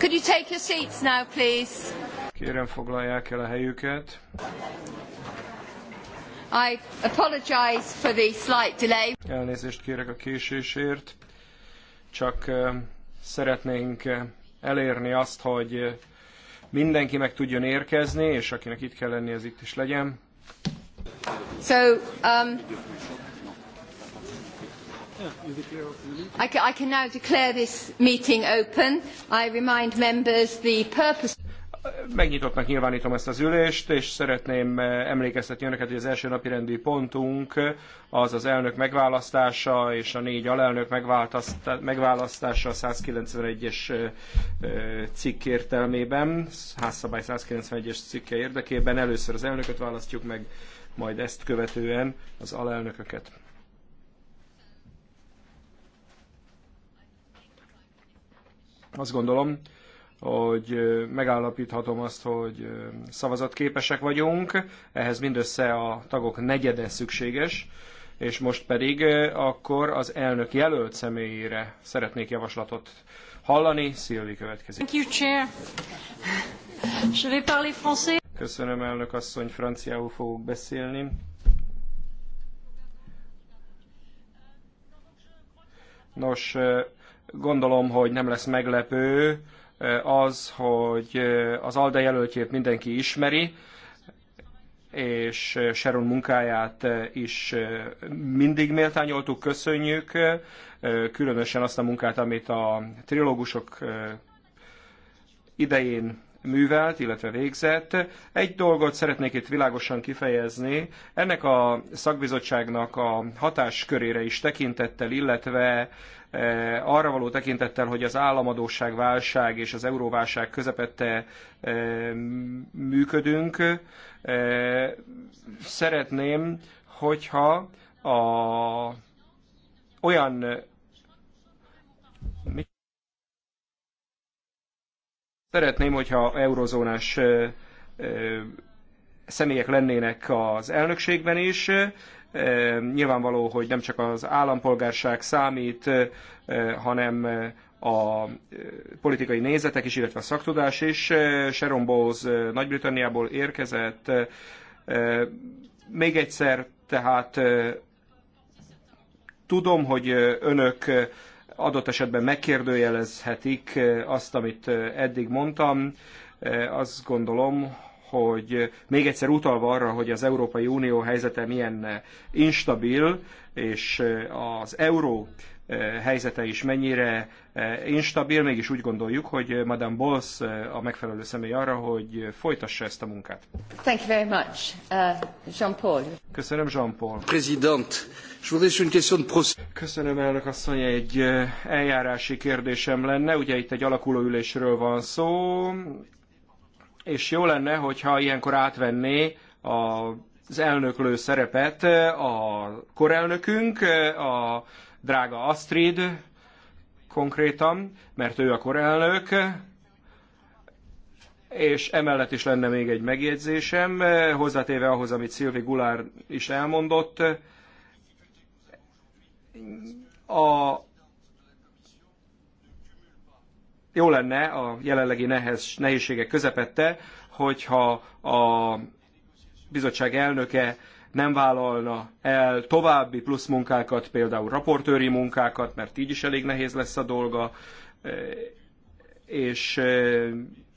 Could you take your seats now, please? Kérem foglalják el a helyüket. I apologize for the slight delay. Elnézést kérek a késésért. Csak eh, szeretnénk eh, elérni azt, hogy eh, mindenki meg tudjon érkezni, és akinek itt kell lenni, az itt is legyen. So, um, I can, I can now declare this meeting open. I remind members the purpose Megnyitottnak nyilvánítom ezt az ülést, és szeretném eh, emlékeztetni önöket, hogy az első napi rendi pontunk eh, az az elnök megválasztása és a négy alelnök megválasztása a 191-es eh, cikk értelmében, házszabály 191-es cikke érdekében. Először az elnököt választjuk meg, majd ezt követően az alelnököket. Azt gondolom, hogy megállapíthatom azt, hogy szavazatképesek vagyunk, ehhez mindössze a tagok negyede szükséges, és most pedig akkor az elnök jelölt személyére szeretnék javaslatot hallani. Szilvi következik. Thank you, chair. Je vais parler français. Köszönöm, elnök asszony, franciául fogok beszélni. Nos, Gondolom, hogy nem lesz meglepő eh, az, hogy eh, az ALDE jelöltjét mindenki ismeri, és eh, Sharon munkáját is mindig méltányoltuk, köszönjük, különösen azt a munkát, amit a trilógusok idején művelt, illetve végzett. Egy dolgot szeretnék itt világosan kifejezni. Ennek a szakbizottságnak a hatáskörére is tekintettel, illetve Eh, arra való tekintettel, hogy az államadóság válság és az euróválság közepette eh, működünk, eh, szeretném, hogyha a olyan Szeretném, hogyha eurozónás személyek lennének az elnökségben is, Nyilvánvaló, hogy nem csak az állampolgárság számít, hanem a politikai nézetek is, illetve a szaktudás is. Sharon Bowles Nagy-Britanniából érkezett. Még egyszer, tehát tudom, hogy önök adott esetben megkérdőjelezhetik azt, amit eddig mondtam. Azt gondolom, hogy még egyszer utalva arra, hogy az Európai Unió helyzete milyen instabil, és eh, az euró eh, helyzete is mennyire eh, instabil, mégis úgy gondoljuk, hogy Madame Bolsz a megfelelő személy arra, hogy folytassa ezt a munkát. Thank you very much, uh, Jean-Paul. Köszönöm, Jean-Paul. Président, Köszönöm, elnök asszony, egy eljárási kérdésem lenne. Ugye itt egy alakuló ülésről van szó, és jó lenne, hogyha ilyenkor átvenné a az elnöklő szerepet eh, a korelnökünk, eh, a drága Astrid konkrétan, mert ő a korelnök, és emellett is lenne még egy megjegyzésem, eh, hozzátéve ahhoz, amit Szilvi Gulár is elmondott. A jó lenne a jelenlegi nehez, nehézségek közepette, hogyha a bizottság elnöke nem vállalna el további plusz munkákat, például raportőri munkákat, mert így is elég nehéz lesz a dolga, és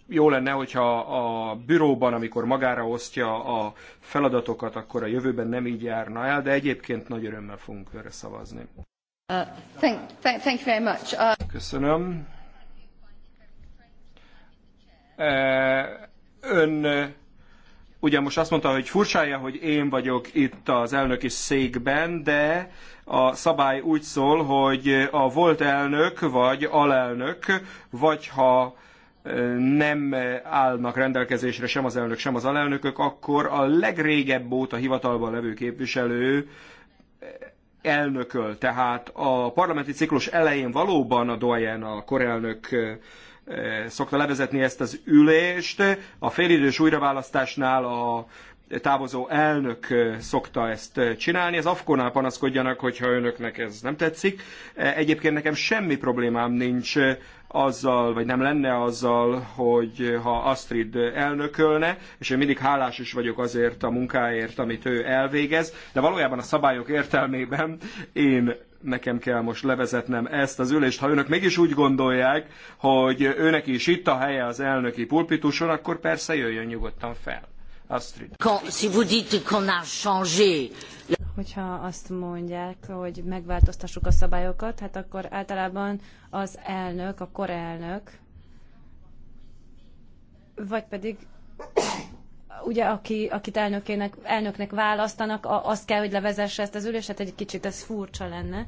jó lenne, hogyha a büróban, amikor magára osztja a feladatokat, akkor a jövőben nem így járna el, de egyébként nagy örömmel fogunk őre szavazni. Uh, thank, thank, thank you very much. Uh... Köszönöm. Ön ugye most azt mondta, hogy furcsája, hogy én vagyok itt az elnöki székben, de a szabály úgy szól, hogy a volt elnök vagy alelnök, vagy ha nem állnak rendelkezésre sem az elnök, sem az alelnökök, akkor a legrégebb óta hivatalban levő képviselő elnököl. Tehát a parlamenti ciklus elején valóban a Doyen, a korelnök Eh, szokta levezetni ezt az ülést. A félidős újraválasztásnál a távozó elnök eh, szokta ezt eh, csinálni. Az afkonál panaszkodjanak, hogyha önöknek ez nem tetszik. Egyébként nekem semmi problémám nincs azzal, vagy nem lenne azzal, hogy ha Astrid elnökölne, és én mindig hálás is vagyok azért a munkáért, amit ő elvégez, de valójában a szabályok értelmében én nekem kell most levezetnem ezt az ülést. Ha önök mégis úgy gondolják, hogy őnek is itt a helye az elnöki pulpituson, akkor persze jöjjön nyugodtan fel. Astrid. si vous dites qu'on a changé hogyha azt mondják, hogy megváltoztassuk a szabályokat, hát akkor általában az elnök, a korelnök, vagy pedig ugye aki, akit elnökének, elnöknek választanak, a, azt kell, hogy levezesse ezt az ülést, hát egy kicsit ez furcsa lenne.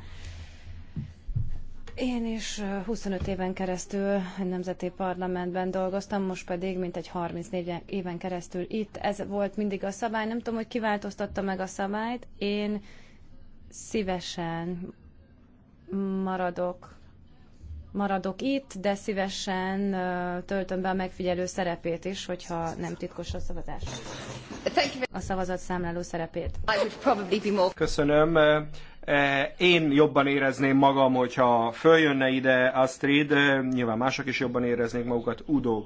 Én is 25 éven keresztül nemzeti parlamentben dolgoztam, most pedig mintegy 34 éven keresztül itt. Ez volt mindig a szabály, nem tudom, hogy kiváltoztatta meg a szabályt. Én szívesen maradok maradok itt, de szívesen töltöm be a megfigyelő szerepét is, hogyha nem titkos a szavazás. A számláló szerepét. Köszönöm. Én jobban érezném magam, hogyha följönne ide Astrid, nyilván mások is jobban éreznék magukat, Udo.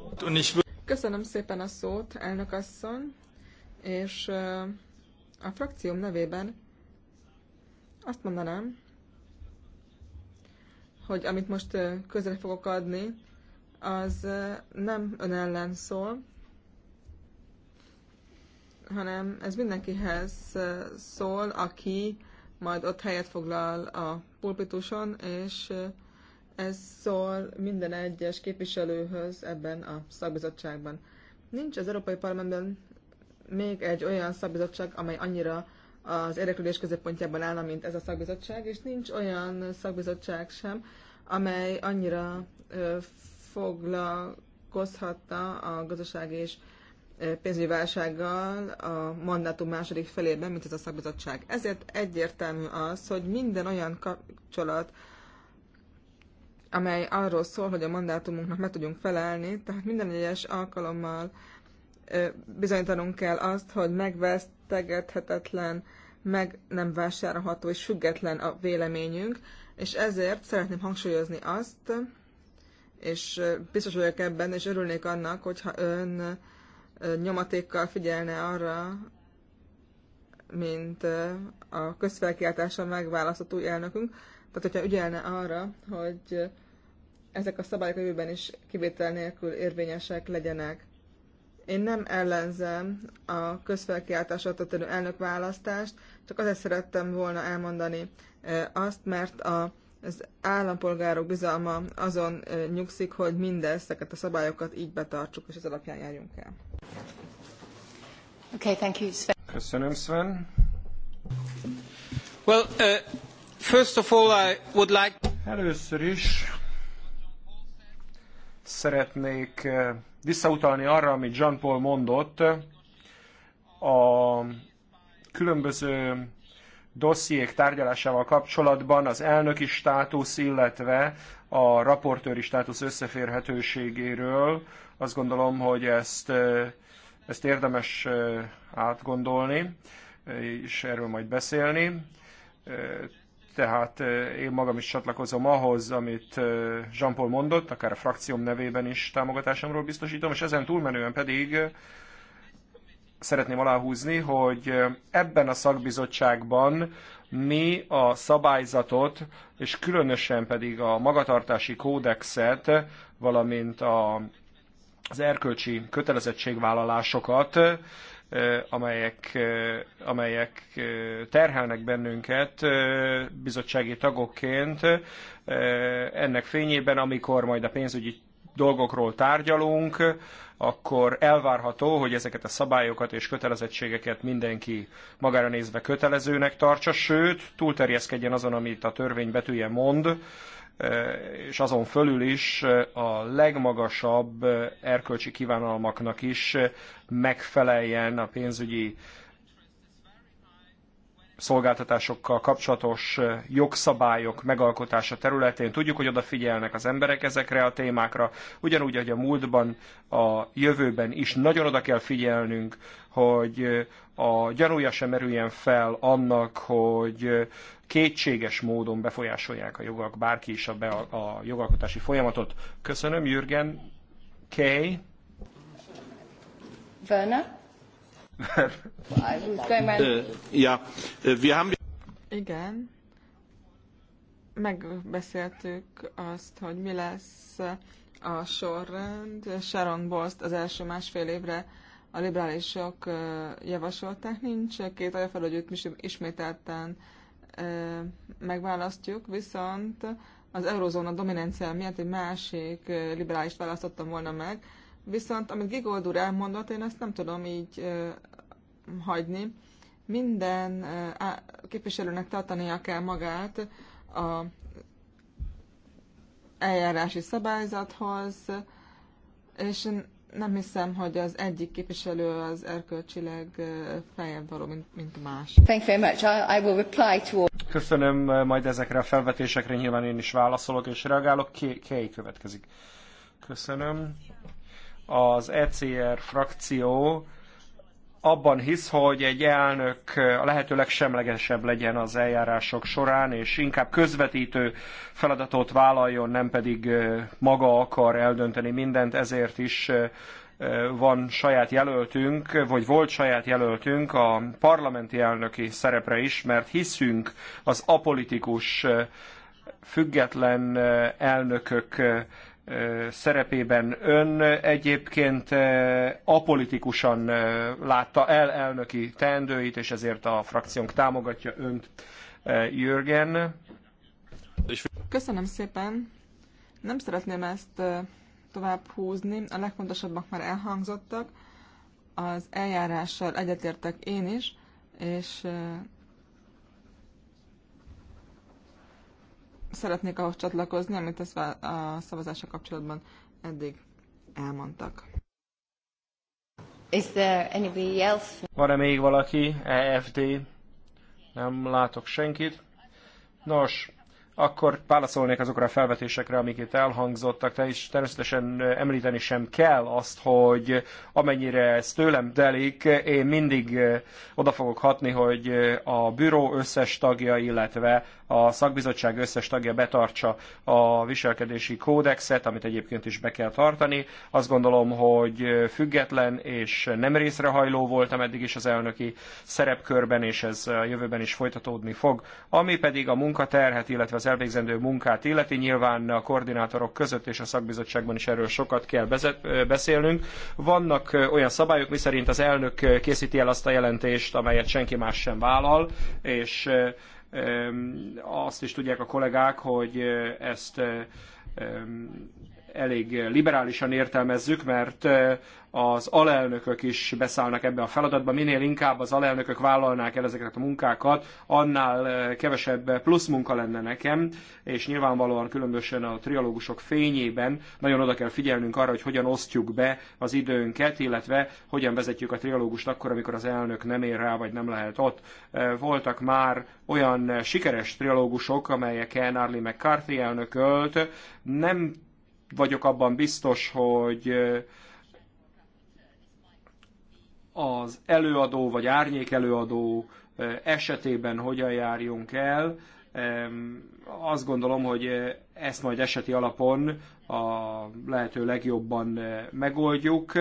Köszönöm szépen a szót, elnök asszony, és a frakcióm nevében azt mondanám, hogy amit most közre fogok adni, az nem ön ellen szól, hanem ez mindenkihez szól, aki majd ott helyet foglal a pulpituson, és ez szól minden egyes képviselőhöz ebben a szakbizottságban. Nincs az Európai Parlamentben még egy olyan szakbizottság, amely annyira az érdeklődés középpontjában állna, mint ez a szakbizottság, és nincs olyan szakbizottság sem, amely annyira foglalkozhatta a gazdaság és pénzügyi válsággal a mandátum második felében, mint ez a szakbizottság. Ezért egyértelmű az, hogy minden olyan kapcsolat, amely arról szól, hogy a mandátumunknak meg tudjunk felelni, tehát minden egyes alkalommal bizonyítanunk kell azt, hogy megvesztegethetetlen, meg nem vásárolható és független a véleményünk, és ezért szeretném hangsúlyozni azt, és biztos vagyok ebben, és örülnék annak, hogyha ön nyomatékkal figyelne arra, mint a közfelkiáltáson megválasztott új elnökünk, tehát hogyha ügyelne arra, hogy ezek a szabályok a jövőben is kivétel nélkül érvényesek legyenek. Én nem ellenzem a közfelkiáltásra történő elnökválasztást, csak azért szerettem volna elmondani azt, mert a, az állampolgárok bizalma azon nyugszik, hogy mindezeket a szabályokat így betartsuk, és az alapján járjunk el. Okay, thank you, Sven. Köszönöm, Sven. Well, uh, first of all, I would like... Először is szeretnék visszautalni arra, amit Jean Paul mondott, a különböző dossziék tárgyalásával kapcsolatban az elnöki státusz, illetve a raportőri státusz összeférhetőségéről. Azt gondolom, hogy ezt, ezt érdemes eh, átgondolni, és erről majd beszélni. Eh, tehát én magam is csatlakozom ahhoz, amit Jean-Paul mondott, akár a frakcióm nevében is támogatásomról biztosítom, és ezen túlmenően pedig szeretném aláhúzni, hogy ebben a szakbizottságban mi a szabályzatot, és különösen pedig a magatartási kódexet, valamint a, az erkölcsi kötelezettségvállalásokat amelyek, amelyek terhelnek bennünket bizottsági tagokként. Ennek fényében, amikor majd a pénzügyi dolgokról tárgyalunk, akkor elvárható, hogy ezeket a szabályokat és kötelezettségeket mindenki magára nézve kötelezőnek tartsa, sőt, túlterjeszkedjen azon, amit a törvény betűje mond, Eh, és azon fölül is eh, a legmagasabb eh, erkölcsi kívánalmaknak is megfeleljen a pénzügyi szolgáltatásokkal kapcsolatos jogszabályok megalkotása területén. Tudjuk, hogy odafigyelnek az emberek ezekre a témákra, ugyanúgy, hogy a múltban, a jövőben is nagyon oda kell figyelnünk, hogy a gyanúja sem merüljen fel annak, hogy kétséges módon befolyásolják a jogok bárki is a, be, a jogalkotási folyamatot. Köszönöm, Jürgen K. Werner? ja, wir haben... Igen. Megbeszéltük azt, hogy mi lesz a sorrend. Sharon Bost az első másfél évre a liberálisok javasolták. Nincs két olyan fel, hogy őt ismételten megválasztjuk, viszont az eurozóna dominancia miatt egy másik liberális választottam volna meg, viszont amit Gigold úr elmondott, én ezt nem tudom így hagyni. Minden képviselőnek tartania kell magát a eljárási szabályzathoz, és nem hiszem, hogy az egyik képviselő az erkölcsileg feljebb való, mint, mint más. Thank you very much. I, will reply to all. Köszönöm majd ezekre a felvetésekre, nyilván én is válaszolok és reagálok. Kei következik. Köszönöm. Az ECR frakció abban hisz, hogy egy elnök a lehető legsemlegesebb legyen az eljárások során, és inkább közvetítő feladatot vállaljon, nem pedig maga akar eldönteni mindent, ezért is van saját jelöltünk, vagy volt saját jelöltünk a parlamenti elnöki szerepre is, mert hiszünk az apolitikus, független elnökök szerepében ön egyébként apolitikusan látta el elnöki teendőit, és ezért a frakciónk támogatja önt. Jürgen. Köszönöm szépen. Nem szeretném ezt tovább húzni, a legfontosabbak már elhangzottak. Az eljárással egyetértek én is, és szeretnék ahhoz csatlakozni, amit ezt a szavazása kapcsolatban eddig elmondtak. Is there anybody else? Van-e még valaki? EFD? Nem látok senkit. Nos, akkor válaszolnék azokra a felvetésekre, amik itt elhangzottak. Te is természetesen említeni sem kell azt, hogy amennyire ez tőlem delik, én mindig eh, oda fogok hatni, hogy eh, a büró összes tagja, illetve a szakbizottság összes tagja betartsa a viselkedési kódexet, amit egyébként is be kell tartani. Azt gondolom, hogy független és nem részrehajló voltam eddig is az elnöki szerepkörben, és ez a jövőben is folytatódni fog. Ami pedig a munkaterhet, illetve az elvégzendő munkát illeti, nyilván a koordinátorok között és a szakbizottságban is erről sokat kell beszélnünk. Vannak olyan szabályok, miszerint az elnök készíti el azt a jelentést, amelyet senki más sem vállal, és azt is tudják a kollégák, hogy ezt elég liberálisan értelmezzük, mert az alelnökök is beszállnak ebbe a feladatba. Minél inkább az alelnökök vállalnák el ezeket a munkákat, annál kevesebb plusz munka lenne nekem, és nyilvánvalóan különösen a trialógusok fényében nagyon oda kell figyelnünk arra, hogy hogyan osztjuk be az időnket, illetve hogyan vezetjük a trialógust akkor, amikor az elnök nem ér rá, vagy nem lehet ott. Voltak már olyan sikeres trialógusok, amelyeken Arlie McCarthy elnökölt, nem vagyok abban biztos, hogy az előadó vagy árnyék előadó esetében hogyan járjunk el. Azt gondolom, hogy ezt majd eseti alapon a lehető legjobban megoldjuk.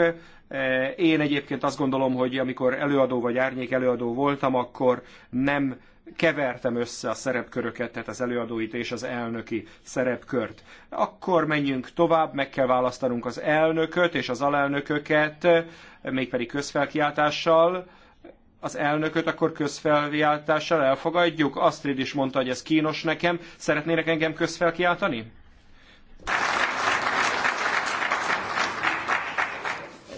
Én egyébként azt gondolom, hogy amikor előadó vagy árnyék előadó voltam, akkor nem kevertem össze a szerepköröket, tehát az előadóit és az elnöki szerepkört. Akkor menjünk tovább, meg kell választanunk az elnököt és az alelnököket, mégpedig közfelkiáltással az elnököt akkor közfelkiáltással elfogadjuk? Astrid is mondta, hogy ez kínos nekem. Szeretnének engem közfelkiáltani?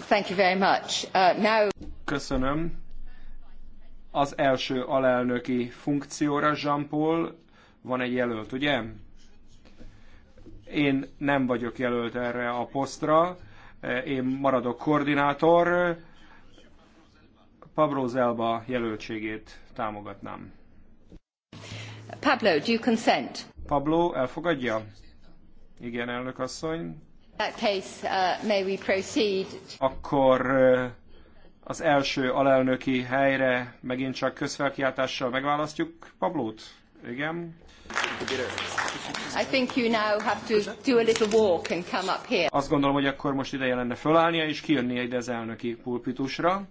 Thank you very much. Uh, now... Köszönöm az első alelnöki funkcióra, Jean-Paul, van egy jelölt, ugye? Én nem vagyok jelölt erre a posztra, én maradok koordinátor, Pablo Zelba jelöltségét támogatnám. Pablo, do you consent? Pablo, elfogadja? Igen, elnök asszony. That case, uh, may we proceed? Akkor uh, az első alelnöki helyre megint csak közfelkiáltással megválasztjuk Pablót. Igen. I think you now have to do a little walk and come up here. Azt gondolom, hogy akkor most ideje lenne fölállnia és kijönnie ide az elnöki pulpitusra.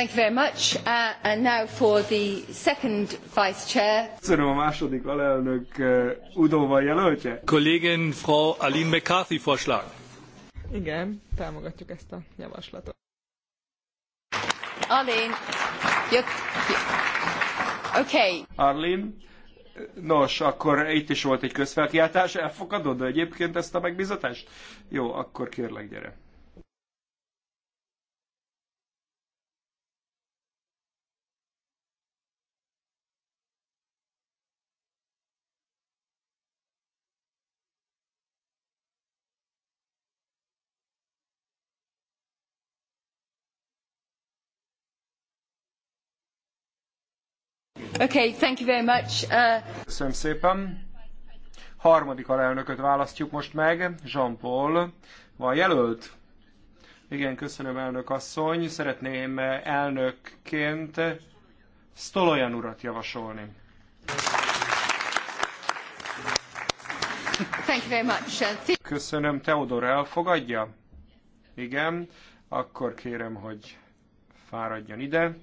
Thank you very much. Uh, and now for the second vice chair. Köszönöm a második alelnök uh, udóval jelöltje. Kollégin Frau Aline McCarthy vorschlag. Igen, támogatjuk ezt a javaslatot. Arlene, jött. Okay. Arlene, nos, akkor itt is volt egy közfelkiáltás, elfogadod egyébként ezt a megbízatást. Jó, akkor kérlek, gyere. Okay, thank you very much. Uh, köszönöm szépen. Harmadik alelnököt választjuk most meg, Jean-Paul. Van jelölt? Igen, köszönöm, elnök asszony. Szeretném elnökként Stolojan urat javasolni. Thank you very much. Uh, köszönöm, Teodor elfogadja? Igen, akkor kérem, hogy fáradjon ide.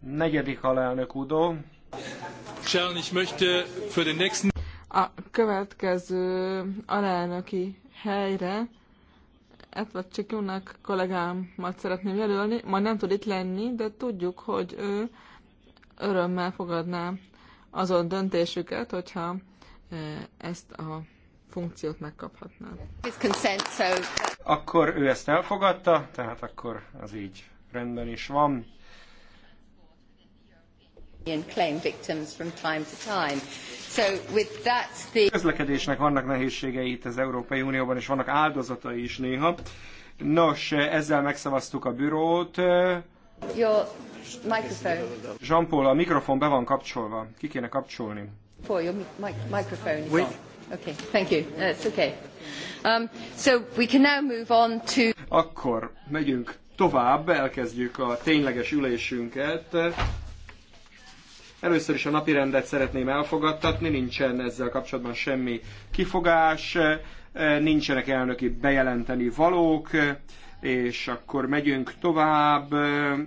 Negyedik alelnök Udo. Sharon, ich möchte für a következő alelnöki helyre Edward Csiklunak kollégámat szeretném jelölni. Majd nem tud itt lenni, de tudjuk, hogy ő örömmel fogadnám azon döntésüket, hogyha e, ezt a funkciót megkaphatná. Akkor ő ezt elfogadta, tehát akkor az így rendben is van. Közlekedésnek vannak nehézségei itt az Európai Unióban, és vannak áldozatai is néha. Nos, ezzel megszavaztuk a bürót. Jean-Paul, a mikrofon be van kapcsolva. Ki kéne kapcsolni? Paul, your microphone is oui. on. Okay, thank you. That's okay. Um, so we can now move on to... Akkor megyünk tovább, elkezdjük a tényleges ülésünket. Először is a napirendet szeretném elfogadtatni, nincsen ezzel kapcsolatban semmi kifogás, nincsenek elnöki bejelenteni valók, és akkor megyünk tovább,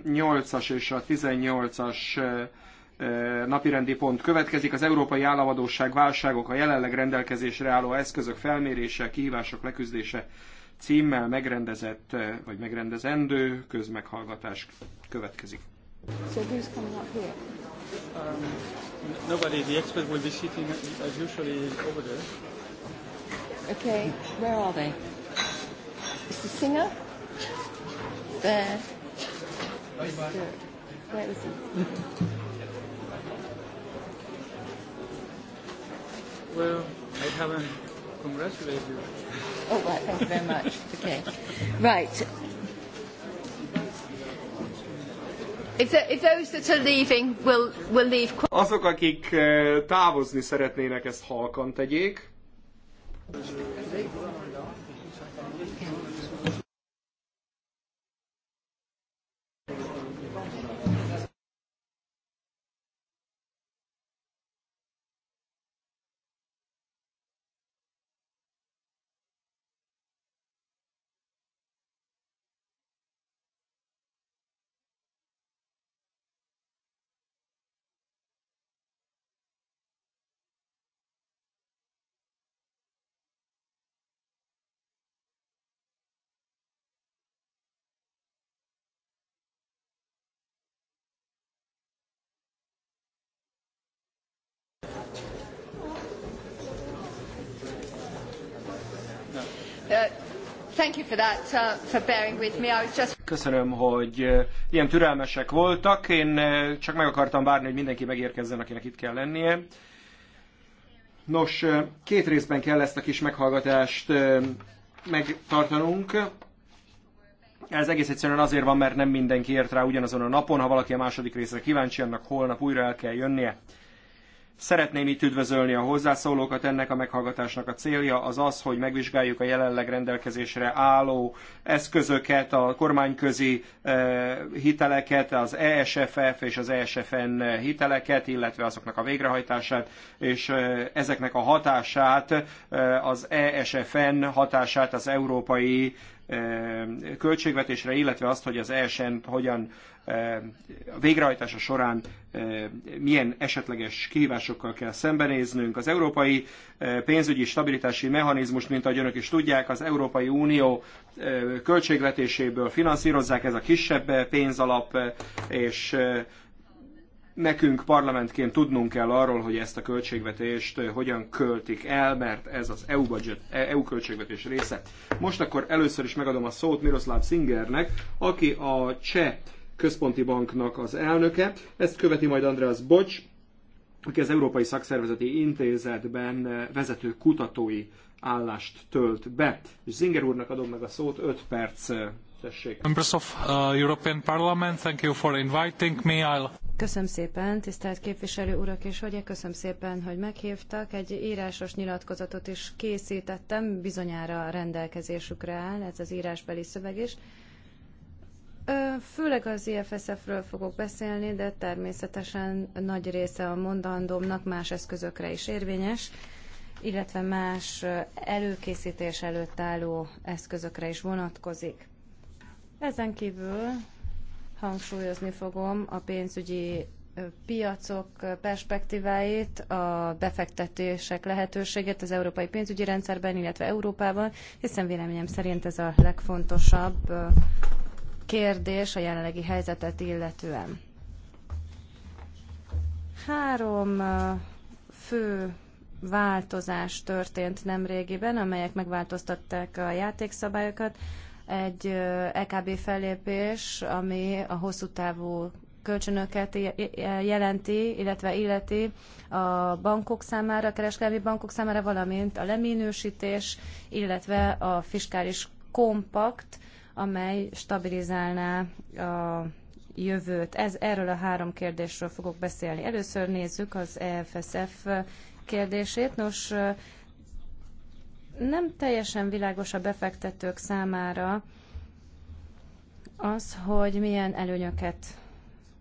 8-as és a 18-as eh, eh, napirendi pont következik. Az európai államadóság válságok a jelenleg rendelkezésre álló eszközök felmérése, kihívások leküzdése címmel megrendezett eh, vagy megrendezendő közmeghallgatás következik. So who's coming up here? Um, nobody. The expert will be sitting as usually over there. Okay, where are they? Is the singer? it? Well, I haven't congratulated you. Oh, right, thank you very much. Okay. Right. Azok, akik eh, távozni szeretnének, ezt halkan tegyék. Köszönöm, hogy uh, ilyen türelmesek voltak. Én uh, csak meg akartam várni, hogy mindenki megérkezzen, akinek itt kell lennie. Nos, uh, két részben kell ezt a kis meghallgatást megtartanunk. Ez egész egyszerűen azért van, mert nem mindenki ért rá ugyanazon a napon. Ha valaki a második részre kíváncsi, annak holnap újra el kell jönnie. Szeretném itt üdvözölni a hozzászólókat, ennek a meghallgatásnak a célja az az, hogy megvizsgáljuk a jelenleg rendelkezésre álló eszközöket, a kormányközi eh, hiteleket, az ESFF és az ESFN hiteleket, illetve azoknak a végrehajtását, és eh, ezeknek a hatását, eh, az ESFN hatását az európai költségvetésre, illetve azt, hogy az ESN hogyan a végrehajtása során milyen esetleges kihívásokkal kell szembenéznünk. Az európai pénzügyi stabilitási mechanizmus, mint ahogy önök is tudják, az Európai Unió költségvetéséből finanszírozzák, ez a kisebb pénzalap, és nekünk parlamentként tudnunk kell arról, hogy ezt a költségvetést hogyan költik el, mert ez az EU, budget, e, EU költségvetés része. Most akkor először is megadom a szót Miroslav Singernek, aki a cseh központi banknak az elnöke. Ezt követi majd András Bocs, aki az Európai Szakszervezeti Intézetben eh, vezető kutatói állást tölt be. És Zinger úrnak adom meg a szót, 5 perc eh, tessék. Members of eh, European Parliament, thank you for inviting me. I'll... Köszönöm szépen, tisztelt képviselő urak és hölgyek, köszönöm szépen, hogy meghívtak. Egy írásos nyilatkozatot is készítettem, bizonyára rendelkezésükre áll ez az írásbeli szöveg is. Főleg az IFSF-ről fogok beszélni, de természetesen nagy része a mondandómnak más eszközökre is érvényes, illetve más előkészítés előtt álló eszközökre is vonatkozik. Ezen kívül hangsúlyozni fogom a pénzügyi piacok perspektíváit, a befektetések lehetőségét az európai pénzügyi rendszerben, illetve Európában, hiszen véleményem szerint ez a legfontosabb kérdés a jelenlegi helyzetet illetően. Három fő változás történt nemrégiben, amelyek megváltoztatták a játékszabályokat. Egy EKB fellépés, ami a hosszú távú kölcsönöket jelenti, illetve illeti a bankok számára, a kereskedelmi bankok számára, valamint a leminősítés, illetve a fiskális kompakt, amely stabilizálná a jövőt. Ez, erről a három kérdésről fogok beszélni. Először nézzük az EFSF kérdését. Nos, nem teljesen világos a befektetők számára az, hogy milyen előnyöket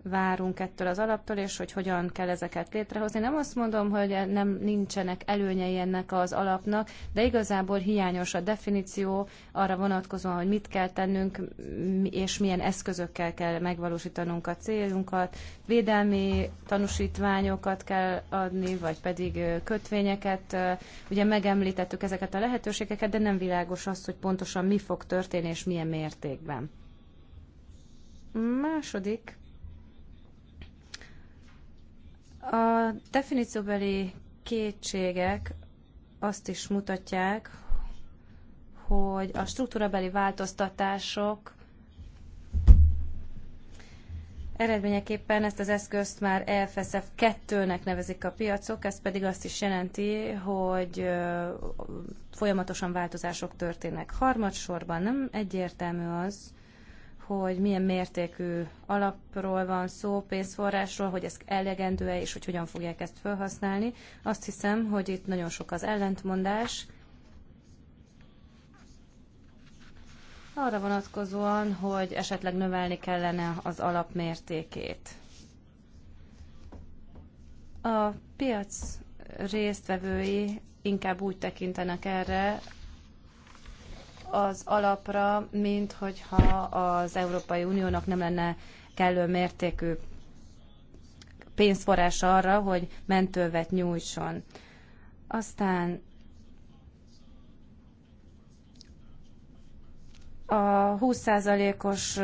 várunk ettől az alaptól, és hogy hogyan kell ezeket létrehozni. Nem azt mondom, hogy nem nincsenek előnyei ennek az alapnak, de igazából hiányos a definíció arra vonatkozóan, hogy mit kell tennünk, és milyen eszközökkel kell megvalósítanunk a céljunkat. Védelmi tanúsítványokat kell adni, vagy pedig kötvényeket. Ugye megemlítettük ezeket a lehetőségeket, de nem világos az, hogy pontosan mi fog történni, és milyen mértékben. Második a definícióbeli kétségek azt is mutatják, hogy a struktúrabeli változtatások eredményeképpen ezt az eszközt már EFSF 2-nek nevezik a piacok, ez pedig azt is jelenti, hogy folyamatosan változások történnek. Harmadsorban nem egyértelmű az, hogy milyen mértékű alapról van szó, pénzforrásról, hogy ez elegendő-e, és hogy hogyan fogják ezt felhasználni. Azt hiszem, hogy itt nagyon sok az ellentmondás. Arra vonatkozóan, hogy esetleg növelni kellene az alapmértékét. A piac résztvevői inkább úgy tekintenek erre, az alapra, mint hogyha az Európai Uniónak nem lenne kellő mértékű pénzforrás arra, hogy mentővet nyújtson. Aztán a 20%-os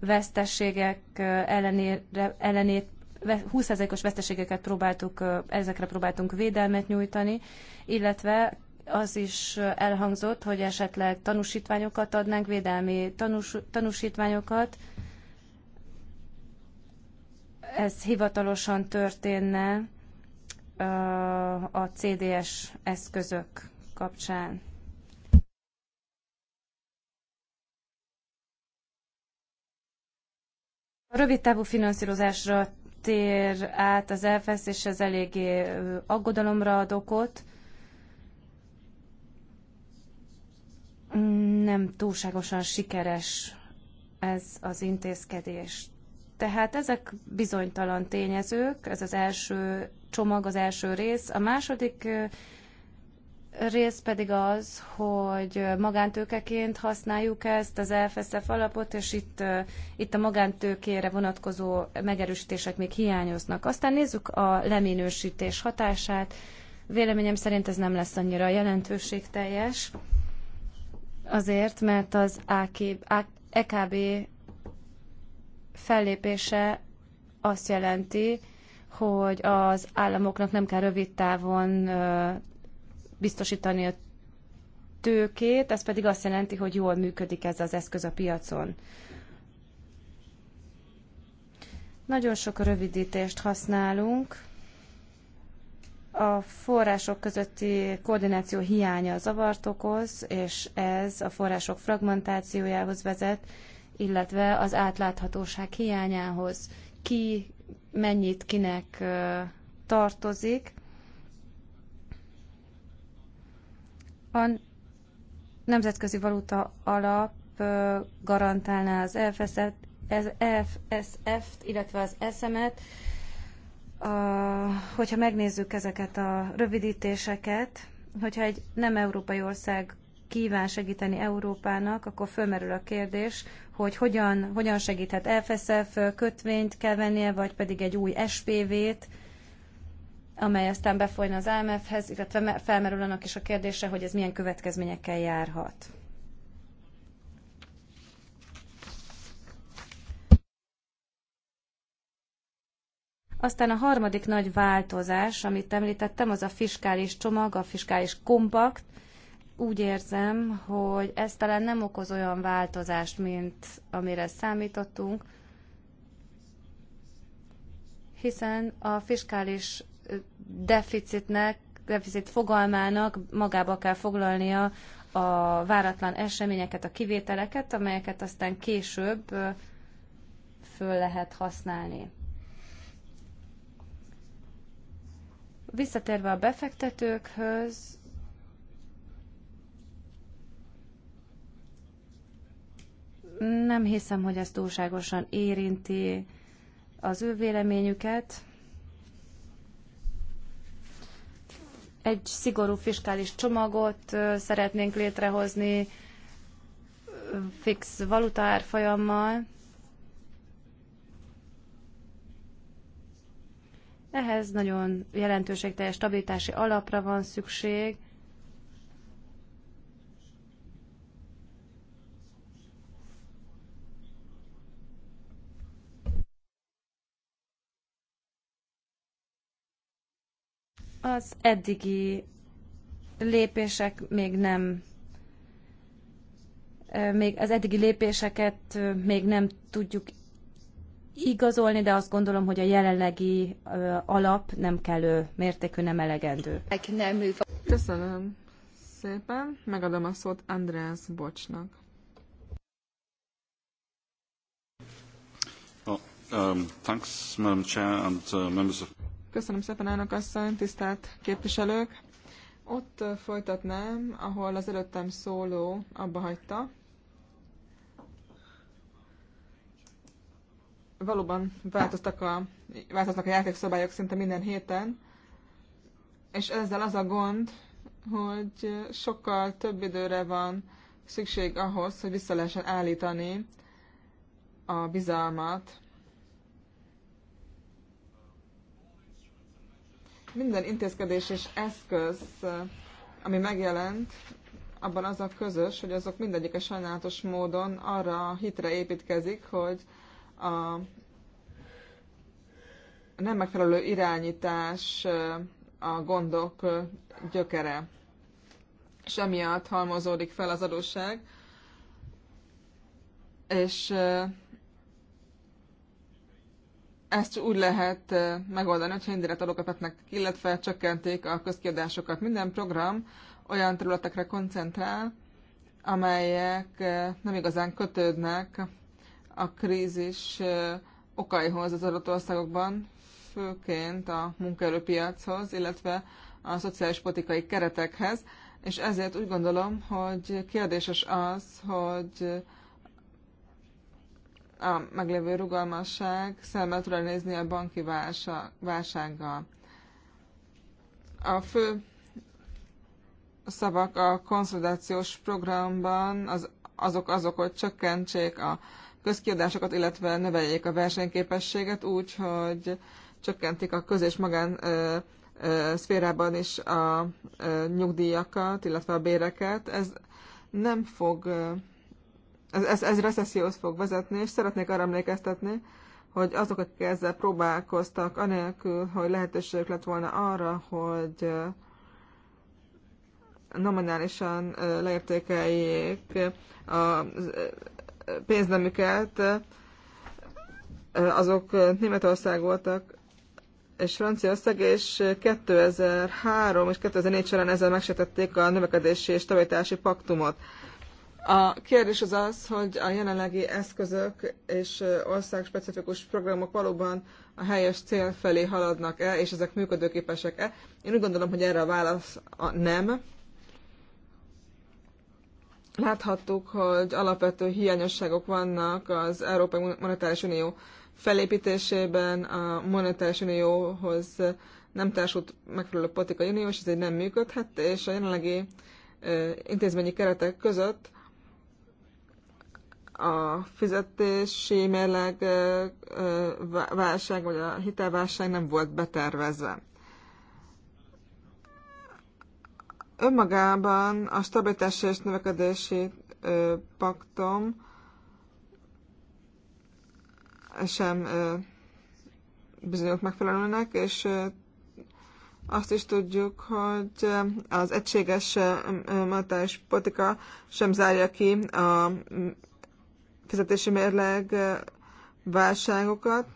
veszteségek ellenére, ellenét 20%-os veszteségeket próbáltuk, ezekre próbáltunk védelmet nyújtani, illetve az is elhangzott, hogy esetleg tanúsítványokat adnánk, védelmi tanús, tanúsítványokat. Ez hivatalosan történne a CDS eszközök kapcsán. A rövid távú finanszírozásra tér át az EFSZ, és ez eléggé aggodalomra ad okot nem túlságosan sikeres ez az intézkedés. Tehát ezek bizonytalan tényezők, ez az első csomag, az első rész. A második rész pedig az, hogy magántőkeként használjuk ezt, az FSF alapot, és itt, itt a magántőkére vonatkozó megerősítések még hiányoznak. Aztán nézzük a leminősítés hatását. Véleményem szerint ez nem lesz annyira jelentőségteljes. teljes Azért, mert az EKB fellépése azt jelenti, hogy az államoknak nem kell rövid távon biztosítani a tőkét, ez pedig azt jelenti, hogy jól működik ez az eszköz a piacon. Nagyon sok rövidítést használunk, a források közötti koordináció hiánya zavart okoz, és ez a források fragmentációjához vezet, illetve az átláthatóság hiányához. Ki mennyit kinek tartozik. A Nemzetközi Valuta Alap garantálná az EFSF-t, illetve az SM-et, a, hogyha megnézzük ezeket a rövidítéseket, hogyha egy nem európai ország kíván segíteni Európának, akkor fölmerül a kérdés, hogy hogyan, hogyan segíthet FSF kötvényt kell vennie, vagy pedig egy új SPV-t, amely aztán befolyna az IMF-hez, illetve felmerül annak is a kérdése, hogy ez milyen következményekkel járhat. Aztán a harmadik nagy változás, amit említettem, az a fiskális csomag, a fiskális kompakt. Úgy érzem, hogy ez talán nem okoz olyan változást, mint amire számítottunk, hiszen a fiskális deficitnek, deficit fogalmának magába kell foglalnia a váratlan eseményeket, a kivételeket, amelyeket aztán később föl lehet használni. Visszatérve a befektetőkhöz, nem hiszem, hogy ez túlságosan érinti az ő véleményüket. Egy szigorú fiskális csomagot szeretnénk létrehozni fix valutaárfolyammal. Ehhez nagyon jelentőségteljes stabilitási alapra van szükség, az eddigi lépések még nem még az eddigi lépéseket még nem tudjuk igazolni, de azt gondolom, hogy a jelenlegi ö, alap nem kellő mértékű, nem elegendő. Köszönöm szépen, megadom a szót András Bocsnak. Oh, um, thanks, Madam Chair and uh, members of... Köszönöm szépen, elnök asszony, tisztelt képviselők! Ott folytatnám, ahol az előttem szóló abba hagyta. valóban változtak a, változnak a játékszabályok szinte minden héten, és ezzel az a gond, hogy sokkal több időre van szükség ahhoz, hogy vissza lehessen állítani a bizalmat. Minden intézkedés és eszköz, ami megjelent, abban az a közös, hogy azok mindegyike sajnálatos módon arra hitre építkezik, hogy a nem megfelelő irányítás a gondok gyökere. És emiatt halmozódik fel az adósság, és ezt úgy lehet megoldani, hogyha indirekt adókat vetnek, illetve csökkenték a közkiadásokat. Minden program olyan területekre koncentrál, amelyek nem igazán kötődnek a krízis okaihoz az adott országokban, főként a munkaerőpiachoz, illetve a szociális politikai keretekhez, és ezért úgy gondolom, hogy kérdéses az, hogy a meglévő rugalmasság szemmel tud nézni a banki válsággal. A fő szavak a konszolidációs programban az, azok azok, hogy csökkentsék a közkiadásokat, illetve növeljék a versenyképességet úgy, hogy csökkentik a köz- és magán ö, ö, szférában is a ö, nyugdíjakat, illetve a béreket. Ez nem fog, ez, ez, ez recesszióhoz fog vezetni, és szeretnék arra emlékeztetni, hogy azok, akik ezzel próbálkoztak, anélkül, hogy lehetőségük lett volna arra, hogy nominálisan leértékeljék a pénznemüket, azok Németország voltak, és Franciaország, és 2003 és 2004 során ezzel megsértették a növekedési és stabilitási paktumot. A kérdés az az, hogy a jelenlegi eszközök és országspecifikus programok valóban a helyes cél felé haladnak-e, és ezek működőképesek-e. Én úgy gondolom, hogy erre a válasz a nem. Láthattuk, hogy alapvető hiányosságok vannak az Európai Monetáris Unió felépítésében, a Monetáris Unióhoz nem társult megfelelő politikai unió, és ez egy nem működhet, és a jelenlegi intézményi keretek között a fizetési mérleg válság, vagy a hitelválság nem volt betervezve. Önmagában a stabilitási és növekedési paktom sem bizonyult megfelelőnek, és azt is tudjuk, hogy az egységes monetáris politika sem zárja ki a fizetési mérleg válságokat,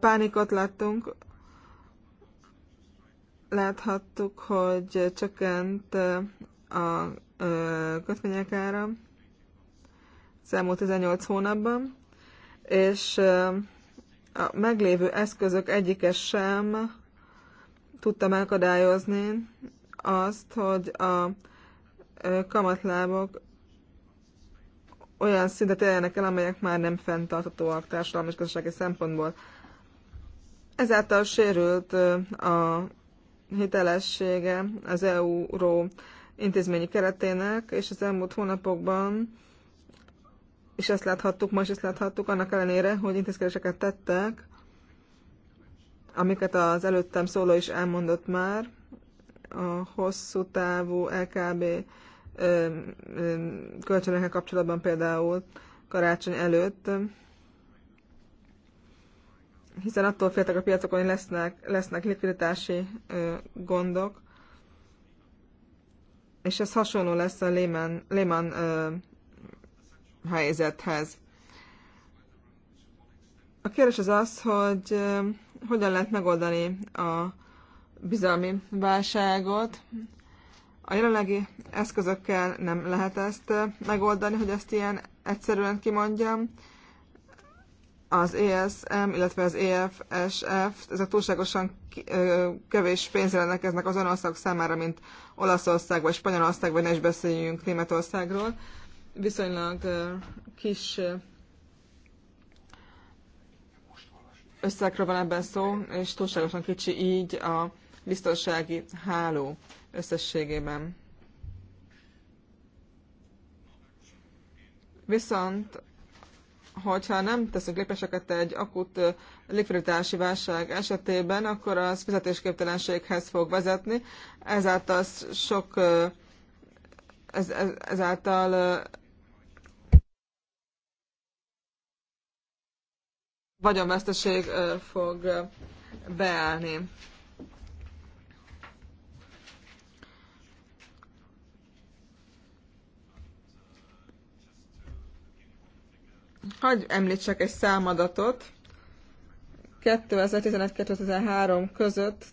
pánikot láttunk, láthattuk, hogy csökkent a kötvények ára az elmúlt 18 hónapban, és a meglévő eszközök egyike sem tudta megakadályozni azt, hogy a kamatlábok olyan szintet érjenek el, amelyek már nem fenntarthatóak társadalmi és gazdasági szempontból. Ezáltal sérült a hitelessége az euró intézményi keretének, és az elmúlt hónapokban és ezt láthattuk, most is ezt láthattuk, annak ellenére, hogy intézkedéseket tettek, amiket az előttem szóló is elmondott már, a hosszú távú LKB kölcsönökkel kapcsolatban például karácsony előtt, hiszen attól féltek a piacokon, hogy lesznek, lesznek likviditási gondok, és ez hasonló lesz a Lehman, Lehman ö, helyzethez. A kérdés az az, hogy ö, hogyan lehet megoldani a bizalmi válságot, a jelenlegi eszközökkel nem lehet ezt megoldani, hogy ezt ilyen egyszerűen kimondjam. Az ESM, illetve az EFSF, ezek túlságosan kevés pénzre rendelkeznek az országok számára, mint Olaszország vagy Spanyolország, vagy ne is beszéljünk Németországról. Viszonylag kis összekről van ebben szó, és túlságosan kicsi így a biztonsági háló összességében. Viszont, hogyha nem teszünk lépéseket egy akut likviditási válság esetében, akkor az fizetésképtelenséghez fog vezetni, ezáltal sok ez, ez, ezáltal vagyonveszteség fog beállni. Hagy említsek egy számadatot. 2011-2013 között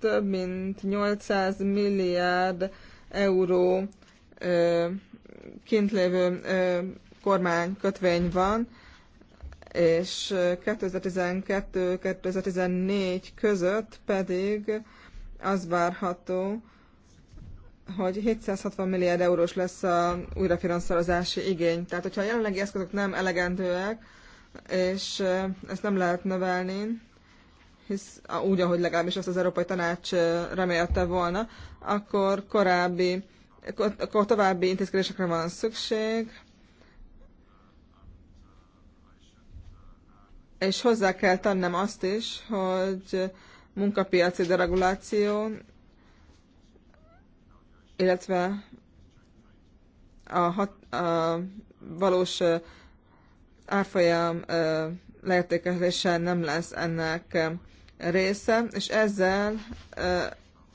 több mint 800 milliárd euró ö, kint lévő ö, kormánykötvény van, és 2012-2014 között pedig az várható, hogy 760 milliárd eurós lesz a újrafinanszírozási igény. Tehát, hogyha a jelenlegi eszközök nem elegendőek, és ezt nem lehet növelni, hisz úgy, ahogy legalábbis azt az Európai Tanács remélte volna, akkor korábbi, akkor további intézkedésekre van szükség, és hozzá kell tennem azt is, hogy munkapiaci dereguláció illetve a, hat, a valós árfolyam leértékelése nem lesz ennek része, és ezzel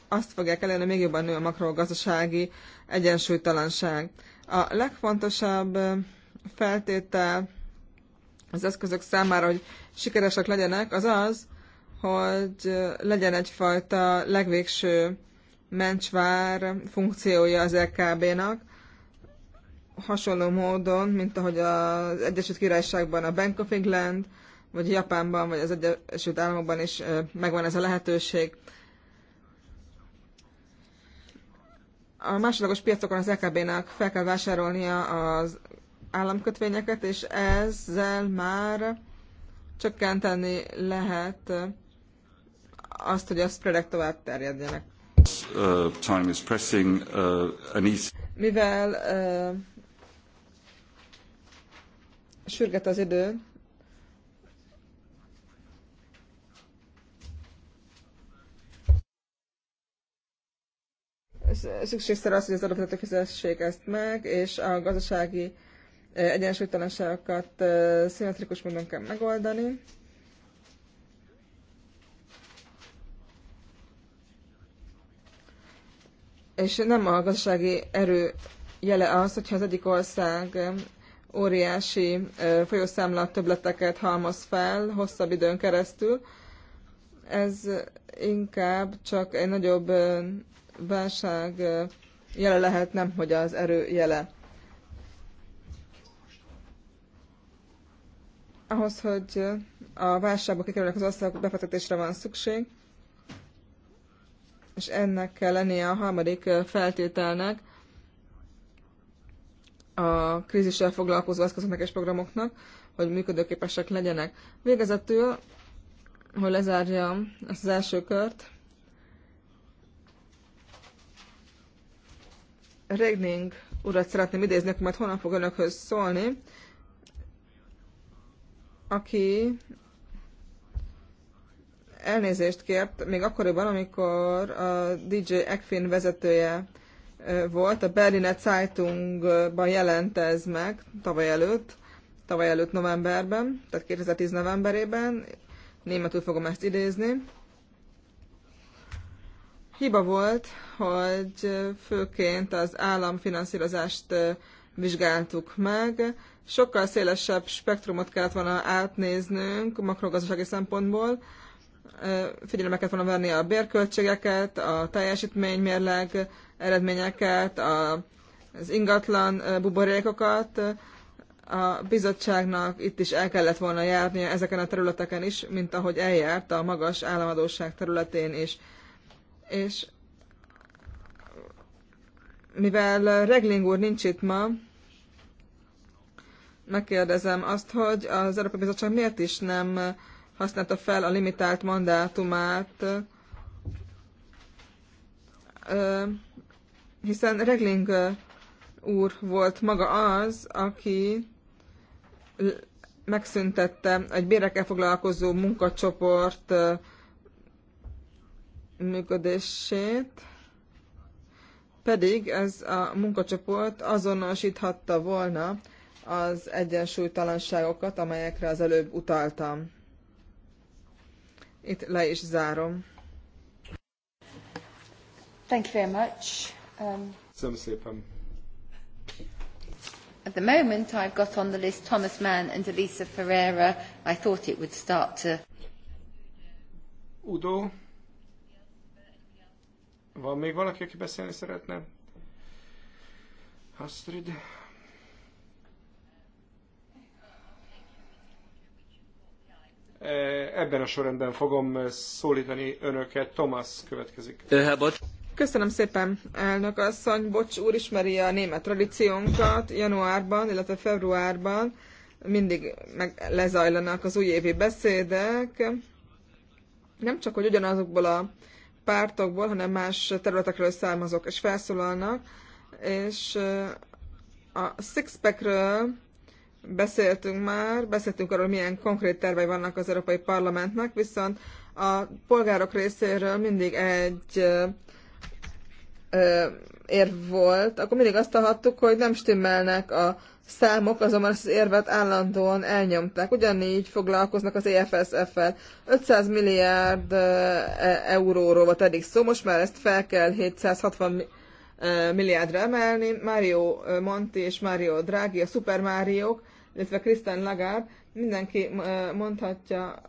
azt fogják elérni, még jobban nő a makrogazdasági egyensúlytalanság. A legfontosabb feltétel az eszközök számára, hogy sikeresek legyenek, az az, hogy legyen egyfajta legvégső mencsvár funkciója az LKB-nak, e hasonló módon, mint ahogy az Egyesült Királyságban a Bank of England, vagy Japánban, vagy az Egyesült Államokban is megvan ez a lehetőség. A másodlagos piacokon az LKB-nak e fel kell vásárolnia az államkötvényeket, és ezzel már csökkenteni lehet azt, hogy a spreadek tovább terjedjenek. Uh, uh, Mivel uh, sürget az idő, szükségszerű az, hogy az adófizetők fizessék ezt meg, és a gazdasági eh, egyensúlytalanságokat eh, szimmetrikus módon kell megoldani. és nem a gazdasági erő jele az, hogyha az egyik ország óriási folyószámla töbleteket halmoz fel hosszabb időn keresztül. Ez inkább csak egy nagyobb válság jele lehet, nem hogy az erő jele. Ahhoz, hogy a válságba kikerülnek az országok, befektetésre van szükség és ennek kell lennie a harmadik feltételnek a krízissel foglalkozó eszközöknek és programoknak, hogy működőképesek legyenek. Végezetül, hogy lezárjam ezt az első kört, Regning urat szeretném idézni, aki majd honnan fog önökhöz szólni, aki elnézést kért, még akkoriban, amikor a DJ Ekfin vezetője volt, a Berliner Zeitungban jelent ez meg tavaly előtt, tavaly előtt novemberben, tehát 2010 novemberében, németül fogom ezt idézni. Hiba volt, hogy főként az államfinanszírozást vizsgáltuk meg, sokkal szélesebb spektrumot kellett volna átnéznünk makrogazdasági szempontból, figyelembe kellett volna venni a bérköltségeket, a teljesítménymérleg eredményeket, a, az ingatlan buborékokat. A bizottságnak itt is el kellett volna járnia ezeken a területeken is, mint ahogy eljárt a magas államadóság területén is. És mivel Regling úr nincs itt ma, megkérdezem azt, hogy az Európai Bizottság miért is nem használta fel a limitált mandátumát, hiszen Regling úr volt maga az, aki megszüntette egy bérekkel foglalkozó munkacsoport működését, pedig ez a munkacsoport azonosíthatta volna az egyensúlytalanságokat, amelyekre az előbb utaltam. Itt le is zárom. Thank you very much. Um, Köszönöm szépen. At the moment I've got on the list Thomas Mann and Elisa Ferreira. I thought it would start to... Udo? Van még valaki, aki beszélni szeretne? Astrid? Eh, ebben a sorrendben fogom eh, szólítani önöket. Thomas következik. Hát, Köszönöm szépen, elnök asszony. Bocs úr ismeri a német tradíciónkat. Januárban, illetve februárban mindig meg lezajlanak az újévi beszédek. Nem csak, hogy ugyanazokból a pártokból, hanem más területekről származók és felszólalnak. És eh, a Sixpackről beszéltünk már, beszéltünk arról, milyen konkrét tervei vannak az Európai Parlamentnek, viszont a polgárok részéről mindig egy érv volt, akkor mindig azt hallhattuk, hogy nem stimmelnek a számok, azonban az érvet állandóan elnyomták. Ugyanígy foglalkoznak az EFSF-el. 500 milliárd e- euróról volt eddig szó, most már ezt fel kell 760 milliárdra emelni. Mario Monti és Mario Draghi, a Super Mario, illetve Christian Lagarde, mindenki mondhatja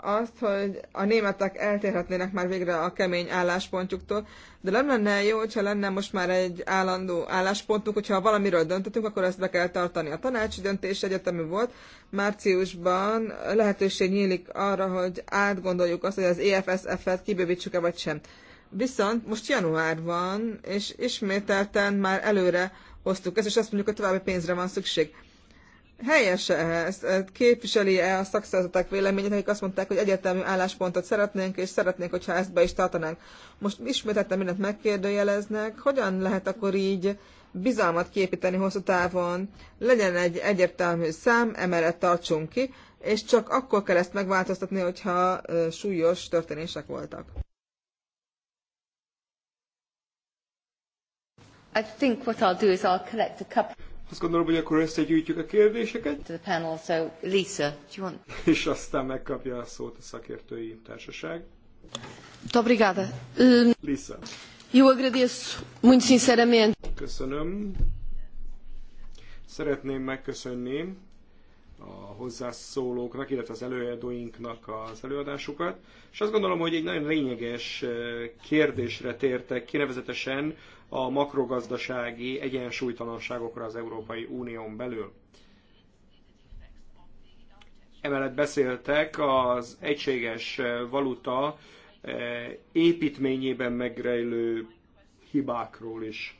azt, hogy a németek eltérhetnének már végre a kemény álláspontjuktól, de nem lenne jó, hogyha lenne most már egy állandó álláspontunk, hogyha valamiről döntöttünk, akkor ezt be kell tartani. A tanácsi döntés egyetemű volt, márciusban lehetőség nyílik arra, hogy átgondoljuk azt, hogy az EFSF-et kibővítsük-e vagy sem. Viszont most január van, és ismételten már előre hoztuk ezt, és azt mondjuk, hogy további pénzre van szükség. Helyes-e ez? Képviseli-e a szakszervezetek véleményét, akik azt mondták, hogy egyértelmű álláspontot szeretnénk, és szeretnénk, hogyha ezt be is tartanánk. Most ismételten mindent megkérdőjeleznek, hogyan lehet akkor így bizalmat képíteni hosszú távon, legyen egy egyértelmű szám, emellett tartsunk ki, és csak akkor kell ezt megváltoztatni, hogyha súlyos történések voltak. I think what I'll do is I'll collect a couple. Azt gondolom, hogy akkor összegyűjtjük a kérdéseket. To the panel, so Lisa, do you want... És aztán megkapja a szót a szakértői társaság. Lisa. Eu agradeço muito sinceramente. Köszönöm. Szeretném megköszönni a hozzászólóknak, illetve az előadóinknak az előadásukat. És azt gondolom, hogy egy nagyon lényeges eh, kérdésre tértek kinevezetesen a makrogazdasági egyensúlytalanságokra az Európai Unión belül. Emellett beszéltek az egységes valuta eh, építményében megrejlő hibákról is.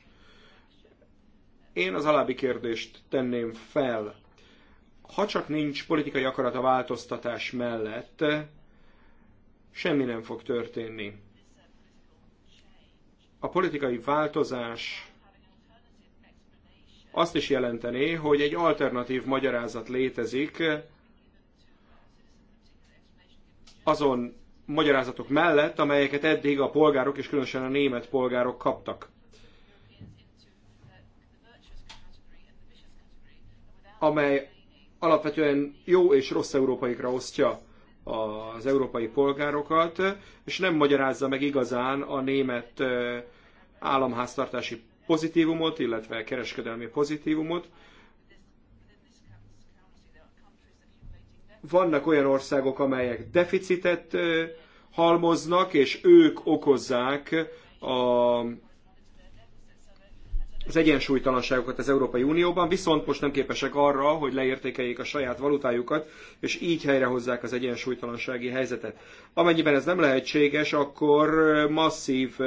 Én az alábbi kérdést tenném fel. Ha csak nincs politikai akarat a változtatás mellett, semmi nem fog történni a politikai változás azt is jelenteni, hogy egy alternatív magyarázat létezik azon magyarázatok mellett, amelyeket eddig a polgárok és különösen a német polgárok kaptak. amely alapvetően jó és rossz európaikra osztja az európai polgárokat, és nem magyarázza meg igazán a német államháztartási pozitívumot, illetve kereskedelmi pozitívumot. Vannak olyan országok, amelyek deficitet halmoznak, és ők okozzák a az egyensúlytalanságokat az Európai Unióban, viszont most nem képesek arra, hogy leértékeljék a saját valutájukat, és így helyrehozzák az egyensúlytalansági helyzetet. Amennyiben ez nem lehetséges, akkor masszív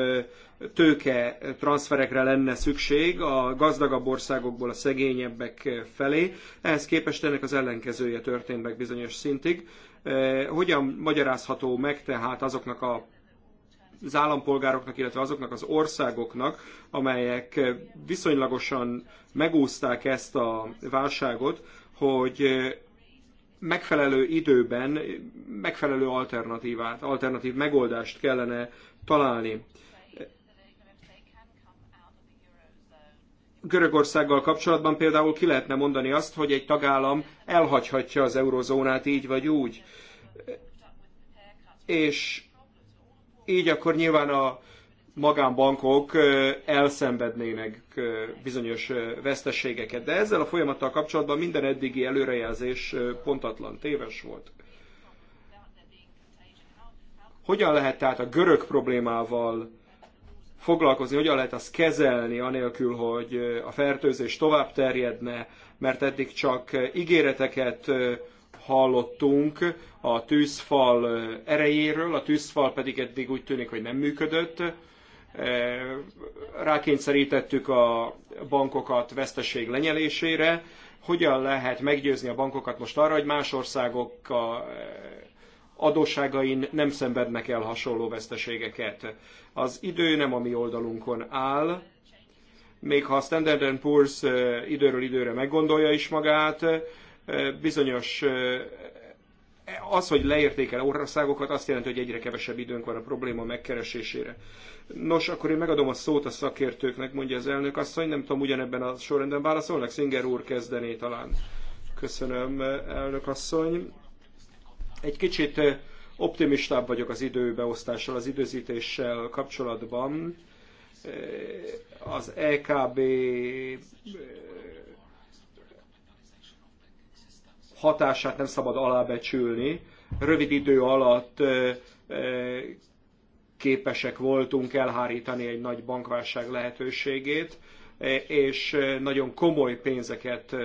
tőke transferekre lenne szükség a gazdagabb országokból a szegényebbek felé. Ehhez képest ennek az ellenkezője történt meg bizonyos szintig. Hogyan magyarázható meg tehát azoknak a az állampolgároknak, illetve azoknak az országoknak, amelyek viszonylagosan megúzták ezt a válságot, hogy megfelelő időben megfelelő alternatívát, alternatív megoldást kellene találni. Görögországgal kapcsolatban például ki lehetne mondani azt, hogy egy tagállam elhagyhatja az eurozónát így vagy úgy. És így akkor nyilván a magánbankok elszenvednének bizonyos veszteségeket. De ezzel a folyamattal kapcsolatban minden eddigi előrejelzés pontatlan, téves volt. Hogyan lehet tehát a görög problémával foglalkozni, hogyan lehet azt kezelni, anélkül, hogy a fertőzés tovább terjedne, mert eddig csak ígéreteket hallottunk a tűzfal erejéről, a tűzfal pedig eddig úgy tűnik, hogy nem működött. Rákényszerítettük a bankokat veszteség lenyelésére. Hogyan lehet meggyőzni a bankokat most arra, hogy más országok a adósságain nem szenvednek el hasonló veszteségeket? Az idő nem a mi oldalunkon áll, még ha a Standard Poor's időről időre meggondolja is magát, bizonyos az, hogy leértékel országokat, azt jelenti, hogy egyre kevesebb időnk van a probléma megkeresésére. Nos, akkor én megadom a szót a szakértőknek, mondja az elnök asszony, nem tudom, ugyanebben a sorrendben válaszolnak, Szinger úr kezdené talán. Köszönöm, elnök asszony. Egy kicsit optimistább vagyok az időbeosztással, az időzítéssel kapcsolatban. Az EKB hatását nem szabad alábecsülni. Rövid idő alatt képesek voltunk elhárítani egy nagy bankválság lehetőségét, és nagyon komoly pénzeket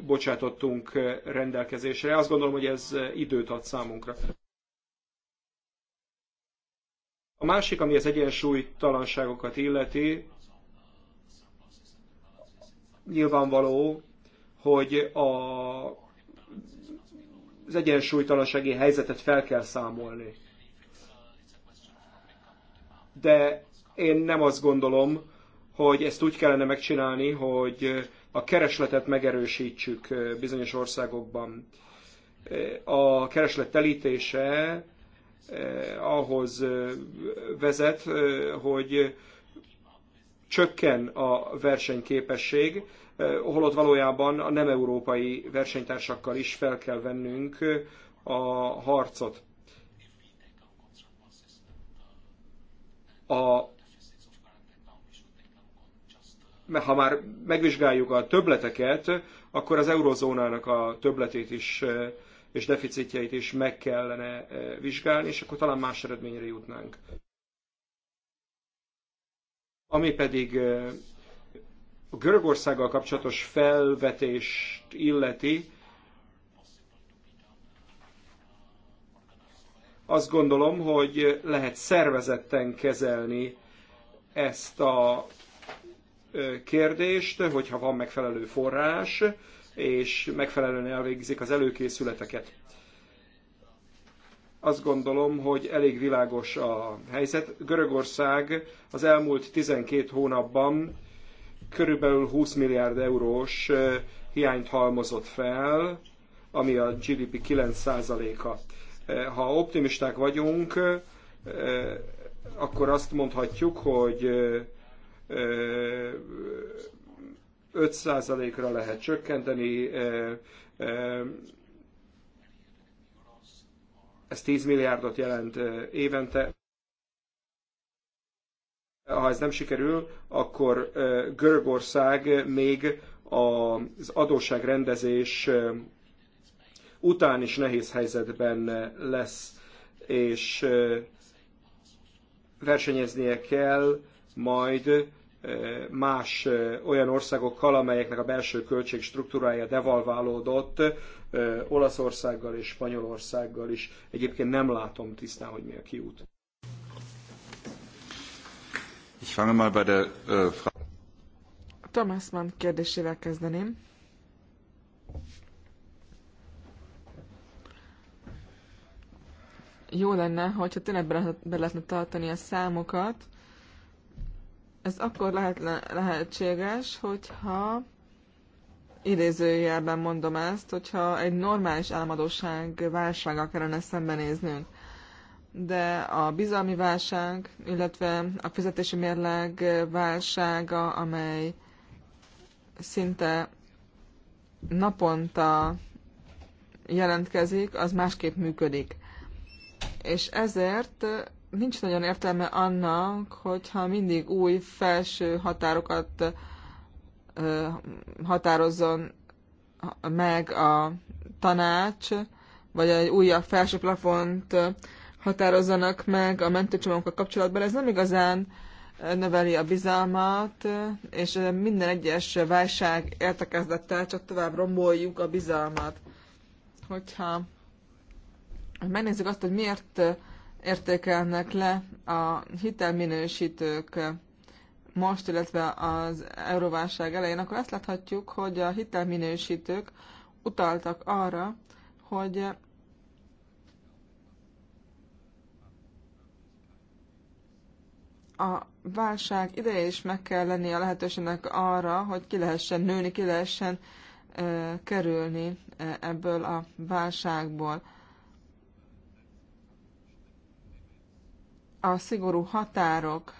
bocsátottunk rendelkezésre. Azt gondolom, hogy ez időt ad számunkra. A másik, ami az egyensúlytalanságokat illeti, nyilvánvaló, hogy a, az egyensúlytalansági helyzetet fel kell számolni. De én nem azt gondolom, hogy ezt úgy kellene megcsinálni, hogy a keresletet megerősítsük eh, bizonyos országokban. Eh, a kereslet telítése eh, ahhoz vezet, hogy csökken a versenyképesség, holott valójában a nem európai versenytársakkal is fel kell vennünk a harcot. A ha már megvizsgáljuk a töbleteket, akkor az eurozónának a töbletét is és deficitjeit is meg kellene vizsgálni, és akkor talán más eredményre jutnánk. Ami pedig a Görögországgal kapcsolatos felvetést illeti, azt gondolom, hogy lehet szervezetten kezelni ezt a kérdést, hogyha van megfelelő forrás, és megfelelően elvégzik az előkészületeket. Azt gondolom, hogy elég világos a helyzet. Görögország az elmúlt 12 hónapban körülbelül 20 milliárd eurós hiányt halmozott fel, ami a GDP 9%-a. Ha optimisták vagyunk, akkor azt mondhatjuk, hogy 5%-ra lehet csökkenteni, ez 10 milliárdot jelent évente. Ha ez nem sikerül, akkor Görögország még az adósságrendezés után is nehéz helyzetben lesz, és versenyeznie kell majd más olyan országokkal, amelyeknek a belső költség struktúrája devalválódott, Olaszországgal és Spanyolországgal is. Egyébként nem látom tisztán, hogy mi a kiút. Ich fange mal bei der äh, Thomas Mann kérdésével kezdeném. Jó lenne, hogyha tényleg be lehetne tartani a számokat. Ez akkor lehet, lehetséges, hogyha idézőjelben mondom ezt, hogyha egy normális államadóság válsággal kellene szembenéznünk de a bizalmi válság, illetve a fizetési mérleg válsága, amely szinte naponta jelentkezik, az másképp működik. És ezért nincs nagyon értelme annak, hogyha mindig új felső határokat határozzon meg a tanács, vagy egy újabb felső plafont határozzanak meg a mentőcsomagokkal kapcsolatban, ez nem igazán növeli a bizalmat, és minden egyes válság értekezlettel csak tovább romboljuk a bizalmat. Hogyha megnézzük azt, hogy miért értékelnek le a hitelminősítők most, illetve az euróválság elején, akkor azt láthatjuk, hogy a hitelminősítők utaltak arra, hogy a válság ideje is meg kell lenni a lehetőségnek arra, hogy ki lehessen nőni, ki lehessen e, kerülni ebből a válságból. A szigorú határok,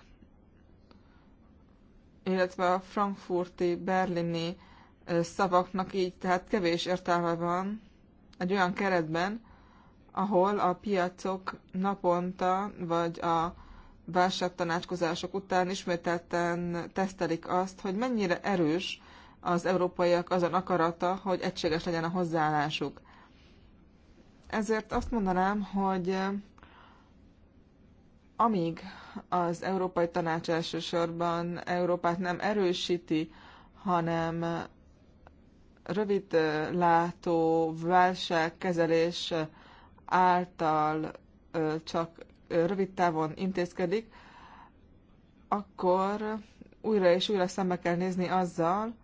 illetve a frankfurti, berlini szavaknak így tehát kevés értelme van egy olyan keretben, ahol a piacok naponta, vagy a válságtanácskozások után ismételten tesztelik azt, hogy mennyire erős az európaiak azon akarata, hogy egységes legyen a hozzáállásuk. Ezért azt mondanám, hogy eh, amíg az Európai Tanács elsősorban Európát nem erősíti, hanem eh, rövidlátó eh, válságkezelés által csak rövid távon intézkedik, akkor újra és újra szembe kell nézni azzal,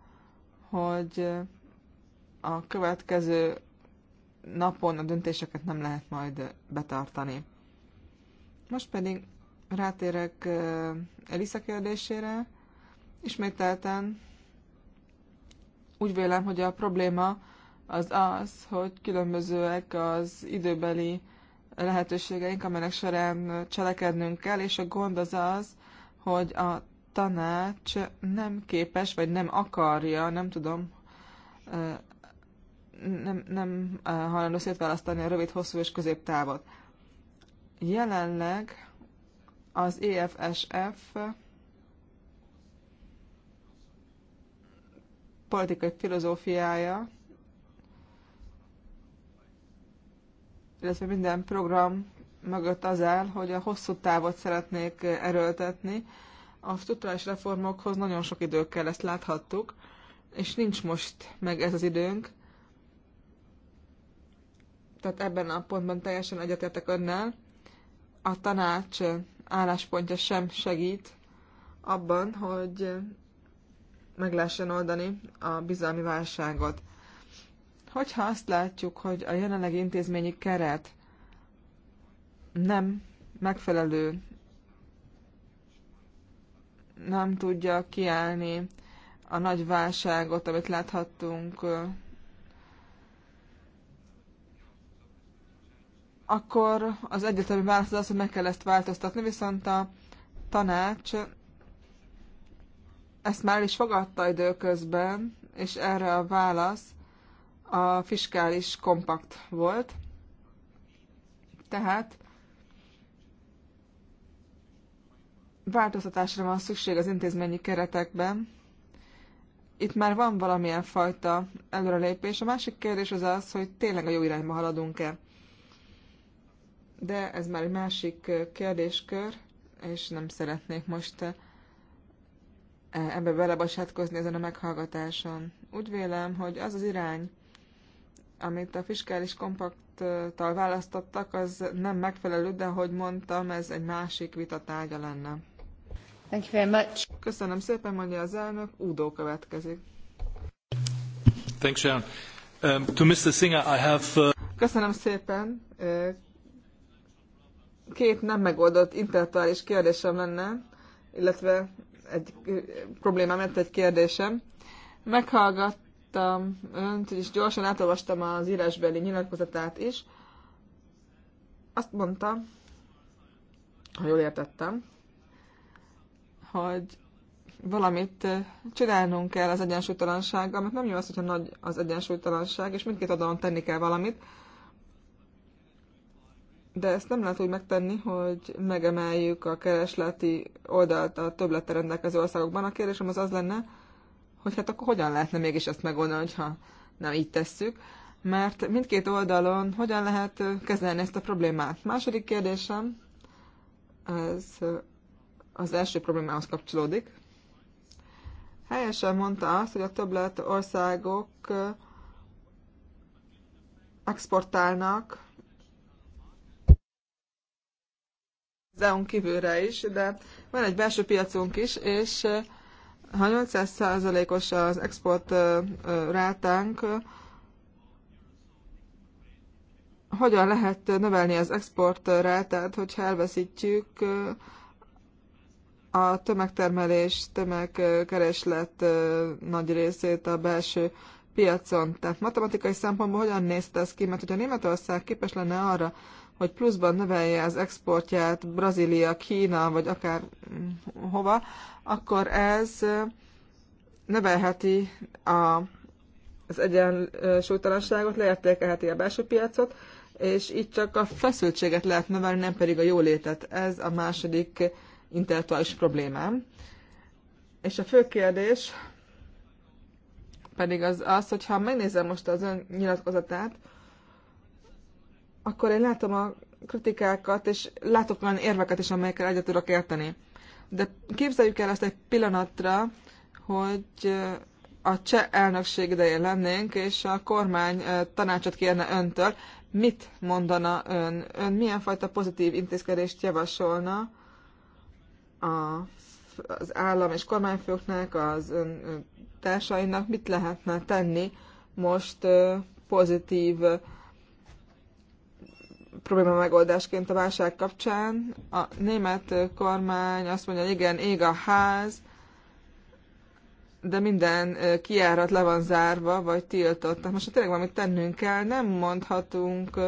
hogy a következő napon a döntéseket nem lehet majd betartani. Most pedig rátérek Elisa kérdésére. Ismételten úgy vélem, hogy a probléma az az, hogy különbözőek az időbeli lehetőségeink, amelyek során cselekednünk kell, és a gond az az, hogy a tanács nem képes, vagy nem akarja, nem tudom, nem, nem hajlandó szétválasztani a rövid, hosszú és középtávot. Jelenleg az EFSF politikai filozófiája illetve minden program mögött az áll, hogy a hosszú távot szeretnék erőltetni. A struktúrális reformokhoz nagyon sok idő kell, ezt láthattuk, és nincs most meg ez az időnk. Tehát ebben a pontban teljesen egyetértek önnel. A tanács álláspontja sem segít abban, hogy meg lehessen oldani a bizalmi válságot. Hogyha azt látjuk, hogy a jelenlegi intézményi keret nem megfelelő, nem tudja kiállni a nagy válságot, amit láthattunk, akkor az egyetemi válasz az, hogy meg kell ezt változtatni, viszont a tanács ezt már is fogadta időközben, és erre a válasz a fiskális kompakt volt, tehát változtatásra van szükség az intézményi keretekben. Itt már van valamilyen fajta előrelépés. A másik kérdés az az, hogy tényleg a jó irányba haladunk-e. De ez már egy másik kérdéskör, és nem szeretnék most ebbe belebocsátkozni ezen a meghallgatáson. Úgy vélem, hogy az az irány, amit a fiskális kompakttal választottak, az nem megfelelő, de ahogy mondtam, ez egy másik vita tárgya lenne. Thank you very much. Köszönöm szépen, mondja az elnök. Udo következik. Thanks, Sharon. Um, to Mr. Singer, I have... Uh... Köszönöm szépen. Két nem megoldott intellektuális kérdésem lenne, illetve egy problémám, egy kérdésem. Meghallgat hallgattam önt, és gyorsan átolvastam az írásbeli nyilatkozatát is. Azt mondta, ha jól értettem, hogy valamit eh, csinálnunk kell az egyensúlytalansággal, mert nem jó az, hogyha nagy az egyensúlytalanság, és mindkét oldalon tenni kell valamit. De ezt nem lehet úgy megtenni, hogy megemeljük a keresleti oldalt a többlettel rendelkező országokban. A kérdésem az az lenne, hogy hát akkor hogyan lehetne mégis ezt megoldani, ha nem így tesszük, mert mindkét oldalon hogyan lehet kezelni ezt a problémát. Második kérdésem, ez az első problémához kapcsolódik. Helyesen mondta azt, hogy a többlet országok exportálnak az EU-n kívülre is, de van egy belső piacunk is, és ha 800%-os az export rátánk, hogyan lehet növelni az export rátát, hogyha elveszítjük a tömegtermelés, tömegkereslet nagy részét a belső piacon. Tehát matematikai szempontból hogyan néz ez ki? Mert hogyha Németország képes lenne arra, hogy pluszban növelje az exportját Brazília, Kína, vagy akár mm, hova, akkor ez növelheti a, az egyensúlytalanságot, leértékelheti a belső piacot, és itt csak a feszültséget lehet növelni, nem pedig a jólétet. Ez a második intellektuális problémám. És a fő kérdés pedig az az, hogyha megnézem most az ön nyilatkozatát, akkor én látom a kritikákat, és látok olyan érveket is, amelyekkel egyet tudok érteni. De képzeljük el ezt egy pillanatra, hogy a cseh elnökség idején lennénk, és a kormány tanácsot kérne öntől, mit mondana ön? Ön milyen fajta pozitív intézkedést javasolna a, az állam és kormányfőknek, az ön társainak? Mit lehetne tenni most pozitív probléma megoldásként a válság kapcsán. A német kormány azt mondja, hogy igen, ég a ház, de minden kiárat le van zárva, vagy tiltott. Most ha tényleg valamit tennünk kell, nem mondhatunk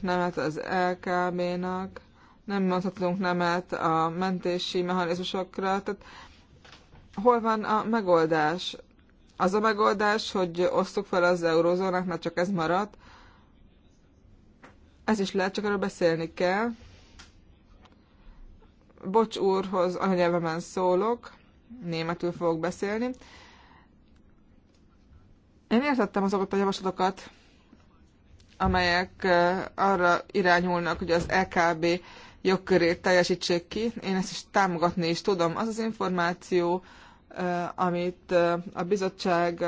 nemet az LKB-nak, nem mondhatunk nemet a mentési mechanizmusokra. Tehát hol van a megoldás? Az a megoldás, hogy osztuk fel az eurózónát, mert csak ez maradt, ez is lehet, csak arra beszélni kell. Bocs úrhoz anyanyelvemen szólok, németül fogok beszélni. Én értettem azokat a javaslatokat, amelyek arra irányulnak, hogy az LKB jogkörét teljesítsék ki. Én ezt is támogatni is tudom. Az az információ, amit a bizottság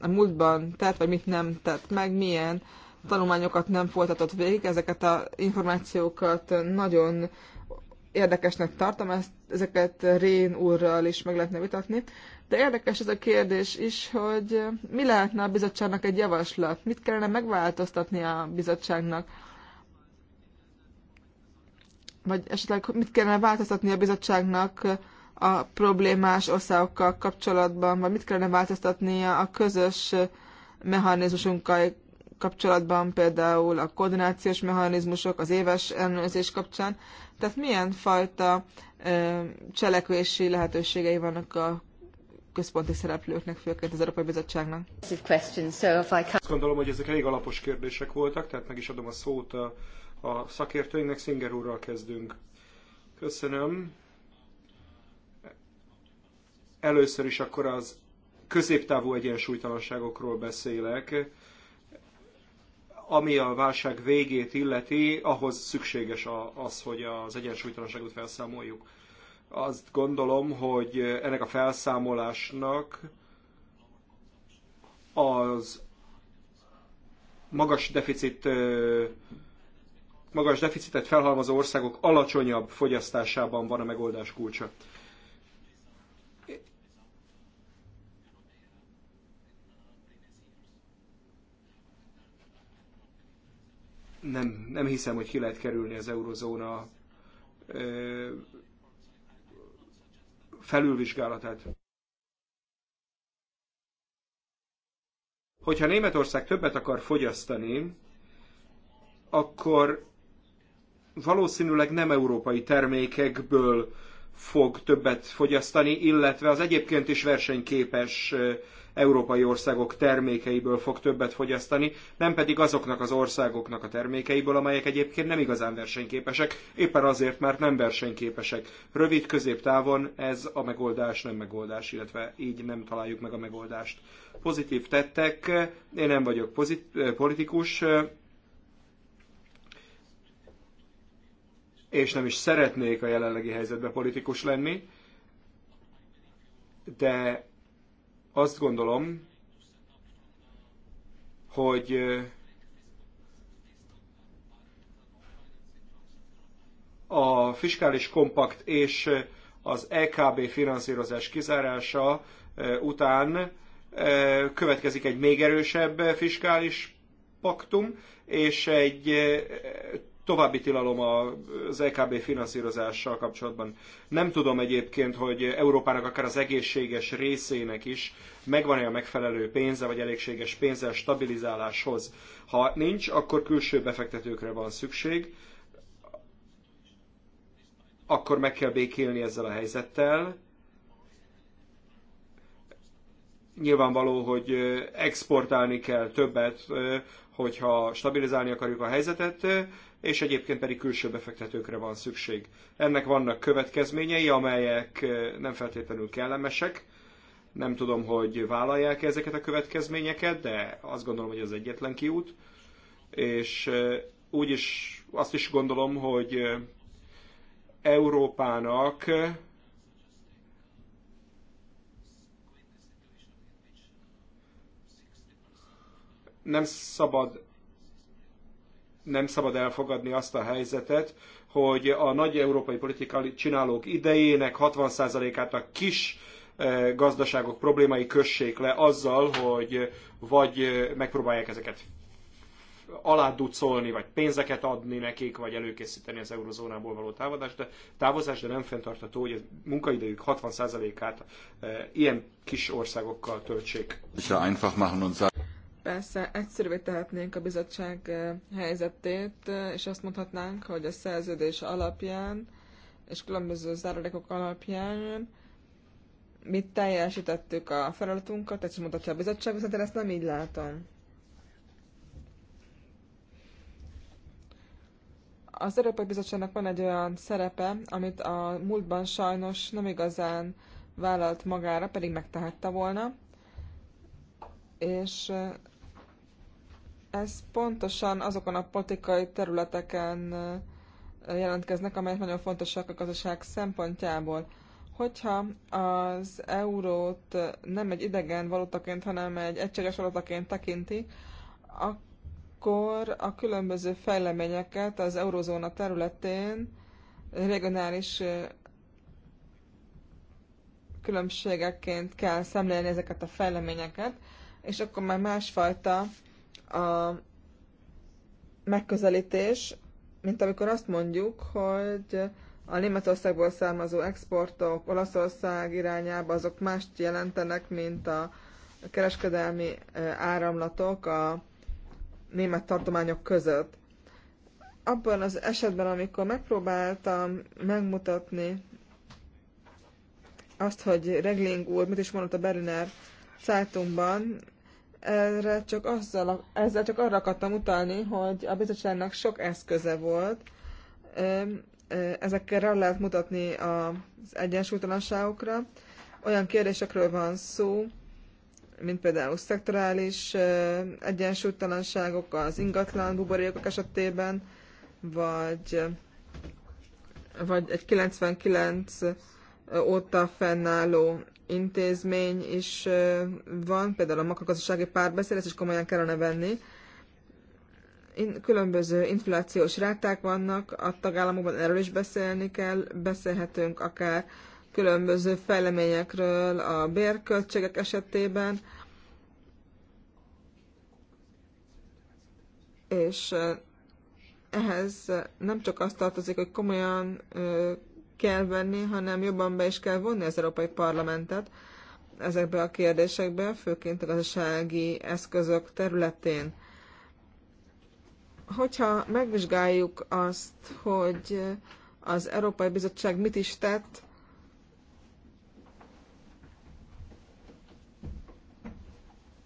a múltban tett, vagy mit nem tett meg, milyen tanulmányokat nem folytatott végig, ezeket a információkat nagyon érdekesnek tartom, ezt, ezeket Rén úrral is meg lehetne vitatni. De érdekes ez a kérdés is, hogy mi lehetne a bizottságnak egy javaslat? Mit kellene megváltoztatni a bizottságnak? Vagy esetleg mit kellene változtatni a bizottságnak a problémás országokkal kapcsolatban, vagy mit kellene változtatnia a közös mechanizmusunkkal kapcsolatban, például a koordinációs mechanizmusok, az éves ellenőrzés kapcsán. Tehát milyen fajta cselekvési lehetőségei vannak a központi szereplőknek, főként az Európai Bizottságnak? Azt gondolom, hogy ezek elég alapos kérdések voltak, tehát meg is adom a szót a, a szakértőinknek. Szinger úrral kezdünk. Köszönöm. Először is akkor az középtávú egyensúlytalanságokról beszélek ami a válság végét illeti, ahhoz szükséges az, hogy az egyensúlytalanságot felszámoljuk. Azt gondolom, hogy ennek a felszámolásnak az magas deficit magas deficitet felhalmozó országok alacsonyabb fogyasztásában van a megoldás kulcsa. nem, nem hiszem, hogy ki lehet kerülni az eurozóna felülvizsgálatát. Hogyha Németország többet akar fogyasztani, akkor valószínűleg nem európai termékekből fog többet fogyasztani, illetve az egyébként is versenyképes európai országok termékeiből fog többet fogyasztani, nem pedig azoknak az országoknak a termékeiből, amelyek egyébként nem igazán versenyképesek, éppen azért, mert nem versenyképesek. Rövid középtávon ez a megoldás nem megoldás, illetve így nem találjuk meg a megoldást. Pozitív tettek, én nem vagyok pozit- politikus, és nem is szeretnék a jelenlegi helyzetben politikus lenni, de azt gondolom, hogy a fiskális kompakt és az EKB finanszírozás kizárása után következik egy még erősebb fiskális paktum, és egy további tilalom az EKB finanszírozással kapcsolatban. Nem tudom egyébként, hogy Európának akár az egészséges részének is megvan-e a megfelelő pénze, vagy elégséges pénze a stabilizáláshoz. Ha nincs, akkor külső befektetőkre van szükség, akkor meg kell békélni ezzel a helyzettel. Nyilvánvaló, hogy exportálni kell többet, hogyha stabilizálni akarjuk a helyzetet, és egyébként pedig külső befektetőkre van szükség. Ennek vannak következményei, amelyek eh, nem feltétlenül kellemesek. Nem tudom, hogy vállalják -e ezeket a következményeket, de azt gondolom, hogy az egyetlen kiút. És eh, úgy is azt is gondolom, hogy eh, Európának nem szabad nem szabad elfogadni azt a helyzetet, hogy a nagy európai politikai csinálók idejének 60%-át a kis eh, gazdaságok problémái kössék le azzal, hogy eh, vagy eh, megpróbálják ezeket aláducolni, vagy pénzeket adni nekik, vagy előkészíteni az eurozónából való távozást, de távozás, de nem fenntartható, hogy a munkaidejük 60%-át e, ilyen kis országokkal töltsék. Persze egyszerűvé tehetnénk a bizottság eh, helyzetét, eh, és azt mondhatnánk, hogy a szerződés alapján és különböző zárulékok alapján mi teljesítettük a feladatunkat, ezt mondhatja a bizottság, viszont én ezt nem így látom. Az Európai Bizottságnak van egy olyan szerepe, amit a múltban sajnos nem igazán vállalt magára, pedig megtehette volna, és eh, ez pontosan azokon a politikai területeken jelentkeznek, amelyek nagyon fontosak a gazdaság szempontjából. Hogyha az eurót nem egy idegen valutaként, hanem egy egységes valutaként tekinti, akkor a különböző fejleményeket az eurozóna területén regionális különbségekként kell szemlélni ezeket a fejleményeket, és akkor már másfajta a megközelítés, mint amikor azt mondjuk, hogy a Németországból származó exportok Olaszország irányába azok mást jelentenek, mint a kereskedelmi áramlatok a német tartományok között. Abban az esetben, amikor megpróbáltam megmutatni azt, hogy Regling úr mit is mondott a Berliner Zeitungban, erre csak azzal, ezzel csak arra akartam utalni, hogy a bizottságnak sok eszköze volt, ezekkel rá lehet mutatni az egyensúlytalanságokra. Olyan kérdésekről van szó, mint például szektorális egyensúlytalanságok az ingatlan buborékok esetében, vagy, vagy egy 99 óta fennálló intézmény is van, például a makrogazdasági párbeszéd, ezt is komolyan kellene venni. Különböző inflációs ráták vannak, a tagállamokban erről is beszélni kell, beszélhetünk akár különböző fejleményekről a bérköltségek esetében, és ehhez nem csak azt tartozik, hogy komolyan kell venni, hanem jobban be is kell vonni az Európai Parlamentet ezekbe a kérdésekbe, főként a gazdasági eszközök területén. Hogyha megvizsgáljuk azt, hogy az Európai Bizottság mit is tett,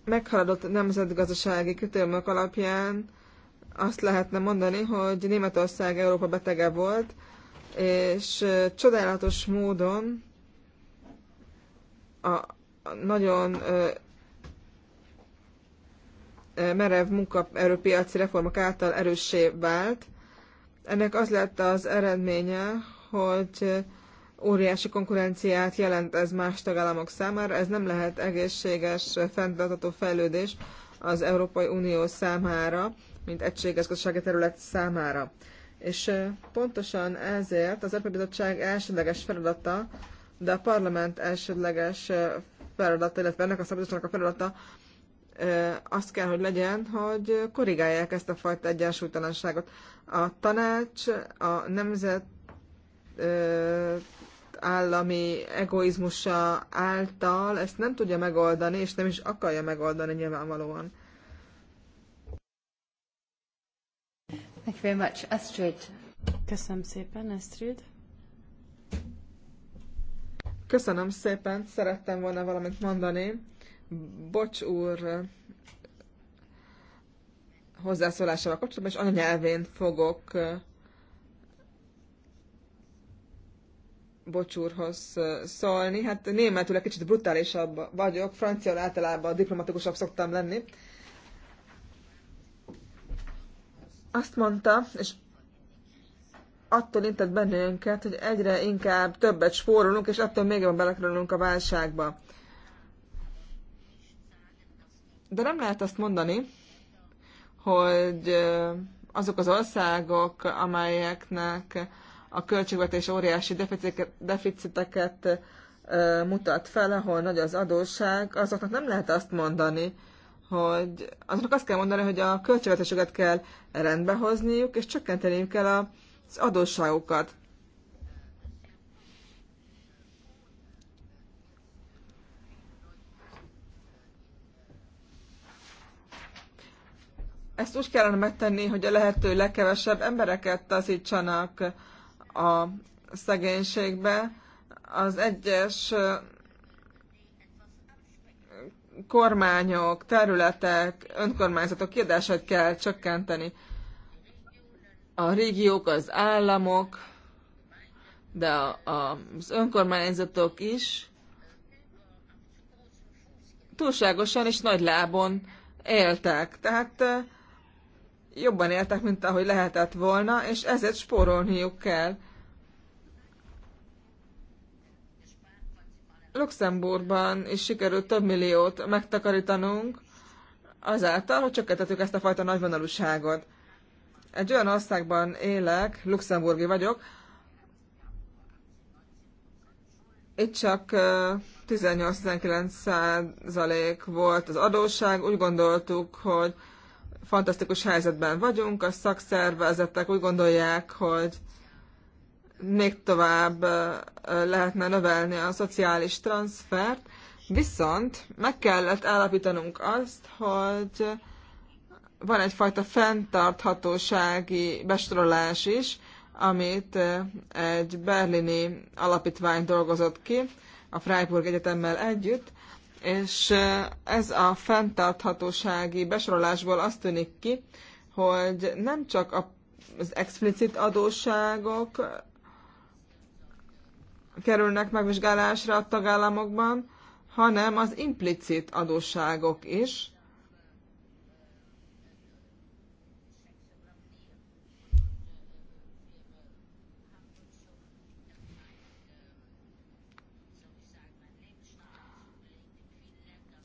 meghaladott nemzetgazdasági kritériumok alapján azt lehetne mondani, hogy Németország Európa betege volt, és csodálatos módon a nagyon merev munkaerőpiaci reformok által erőssé vált. Ennek az lett az eredménye, hogy óriási konkurenciát jelent ez más tagállamok számára. Ez nem lehet egészséges, fenntartható fejlődés az Európai Unió számára, mint egységes gazdasági terület számára. És pontosan ezért az Európai Bizottság elsődleges feladata, de a parlament elsődleges feladata, illetve ennek a szabadságnak a feladata azt kell, hogy legyen, hogy korrigálják ezt a fajta egyensúlytalanságot. A tanács a nemzet állami egoizmusa által ezt nem tudja megoldani, és nem is akarja megoldani nyilvánvalóan. Thank you very much. Astrid. Köszönöm szépen, Astrid. Köszönöm szépen, szerettem volna valamit mondani. Bocs úr hozzászólásával kapcsolatban, és anyanyelvén fogok Bocs úrhoz szólni. Hát németül egy kicsit brutálisabb vagyok, francia általában diplomatikusabb szoktam lenni. azt mondta, és attól intett bennünket, hogy egyre inkább többet spórolunk, és attól még jobban belekerülünk a válságba. De nem lehet azt mondani, hogy azok az országok, amelyeknek a költségvetés óriási deficiteket mutat fel, ahol nagy az adósság, azoknak nem lehet azt mondani, hogy azoknak azt kell mondani, hogy a költségvetésüket kell rendbehozniuk, és csökkenteniük kell az adósságokat. Ezt úgy kellene megtenni, hogy a lehető legkevesebb embereket taszítsanak a szegénységbe. Az egyes kormányok, területek, önkormányzatok kiadását kell csökkenteni. A régiók, az államok, de a, a, az önkormányzatok is túlságosan és nagy lábon éltek. Tehát jobban éltek, mint ahogy lehetett volna, és ezért spórolniuk kell. Luxemburgban is sikerült több milliót megtakarítanunk, azáltal, hogy csökkentettük ezt a fajta nagyvonalúságot. Egy olyan országban élek, luxemburgi vagyok, itt csak 18-19 százalék volt az adósság, úgy gondoltuk, hogy fantasztikus helyzetben vagyunk, a szakszervezetek úgy gondolják, hogy még tovább lehetne növelni a szociális transfert, viszont meg kellett állapítanunk azt, hogy van egyfajta fenntarthatósági besorolás is, amit egy berlini alapítvány dolgozott ki a Freiburg Egyetemmel együtt, és ez a fenntarthatósági besorolásból azt tűnik ki, hogy nem csak az explicit adósságok kerülnek megvizsgálásra a tagállamokban, hanem az implicit adósságok is.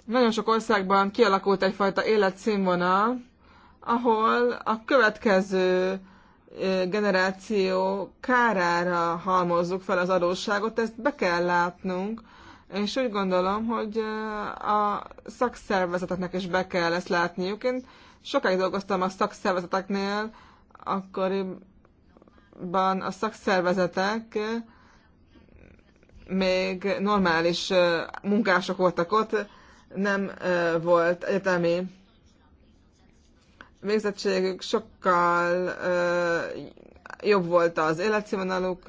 Nagyon sok országban kialakult egyfajta életszínvonal, ahol a következő generáció kárára halmozzuk fel az adósságot, ezt be kell látnunk, és úgy gondolom, hogy a szakszervezeteknek is be kell ezt látniuk. Én sokáig dolgoztam a szakszervezeteknél, akkoriban a szakszervezetek még normális munkások voltak ott, nem volt egyetemi végzettségük sokkal jobb volt az életszínvonaluk,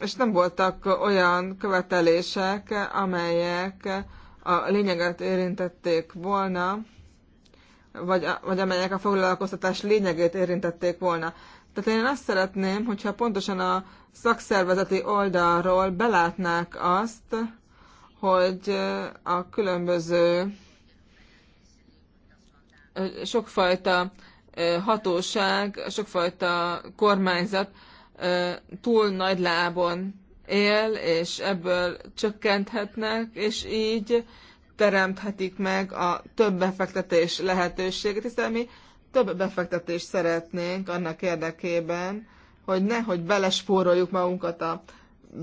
és nem voltak olyan követelések, amelyek a lényeget érintették volna, vagy, vagy amelyek a foglalkoztatás lényegét érintették volna. Tehát én azt szeretném, hogyha pontosan a szakszervezeti oldalról belátnák azt, hogy a különböző sokfajta hatóság, sokfajta kormányzat túl nagy lábon él, és ebből csökkenthetnek, és így teremthetik meg a több befektetés lehetőséget, hiszen mi több befektetést szeretnénk annak érdekében, hogy nehogy belespóroljuk magunkat a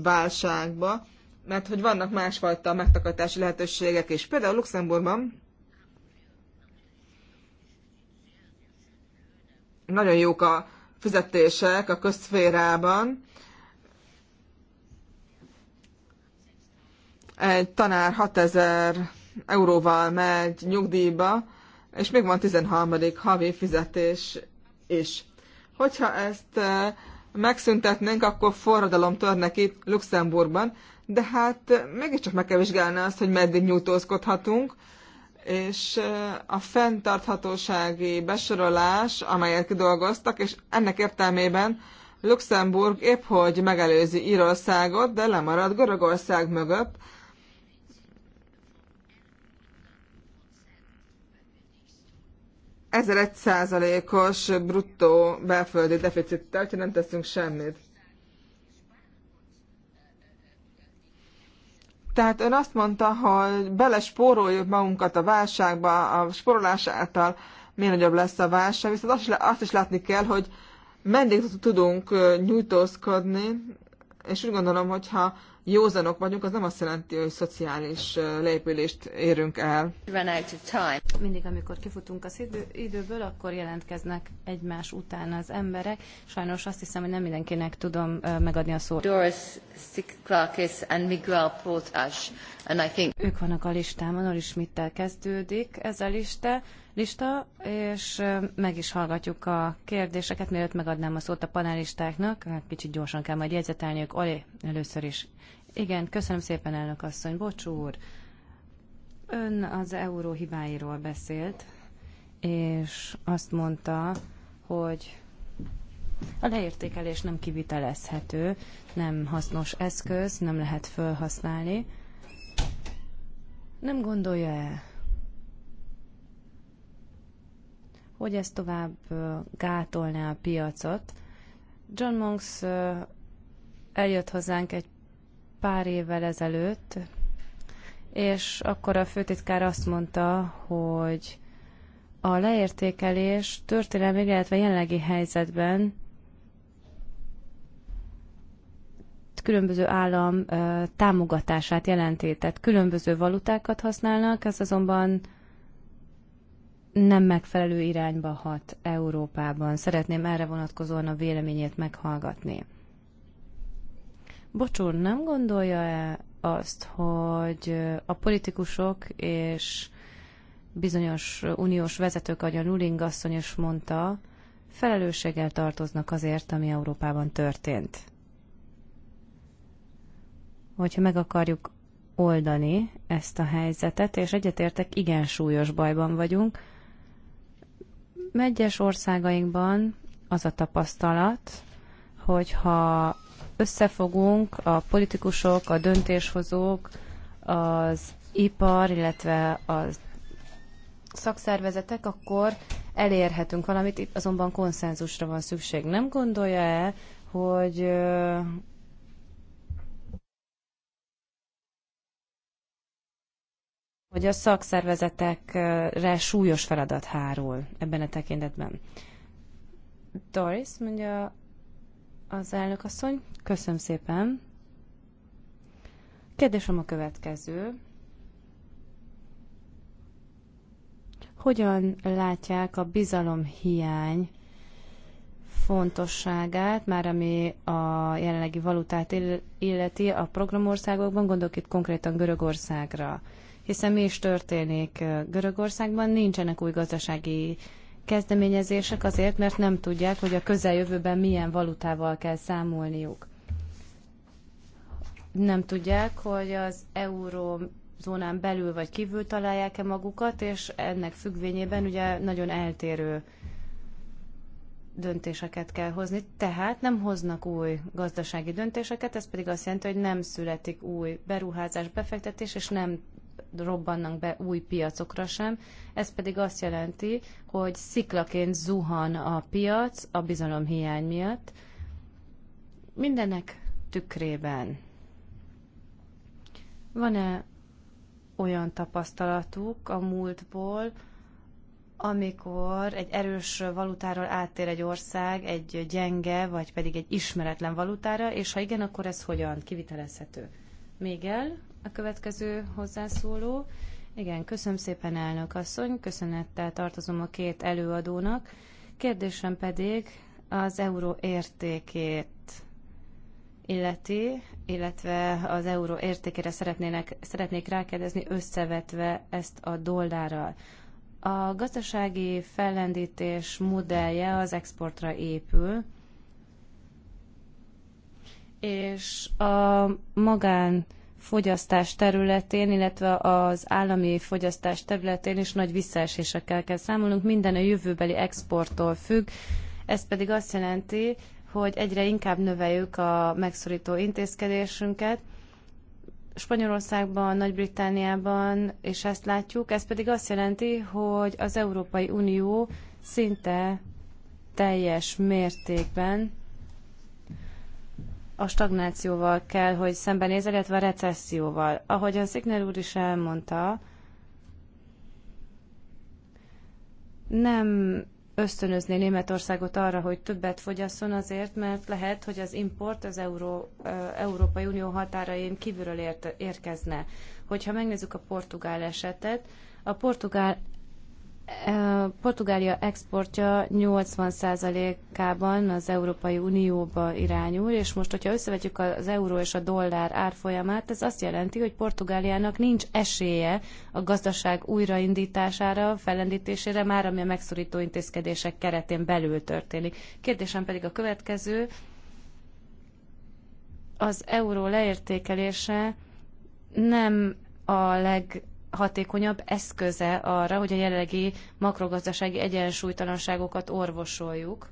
válságba, mert hogy vannak másfajta megtakarítási lehetőségek is. Például Luxemburgban nagyon jók a fizetések a közszférában. Egy tanár 6000 euróval megy nyugdíjba, és még van 13. havi fizetés is. Hogyha ezt eh, megszüntetnénk, akkor forradalom törne ki Luxemburgban, de hát mégiscsak meg kell vizsgálni azt, hogy meddig nyújtózkodhatunk, és a fenntarthatósági besorolás, amelyet kidolgoztak, és ennek értelmében Luxemburg épp hogy megelőzi Írországot, de lemarad Görögország mögött. Ezzel egy százalékos bruttó belföldi deficittel, hogyha nem teszünk semmit. Tehát ön azt mondta, hogy belespóroljuk magunkat a válságba, a spórolás által mi nagyobb lesz a válság, viszont azt is, azt is látni kell, hogy meddig tudunk nyújtózkodni, és úgy gondolom, hogyha józanok vagyunk, az nem azt jelenti, hogy szociális leépülést érünk el. Mindig, amikor kifutunk az idő, időből, akkor jelentkeznek egymás után az emberek. Sajnos azt hiszem, hogy nem mindenkinek tudom megadni a szót. Doris Sikrakis and Miguel Portas, and I think... Ők vannak a listámon, Oli Mittel kezdődik ez a lista lista, és meg is hallgatjuk a kérdéseket, mielőtt megadnám a szót a panelistáknak. Kicsit gyorsan kell majd jegyzetelniük. Oli, először is. Igen, köszönöm szépen, elnök asszony. Bocs úr, ön az euró hibáiról beszélt, és azt mondta, hogy a leértékelés nem kivitelezhető, nem hasznos eszköz, nem lehet felhasználni. Nem gondolja-e, hogy ez tovább gátolná a piacot. John Monks eljött hozzánk egy pár évvel ezelőtt, és akkor a főtitkár azt mondta, hogy a leértékelés történelmi, illetve jelenlegi helyzetben különböző állam támogatását jelenti, tehát különböző valutákat használnak, ez azonban nem megfelelő irányba hat Európában. Szeretném erre vonatkozóan a véleményét meghallgatni. Bocsúr, nem gondolja-e azt, hogy a politikusok és bizonyos uniós vezetők, ahogy a Nuling asszony is mondta, felelősséggel tartoznak azért, ami Európában történt. Hogyha meg akarjuk oldani ezt a helyzetet, és egyetértek, igen súlyos bajban vagyunk, egyes országainkban az a tapasztalat, hogyha összefogunk a politikusok, a döntéshozók, az ipar, illetve az szakszervezetek, akkor elérhetünk valamit, itt azonban konszenzusra van szükség. Nem gondolja el, hogy hogy a szakszervezetekre súlyos feladat hárul ebben a tekintetben. Doris, mondja az elnök asszony, köszönöm szépen. Kérdésem a következő. Hogyan látják a bizalom hiány fontosságát, már ami a jelenlegi valutát illeti a programországokban, gondolok itt konkrétan Görögországra hiszen mi is történik Görögországban, nincsenek új gazdasági kezdeményezések azért, mert nem tudják, hogy a közeljövőben milyen valutával kell számolniuk. Nem tudják, hogy az eurózónán belül vagy kívül találják-e magukat, és ennek függvényében ugye nagyon eltérő döntéseket kell hozni, tehát nem hoznak új gazdasági döntéseket, ez pedig azt jelenti, hogy nem születik új beruházás, befektetés, és nem robbannak be új piacokra sem. Ez pedig azt jelenti, hogy sziklaként zuhan a piac a bizalomhiány miatt. Mindenek tükrében. Van-e olyan tapasztalatuk a múltból, amikor egy erős valutáról áttér egy ország egy gyenge, vagy pedig egy ismeretlen valutára, és ha igen, akkor ez hogyan kivitelezhető? Még el, a következő hozzászóló. Igen, köszönöm szépen, elnök asszony, köszönettel tartozom a két előadónak. Kérdésem pedig az euró értékét illeti, illetve az euró értékére szeretnének, szeretnék rákérdezni összevetve ezt a dollárral. A gazdasági fellendítés modellje az exportra épül, és a magán fogyasztás területén, illetve az állami fogyasztás területén is nagy visszaesésekkel kell számolnunk. Minden a jövőbeli exporttól függ. Ez pedig azt jelenti, hogy egyre inkább növeljük a megszorító intézkedésünket. Spanyolországban, Nagy-Britániában, és ezt látjuk, ez pedig azt jelenti, hogy az Európai Unió szinte teljes mértékben a stagnációval kell, hogy szembenézzen, illetve a recesszióval. a Szigner úr is elmondta, nem ösztönözni Németországot arra, hogy többet fogyasszon azért, mert lehet, hogy az import az Euró, Európai Unió határain kívülről ért, érkezne. Hogyha megnézzük a portugál esetet, a portugál Portugália exportja 80%-ában az Európai Unióba irányul, és most, hogyha összevetjük az euró és a dollár árfolyamát, ez azt jelenti, hogy Portugáliának nincs esélye a gazdaság újraindítására, fellendítésére, már ami a megszorító intézkedések keretén belül történik. Kérdésem pedig a következő. Az euró leértékelése nem a leg leghatékonyabb eszköze arra, hogy a jelenlegi makrogazdasági egyensúlytalanságokat orvosoljuk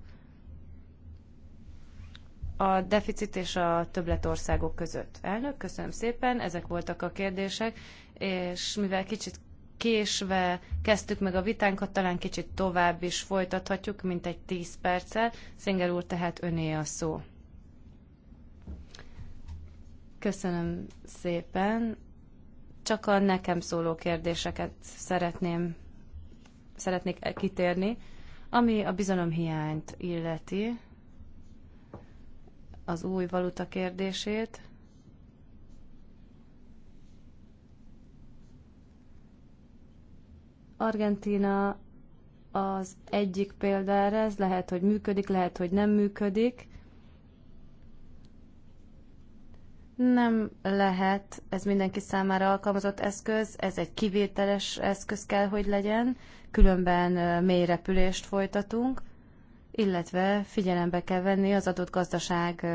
a deficit és a többletországok között. Elnök, köszönöm szépen, ezek voltak a kérdések, és mivel kicsit késve kezdtük meg a vitánkat, talán kicsit tovább is folytathatjuk, mint egy tíz perccel. Szinger úr, tehát öné a szó. Köszönöm szépen csak a nekem szóló kérdéseket szeretném, szeretnék kitérni. Ami a bizalomhiányt illeti, az új valuta kérdését, Argentina az egyik példa erre, ez lehet, hogy működik, lehet, hogy nem működik. nem lehet ez mindenki számára alkalmazott eszköz, ez egy kivételes eszköz kell, hogy legyen, különben mély repülést folytatunk, illetve figyelembe kell venni az adott gazdaság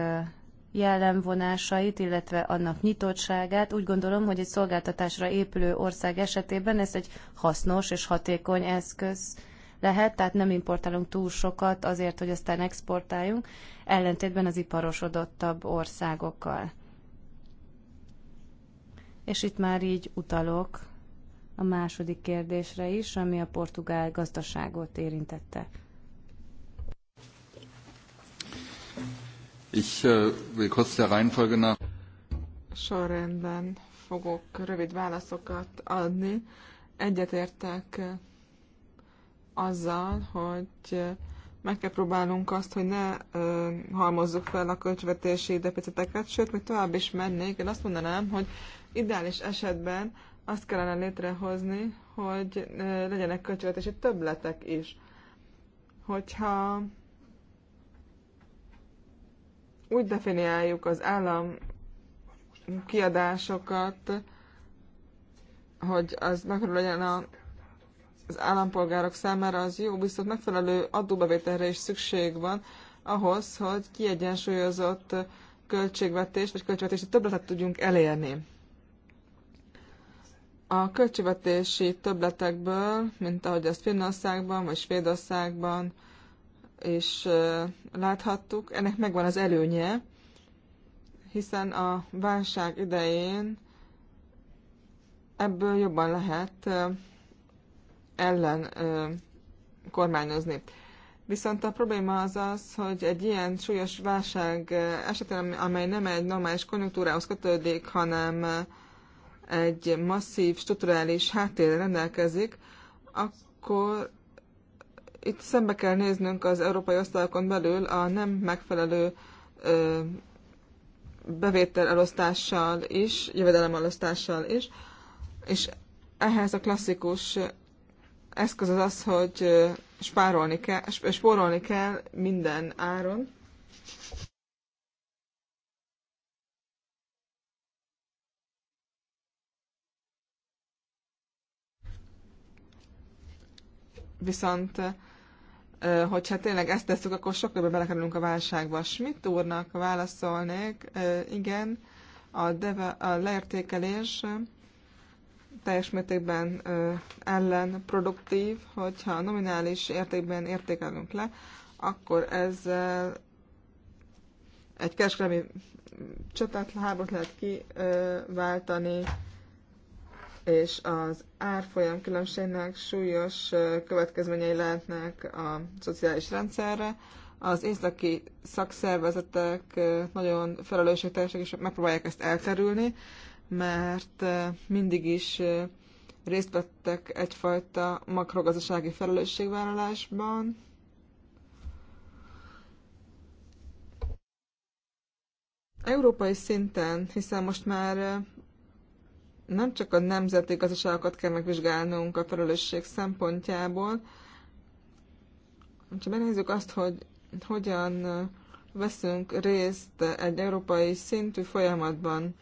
jellemvonásait, illetve annak nyitottságát. Úgy gondolom, hogy egy szolgáltatásra épülő ország esetében ez egy hasznos és hatékony eszköz lehet, tehát nem importálunk túl sokat azért, hogy aztán exportáljunk, ellentétben az iparosodottabb országokkal. És itt már így utalok a második kérdésre is, ami a portugál gazdaságot érintette. Ich äh, will kurz der Reihenfolge nach. Sorrendben fogok rövid válaszokat adni. Egyetértek äh, azzal, hogy äh, meg kell próbálnunk azt, hogy ne ö, halmozzuk fel a költségvetési deficiteket, sőt, még tovább is mennék. Én azt mondanám, hogy Ideális esetben azt kellene létrehozni, hogy legyenek költségvetési többletek is. Hogyha úgy definiáljuk az állam kiadásokat, hogy az megfelelő legyen a, az állampolgárok számára, az jó, viszont megfelelő adóbevételre is szükség van ahhoz, hogy kiegyensúlyozott költségvetést vagy költségvetési többletet tudjunk elérni. A költségvetési többletekből, mint ahogy ezt Finnországban vagy Svédországban és láthattuk, ennek megvan az előnye, hiszen a válság idején ebből jobban lehet ellen kormányozni. Viszont a probléma az az, hogy egy ilyen súlyos válság esetén, amely nem egy normális konjunktúrához kötődik, hanem egy masszív strukturális háttérre rendelkezik, akkor itt szembe kell néznünk az európai osztályokon belül a nem megfelelő ö, bevétel elosztással is, jövedelem elosztással is, és ehhez a klasszikus eszköz az az, hogy spárolni kell, spórolni kell minden áron. viszont hogyha tényleg ezt tesszük, akkor sokkal belekerülünk a válságba. Schmidt úrnak válaszolnék, igen, a, deve, a leértékelés teljes mértékben ellenproduktív, hogyha nominális értékben értékelünk le, akkor ez egy kereskedelmi csatát, háborút lehet kiváltani, és az árfolyam különbségnek súlyos következményei lehetnek a szociális rendszerre. Az északi szakszervezetek nagyon felelősségteljesek, és megpróbálják ezt elkerülni, mert mindig is részt vettek egyfajta makrogazdasági felelősségvállalásban, Európai szinten, hiszen most már nem csak a nemzeti gazdaságokat kell megvizsgálnunk a felelősség szempontjából, ha megnézzük azt, hogy hogyan veszünk részt egy európai szintű folyamatban,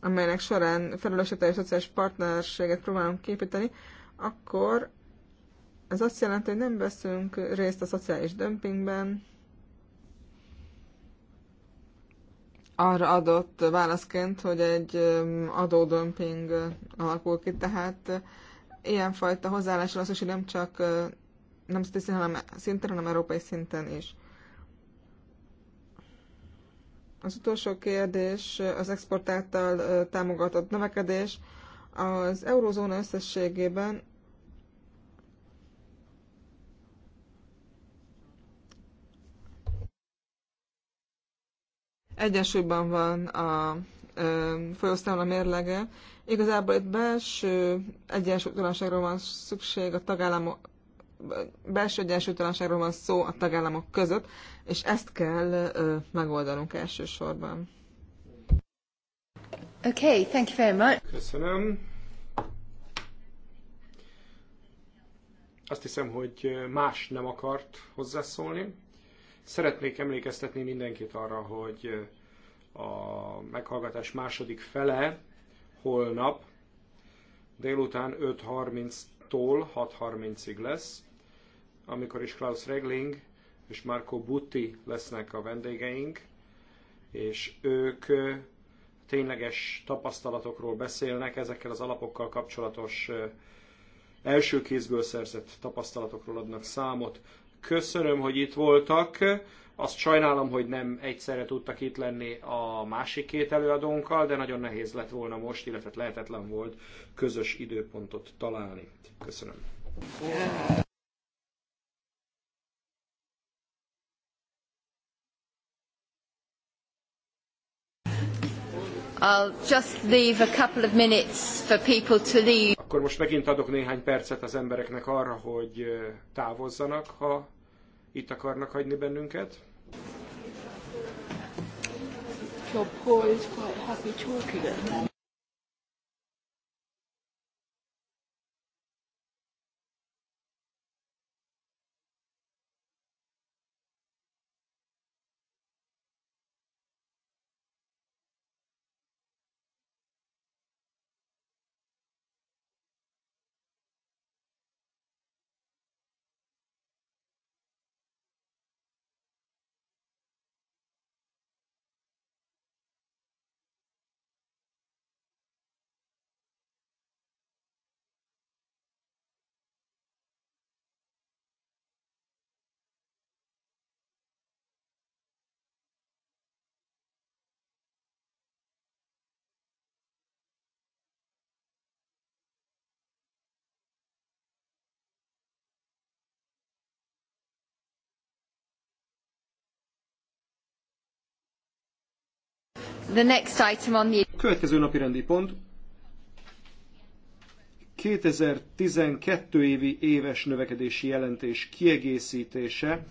amelynek során és szociális partnerséget próbálunk képíteni, akkor ez azt jelenti, hogy nem veszünk részt a szociális dömpingben, arra adott válaszként, hogy egy adódömping alakul ki, tehát ilyenfajta hozzáállással az, hogy nem csak nem szinten, hanem, e-, szinten, hanem európai szinten is. Az utolsó kérdés az export által támogatott növekedés. Az eurózóna összességében egyensúlyban van a folyószámla mérlege. Igazából itt belső egyensúlytalanságról van szükség a tagállamok, belső egyensúlytalanságról van szó a tagállamok között, és ezt kell ö, megoldanunk elsősorban. Okay, thank you very much. Köszönöm. Azt hiszem, hogy más nem akart hozzászólni. Szeretnék emlékeztetni mindenkit arra, hogy eh, a meghallgatás második fele holnap délután 5.30-tól 6.30-ig lesz, amikor is Klaus Regling és Marco Butti lesznek a vendégeink, és ők eh, tényleges tapasztalatokról beszélnek, ezekkel az alapokkal kapcsolatos eh, első kézből szerzett tapasztalatokról adnak számot. Köszönöm, hogy itt voltak. Azt sajnálom, hogy nem egyszerre tudtak itt lenni a másik két előadónkkal, de nagyon nehéz lett volna most, illetve lehetetlen volt közös időpontot találni. Köszönöm. I'll just leave a couple of minutes for people to leave. Akkor most megint adok néhány percet az embereknek arra, hogy távozzanak, ha itt akarnak hagyni bennünket. Club Hall is quite happy talking at The next item on the... Következő napi rendi pont. 2012 évi éves növekedési jelentés kiegészítése.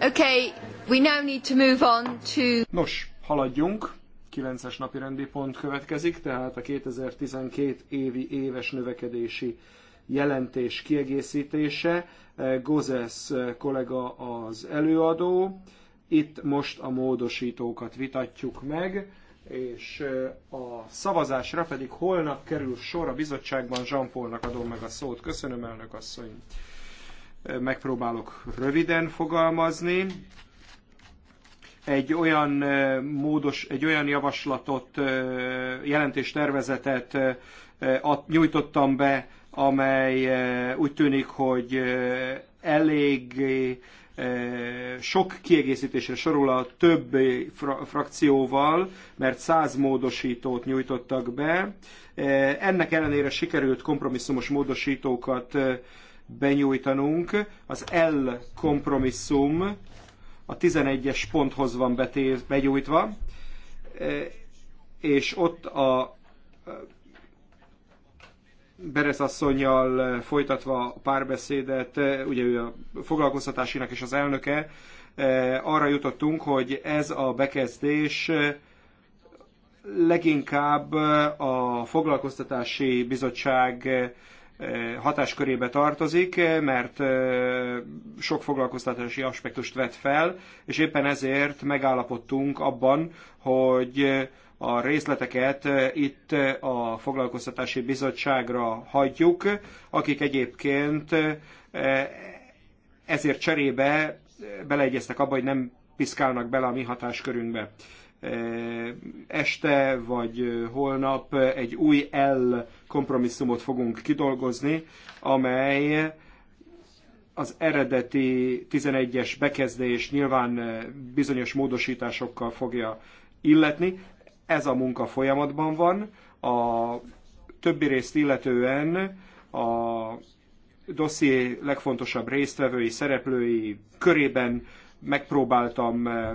Okay, we now need to move on to... Nos, haladjunk. 9-es napi rendi pont következik, tehát a 2012 évi éves növekedési jelentés kiegészítése. Gozes kollega az előadó. Itt most a módosítókat vitatjuk meg, és a szavazásra pedig holnap kerül sor a bizottságban. jean paulnak adom meg a szót. Köszönöm, elnök asszony. Megpróbálok röviden fogalmazni egy olyan módos, egy olyan javaslatot, jelentéstervezetet nyújtottam be, amely úgy tűnik, hogy elég sok kiegészítésre sorul a több frakcióval, mert száz módosítót nyújtottak be. Ennek ellenére sikerült kompromisszumos módosítókat benyújtanunk. Az L kompromisszum a 11-es ponthoz van betét, begyújtva, és ott a Berez asszonyjal folytatva a párbeszédet, eh, ugye ő a foglalkoztatásinak és az elnöke, eh, arra jutottunk, hogy ez a bekezdés eh, leginkább a foglalkoztatási bizottság hatáskörébe tartozik, mert sok foglalkoztatási aspektust vett fel, és éppen ezért megállapodtunk abban, hogy a részleteket itt a foglalkoztatási bizottságra hagyjuk, akik egyébként e, ezért cserébe beleegyeztek abba, hogy nem piszkálnak bele a mi hatáskörünkbe. E, este vagy holnap egy új L kompromisszumot fogunk kidolgozni, amely az eredeti 11-es bekezdés nyilván bizonyos módosításokkal fogja illetni, ez a munka folyamatban van. A többi részt illetően a dosszié legfontosabb résztvevői, szereplői körében megpróbáltam eh,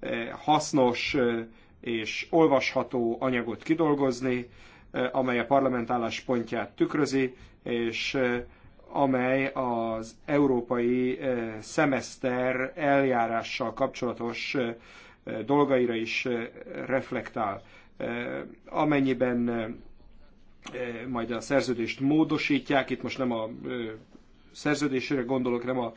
eh, hasznos eh, és olvasható anyagot kidolgozni, amely a parlament álláspontját tükrözi, és amely az európai szemeszter eljárással kapcsolatos dolgaira is eh, reflektál. Eh, amennyiben eh, majd a szerződést módosítják, itt most nem a szerződésre gondolok, nem a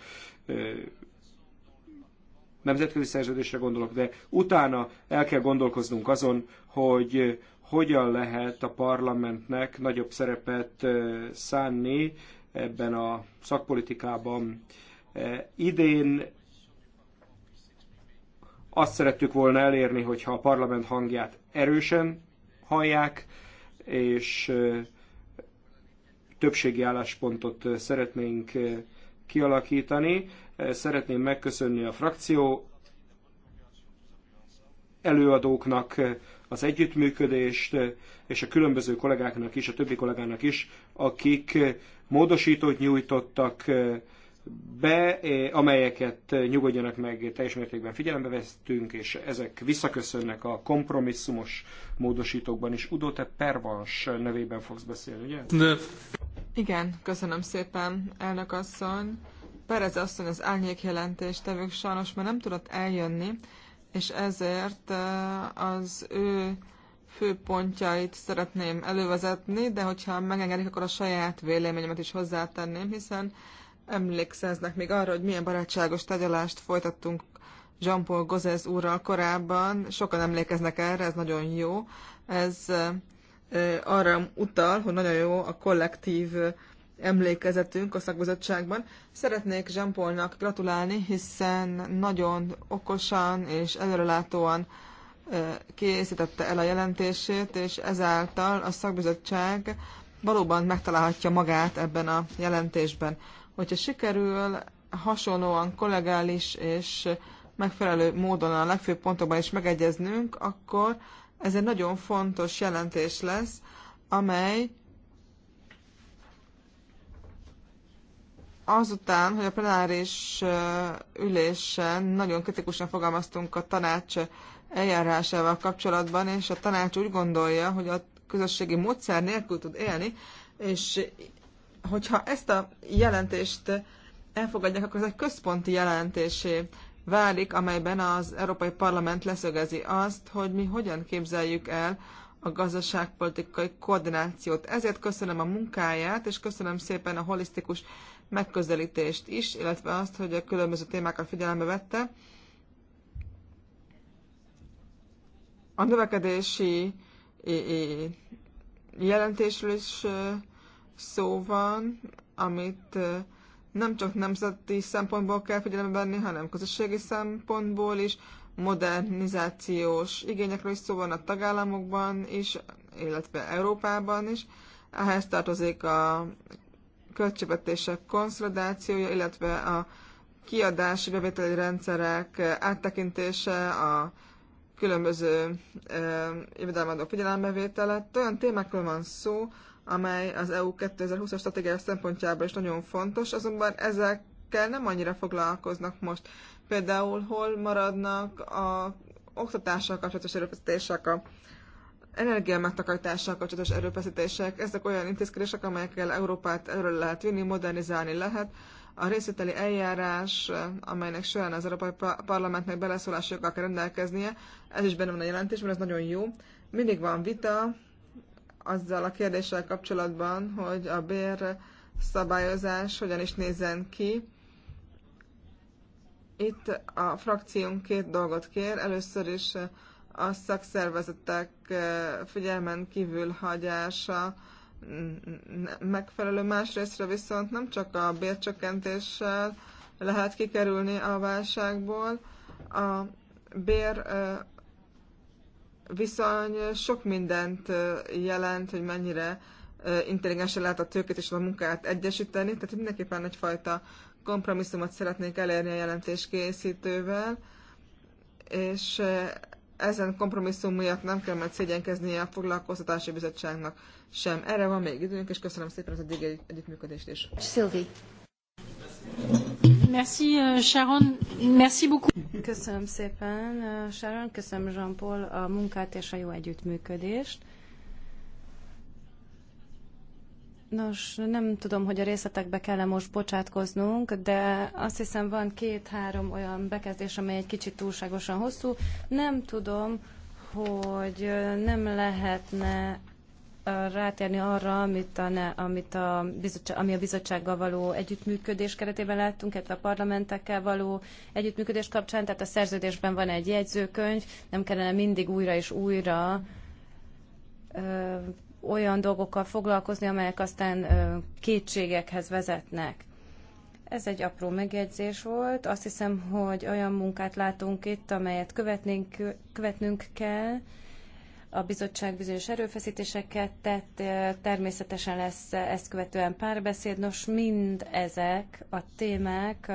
nemzetközi szerződésre gondolok, de utána el kell gondolkoznunk azon, hogy hogyan lehet a parlamentnek nagyobb szerepet szánni ebben a szakpolitikában. Idén azt szerettük volna elérni, hogyha a parlament hangját erősen hallják, és többségi álláspontot szeretnénk kialakítani. Szeretném megköszönni a frakció előadóknak az együttműködést, és a különböző kollégáknak is, a többi kollégának is, akik módosítót nyújtottak, be, eh, amelyeket nyugodjanak meg, teljes mértékben figyelembe vesztünk, és ezek visszaköszönnek a kompromisszumos módosítókban is. Udo, te pervans nevében fogsz beszélni, ugye? De. Igen, köszönöm szépen, elnök asszony. Perez asszony az álnyék jelentést tevők sajnos már nem tudott eljönni, és ezért eh, az ő főpontjait szeretném elővezetni, de hogyha megengedik, akkor a saját véleményemet is hozzátenném, hiszen emlékszeznek még arra, hogy milyen barátságos tagyalást folytattunk Jean-Paul Gozes úrral korábban. Sokan emlékeznek erre, ez nagyon jó. Ez arra utal, hogy nagyon jó a kollektív emlékezetünk a szakbizottságban. Szeretnék Zsampolnak gratulálni, hiszen nagyon okosan és előrelátóan készítette el a jelentését, és ezáltal a szakbizottság valóban megtalálhatja magát ebben a jelentésben. Hogyha sikerül hasonlóan kollegális és megfelelő módon a legfőbb pontokban is megegyeznünk, akkor ez egy nagyon fontos jelentés lesz, amely azután, hogy a plenáris ülésen nagyon kritikusan fogalmaztunk a tanács eljárásával kapcsolatban, és a tanács úgy gondolja, hogy a közösségi módszer nélkül tud élni, és hogyha ezt a jelentést elfogadják, akkor ez egy központi jelentésé válik, amelyben az Európai Parlament leszögezi azt, hogy mi hogyan képzeljük el a gazdaságpolitikai koordinációt. Ezért köszönöm a munkáját, és köszönöm szépen a holisztikus megközelítést is, illetve azt, hogy a különböző témákat figyelembe vette. A növekedési jelentésről is szó van, amit nem csak nemzeti szempontból kell figyelembe venni, hanem közösségi szempontból is, modernizációs igényekről is szó van a tagállamokban is, illetve Európában is. Ehhez tartozik a költségvetések konszolidációja, illetve a kiadási bevételi rendszerek áttekintése, a különböző jövedelmadó figyelembevételet. Olyan témákról van szó, amely az EU 2020-as stratégiája szempontjából is nagyon fontos, azonban ezekkel nem annyira foglalkoznak most. Például hol maradnak a oktatással kapcsolatos erőfeszítések, a energiamegtakarítással kapcsolatos erőfeszítések, ezek olyan intézkedések, amelyekkel Európát erről lehet vinni, modernizálni lehet. A részvételi eljárás, amelynek során az Európai Parlamentnek beleszólási joggal kell rendelkeznie, ez is benne van a jelentésben, ez nagyon jó. Mindig van vita, azzal a kérdéssel kapcsolatban, hogy a bér szabályozás hogyan is nézzen ki. Itt a frakciónk két dolgot kér. Először is a szakszervezetek eh, figyelmen kívül hagyása megfelelő. Másrésztre viszont nem csak a bércsökkentéssel lehet kikerülni a válságból, a bér eh, viszony sok mindent jelent, hogy mennyire intelligensen lehet a tőkét és a munkát egyesíteni, tehát mindenképpen egyfajta kompromisszumot szeretnék elérni a jelentés készítővel, és ezen kompromisszum miatt nem kell majd szégyenkeznie a foglalkoztatási bizottságnak sem. Erre van még időnk, és köszönöm szépen az eddig együttműködést is. Szilvi. Merci euh, Sharon, merci beaucoup. Köszönöm szépen uh, Sharon, köszönöm Jean-Paul a munkát és a jó együttműködést. Nos, nem tudom, hogy a részletekbe kell -e most bocsátkoznunk, de azt hiszem van két-három olyan bekezdés, amely egy kicsit túlságosan hosszú. Nem tudom, hogy uh, nem lehetne rátérni arra, amit a, amit a bizottság, ami a bizottsággal való együttműködés keretében láttunk, illetve a parlamentekkel való együttműködés kapcsán, tehát a szerződésben van egy jegyzőkönyv, nem kellene mindig újra és újra ö, olyan dolgokkal foglalkozni, amelyek aztán ö, kétségekhez vezetnek. Ez egy apró megjegyzés volt. Azt hiszem, hogy olyan munkát látunk itt, amelyet követnünk kell, a bizottság bizonyos erőfeszítéseket tett, természetesen lesz ezt követően párbeszéd. Nos, mind ezek a témák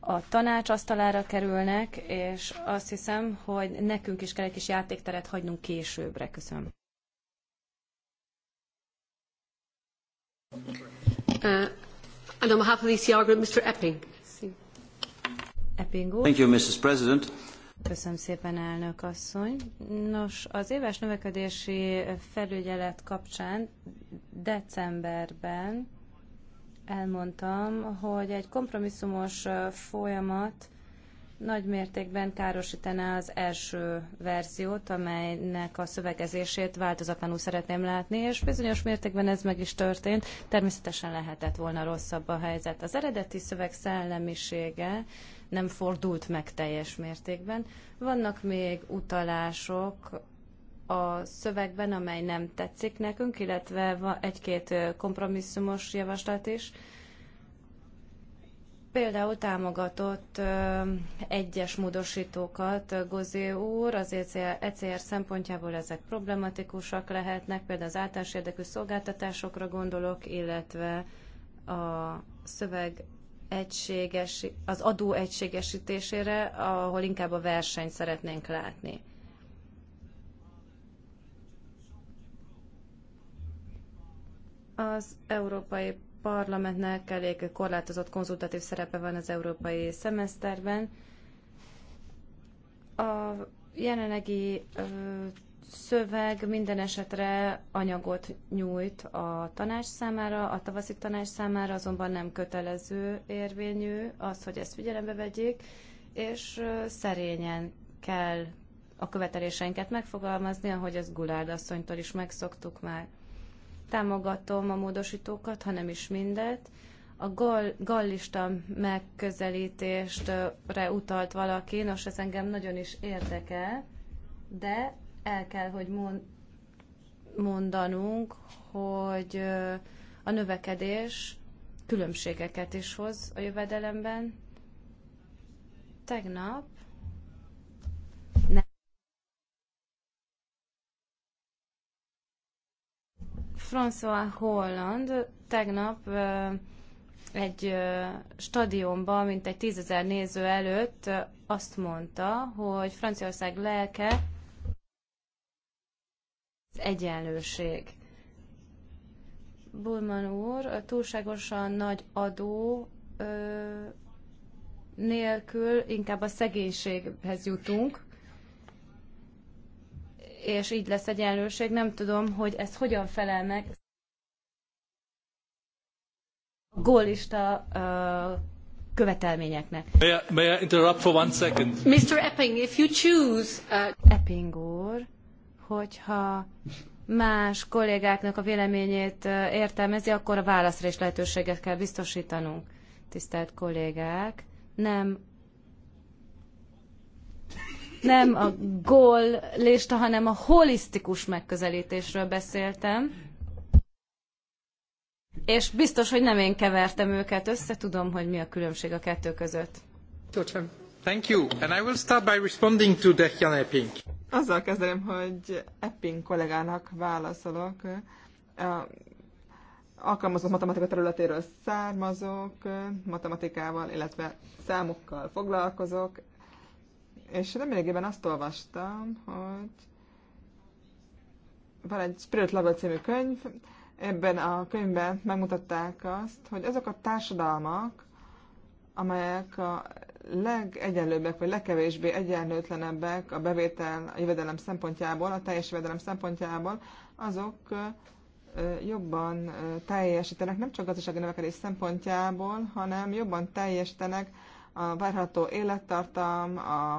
a tanács asztalára kerülnek, és azt hiszem, hogy nekünk is kell egy kis játékteret hagynunk későbbre. Köszönöm. Uh, and on behalf of the ECR group, Mr. Epping. Epping Thank you, Mrs. President. Köszönöm szépen, elnök asszony. Nos, az éves növekedési felügyelet kapcsán decemberben elmondtam, hogy egy kompromisszumos folyamat nagy mértékben károsítaná az első verziót, amelynek a szövegezését változatlanul szeretném látni, és bizonyos mértékben ez meg is történt. Természetesen lehetett volna rosszabb a helyzet. Az eredeti szöveg szellemisége nem fordult meg teljes mértékben. Vannak még utalások a szövegben, amely nem tetszik nekünk, illetve van egy-két kompromisszumos javaslat is. Például támogatott egyes módosítókat Gozé úr, az ECR, e ECR szempontjából ezek problematikusak lehetnek, például az általános érdekű szolgáltatásokra gondolok, illetve a szöveg egységes, az adó egységesítésére, ahol inkább a versenyt szeretnénk látni. Az Európai Parlamentnek elég korlátozott konzultatív szerepe van az európai szemeszterben. A jelenlegi szöveg minden esetre anyagot nyújt a tanács számára, a tavaszi tanács számára, azonban nem kötelező érvényű az, hogy ezt figyelembe vegyék, és szerényen kell a követeléseinket megfogalmazni, ahogy ezt Gulárd asszonytól is megszoktuk már. Támogatom a módosítókat, ha nem is mindet. A gall, gallista megközelítést utalt valaki, nos, ez engem nagyon is érdekel, de el kell, hogy mondanunk, hogy a növekedés különbségeket is hoz a jövedelemben. Tegnap François Holland tegnap egy stadionban, mint egy tízezer néző előtt azt mondta, hogy Franciaország lelke az egyenlőség. Bulman úr, a túlságosan nagy adó ö, nélkül inkább a szegénységhez jutunk, és így lesz egyenlőség. Nem tudom, hogy ez hogyan felel meg a gólista ö, követelményeknek. May I, may I interrupt for one second? Mr. Epping, if you choose... Uh... Epping úr hogyha más kollégáknak a véleményét értelmezi, akkor a válaszra is lehetőséget kell biztosítanunk, tisztelt kollégák. Nem nem a gól lista, hanem a holisztikus megközelítésről beszéltem. És biztos, hogy nem én kevertem őket össze, tudom, hogy mi a különbség a kettő között. Thank you, and I will start by responding to Dejan Pink. Azzal kezdeném, hogy Epping kollégának válaszolok. A alkalmazott matematika területéről származok, matematikával, illetve számokkal foglalkozok, és nemrégiben azt olvastam, hogy van egy Spirit Level című könyv, ebben a könyvben megmutatták azt, hogy azok a társadalmak, amelyek a legegyenlőbbek, vagy legkevésbé egyenlőtlenebbek a bevétel, a jövedelem szempontjából, a teljes jövedelem szempontjából, azok jobban teljesítenek, nem csak gazdasági növekedés szempontjából, hanem jobban teljesítenek a várható élettartam, a,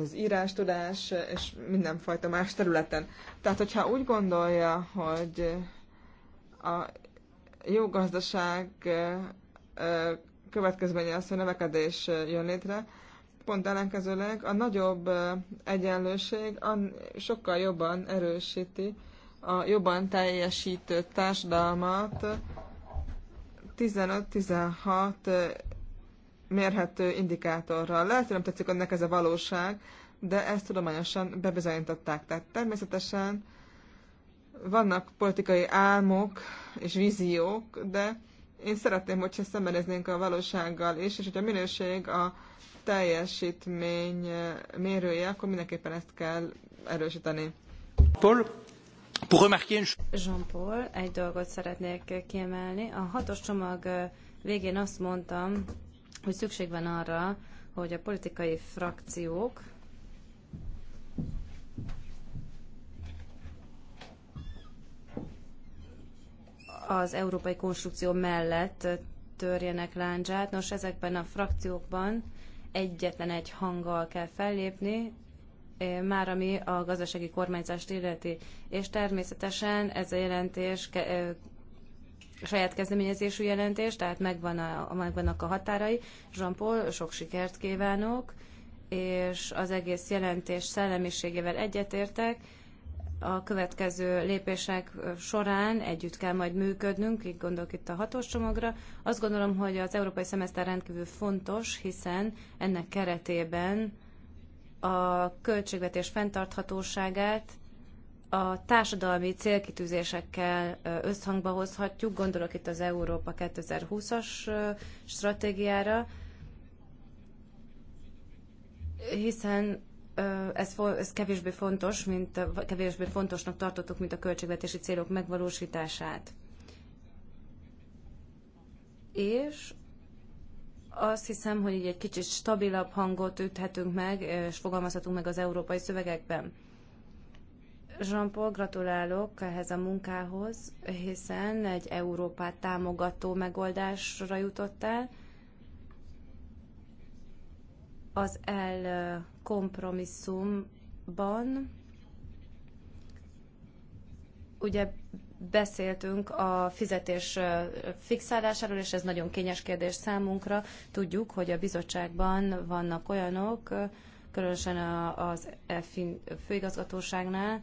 az írás, tudás és mindenfajta más területen. Tehát, hogyha úgy gondolja, hogy a jó gazdaság következménye az, hogy növekedés jön létre. Pont ellenkezőleg a nagyobb egyenlőség sokkal jobban erősíti a jobban teljesítő társadalmat. 15-16 mérhető indikátorral. Lehet, hogy nem tetszik önnek ez a valóság, de ezt tudományosan bebizonyították. Tehát természetesen vannak politikai álmok és víziók, de én szeretném, hogyha szembenéznénk a valósággal is, és hogy a minőség a teljesítmény eh, mérője, akkor mindenképpen ezt kell erősíteni. Paul? Jean-Paul, egy dolgot szeretnék kiemelni. A hatos csomag eh, végén azt mondtam, hogy szükség van arra, hogy a politikai frakciók az európai konstrukció mellett törjenek láncsát. Nos, ezekben a frakciókban egyetlen egy hanggal kell fellépni, eh, már ami a gazdasági kormányzást illeti. És természetesen ez a jelentés eh, saját kezdeményezésű jelentés, tehát megvan a, megvannak a határai. Jean-Paul, sok sikert kívánok, és az egész jelentés szellemiségével egyetértek a következő lépések során együtt kell majd működnünk, így gondolok itt a hatós csomagra. Azt gondolom, hogy az európai szemeszter rendkívül fontos, hiszen ennek keretében a költségvetés fenntarthatóságát a társadalmi célkitűzésekkel összhangba hozhatjuk, gondolok itt az Európa 2020-as stratégiára, hiszen ez, ez kevésbé fontos, mint kevésbé fontosnak tartottuk, mint a költségvetési célok megvalósítását. És azt hiszem, hogy így egy kicsit stabilabb hangot üthetünk meg, és fogalmazhatunk meg az európai szövegekben. Jean-Paul, gratulálok ehhez a munkához, hiszen egy Európát támogató megoldásra jutottál az el kompromisszumban ugye beszéltünk a fizetés fixálásáról, és ez nagyon kényes kérdés számunkra. Tudjuk, hogy a bizottságban vannak olyanok, különösen az EFIN főigazgatóságnál,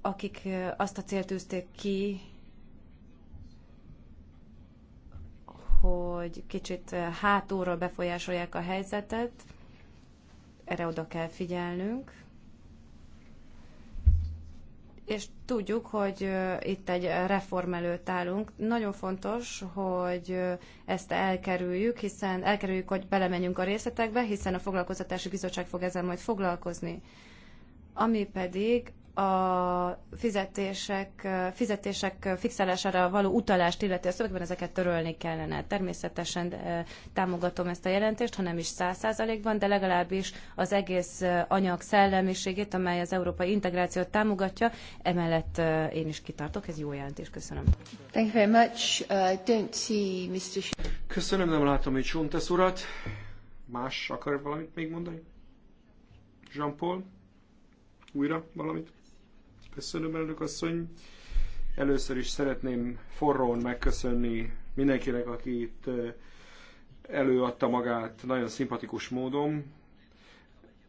akik azt a célt tűzték ki, hogy kicsit hátulra befolyásolják a helyzetet, erre oda kell figyelnünk. És tudjuk, hogy itt egy reform előtt állunk. Nagyon fontos, hogy ezt elkerüljük, hiszen elkerüljük, hogy belemenjünk a részletekbe, hiszen a foglalkoztatási bizottság fog ezzel majd foglalkozni. Ami pedig a fizetések, fizetések fixálására való utalást illeti a szövegben, ezeket törölni kellene. Természetesen e, támogatom ezt a jelentést, hanem is száz százalékban, de legalábbis az egész e, anyag szellemiségét, amely az európai integrációt támogatja, emellett e, én is kitartok, ez jó jelentés, köszönöm. Thank you very much. I uh, don't see Mr. Köszönöm, nem látom egy Sontes urat. Más akar valamit még mondani? Jean-Paul? Újra valamit? Köszönöm, elnök asszony. Először is szeretném forrón megköszönni mindenkinek, aki itt előadta magát nagyon szimpatikus módon.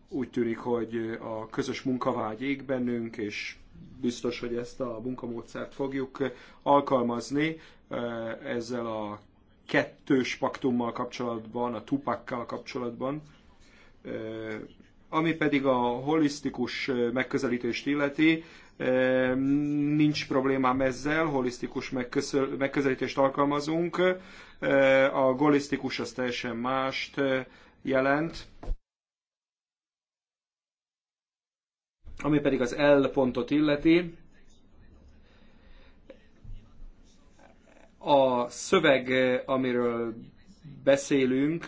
Úgy tűnik, hogy a közös munkavágy ég bennünk, és biztos, hogy ezt a munkamódszert fogjuk alkalmazni. Ezzel a kettős paktummal kapcsolatban, a tupakkal kapcsolatban, ami pedig a holisztikus megközelítést illeti, nincs problémám ezzel, holisztikus megközelítést alkalmazunk, a golisztikus az teljesen mást eh, jelent. Ami pedig az L pontot illeti, a szöveg, amiről beszélünk,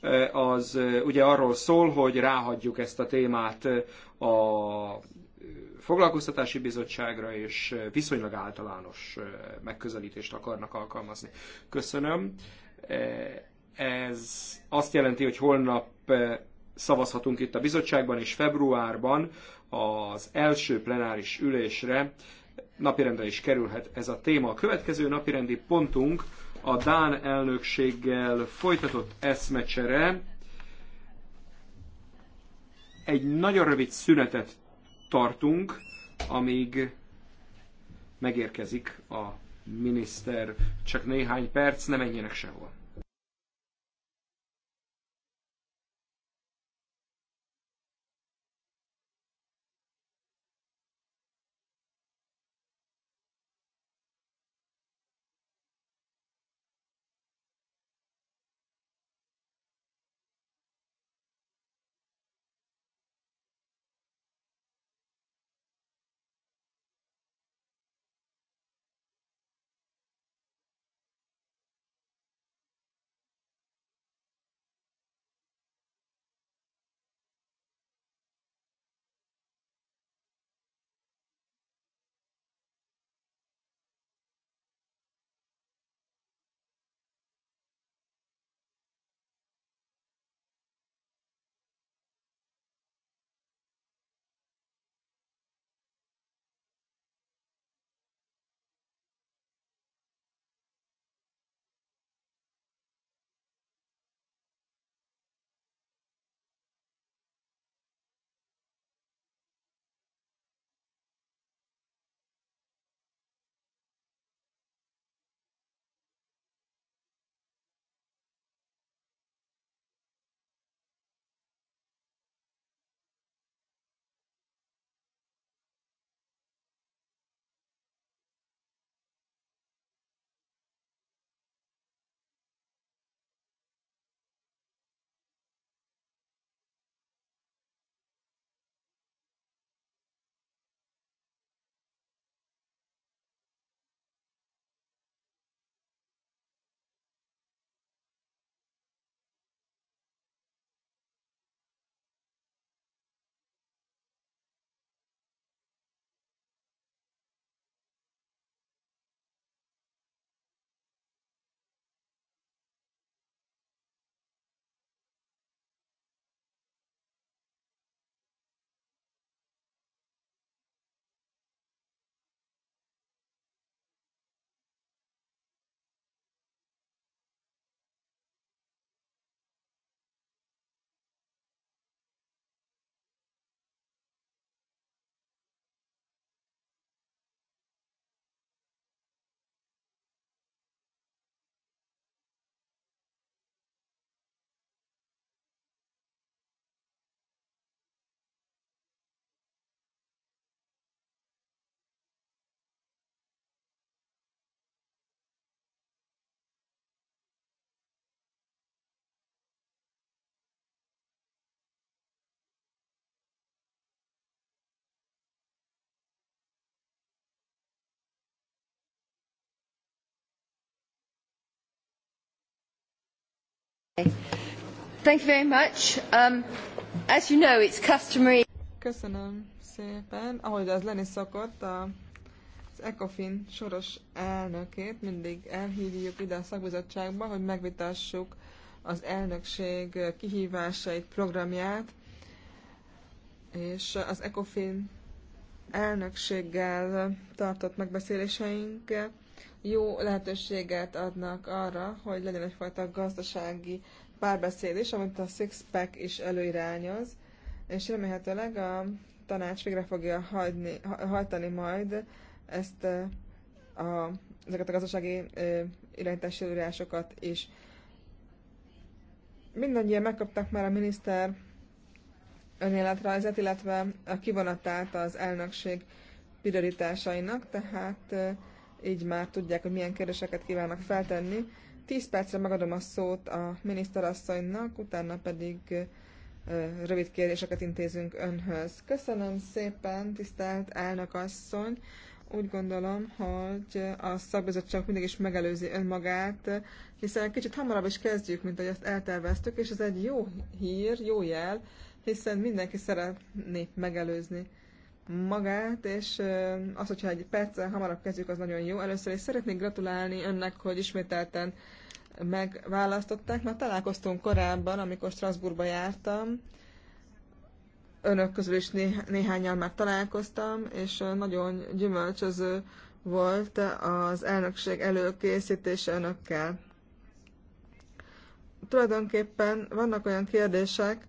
eh, az eh, ugye arról szól, hogy ráhagyjuk ezt a témát a foglalkoztatási bizottságra, és viszonylag általános megközelítést akarnak alkalmazni. Köszönöm. Ez azt jelenti, hogy holnap szavazhatunk itt a bizottságban, és februárban az első plenáris ülésre napirendre is kerülhet ez a téma. A következő napirendi pontunk a Dán elnökséggel folytatott eszmecsere. Egy nagyon rövid szünetet tartunk, amíg megérkezik a miniszter. Csak néhány perc, nem menjenek sehol. Thank you very much. Um, as you know, it's customary... Köszönöm szépen. Ahogy az lenni szokott, a, az ECOFIN soros elnökét mindig elhívjuk ide a szakbizottságba, hogy megvitassuk az elnökség kihívásait, programját, és az ECOFIN elnökséggel tartott megbeszéléseinket jó lehetőséget adnak arra, hogy legyen egyfajta gazdasági párbeszéd is, amit a Sixpack is előirányoz, és remélhetőleg a tanács végre fogja hagyni, hajtani majd ezt eh, a, ezeket a gazdasági eh, irányítási előírásokat is. Mindannyian megkapták már a miniszter önéletrajzát, illetve a kivonatát az elnökség prioritásainak, tehát eh, így már tudják, hogy milyen kérdéseket kívánnak feltenni. Tíz percre megadom a szót a miniszterasszonynak, utána pedig rövid kérdéseket intézünk önhöz. Köszönöm szépen, tisztelt asszony! Úgy gondolom, hogy a szakbizottság mindig is megelőzi önmagát, hiszen kicsit hamarabb is kezdjük, mint ahogy azt elterveztük, és ez egy jó hír, jó jel, hiszen mindenki szeretné megelőzni magát, és az, hogyha egy perccel hamarabb kezdjük, az nagyon jó. Először is szeretnék gratulálni önnek, hogy ismételten megválasztották, mert találkoztunk korábban, amikor Strasbourgba jártam, önök közül is né- néhányan már találkoztam, és nagyon gyümölcsöző volt az elnökség előkészítése önökkel. Tulajdonképpen vannak olyan kérdések,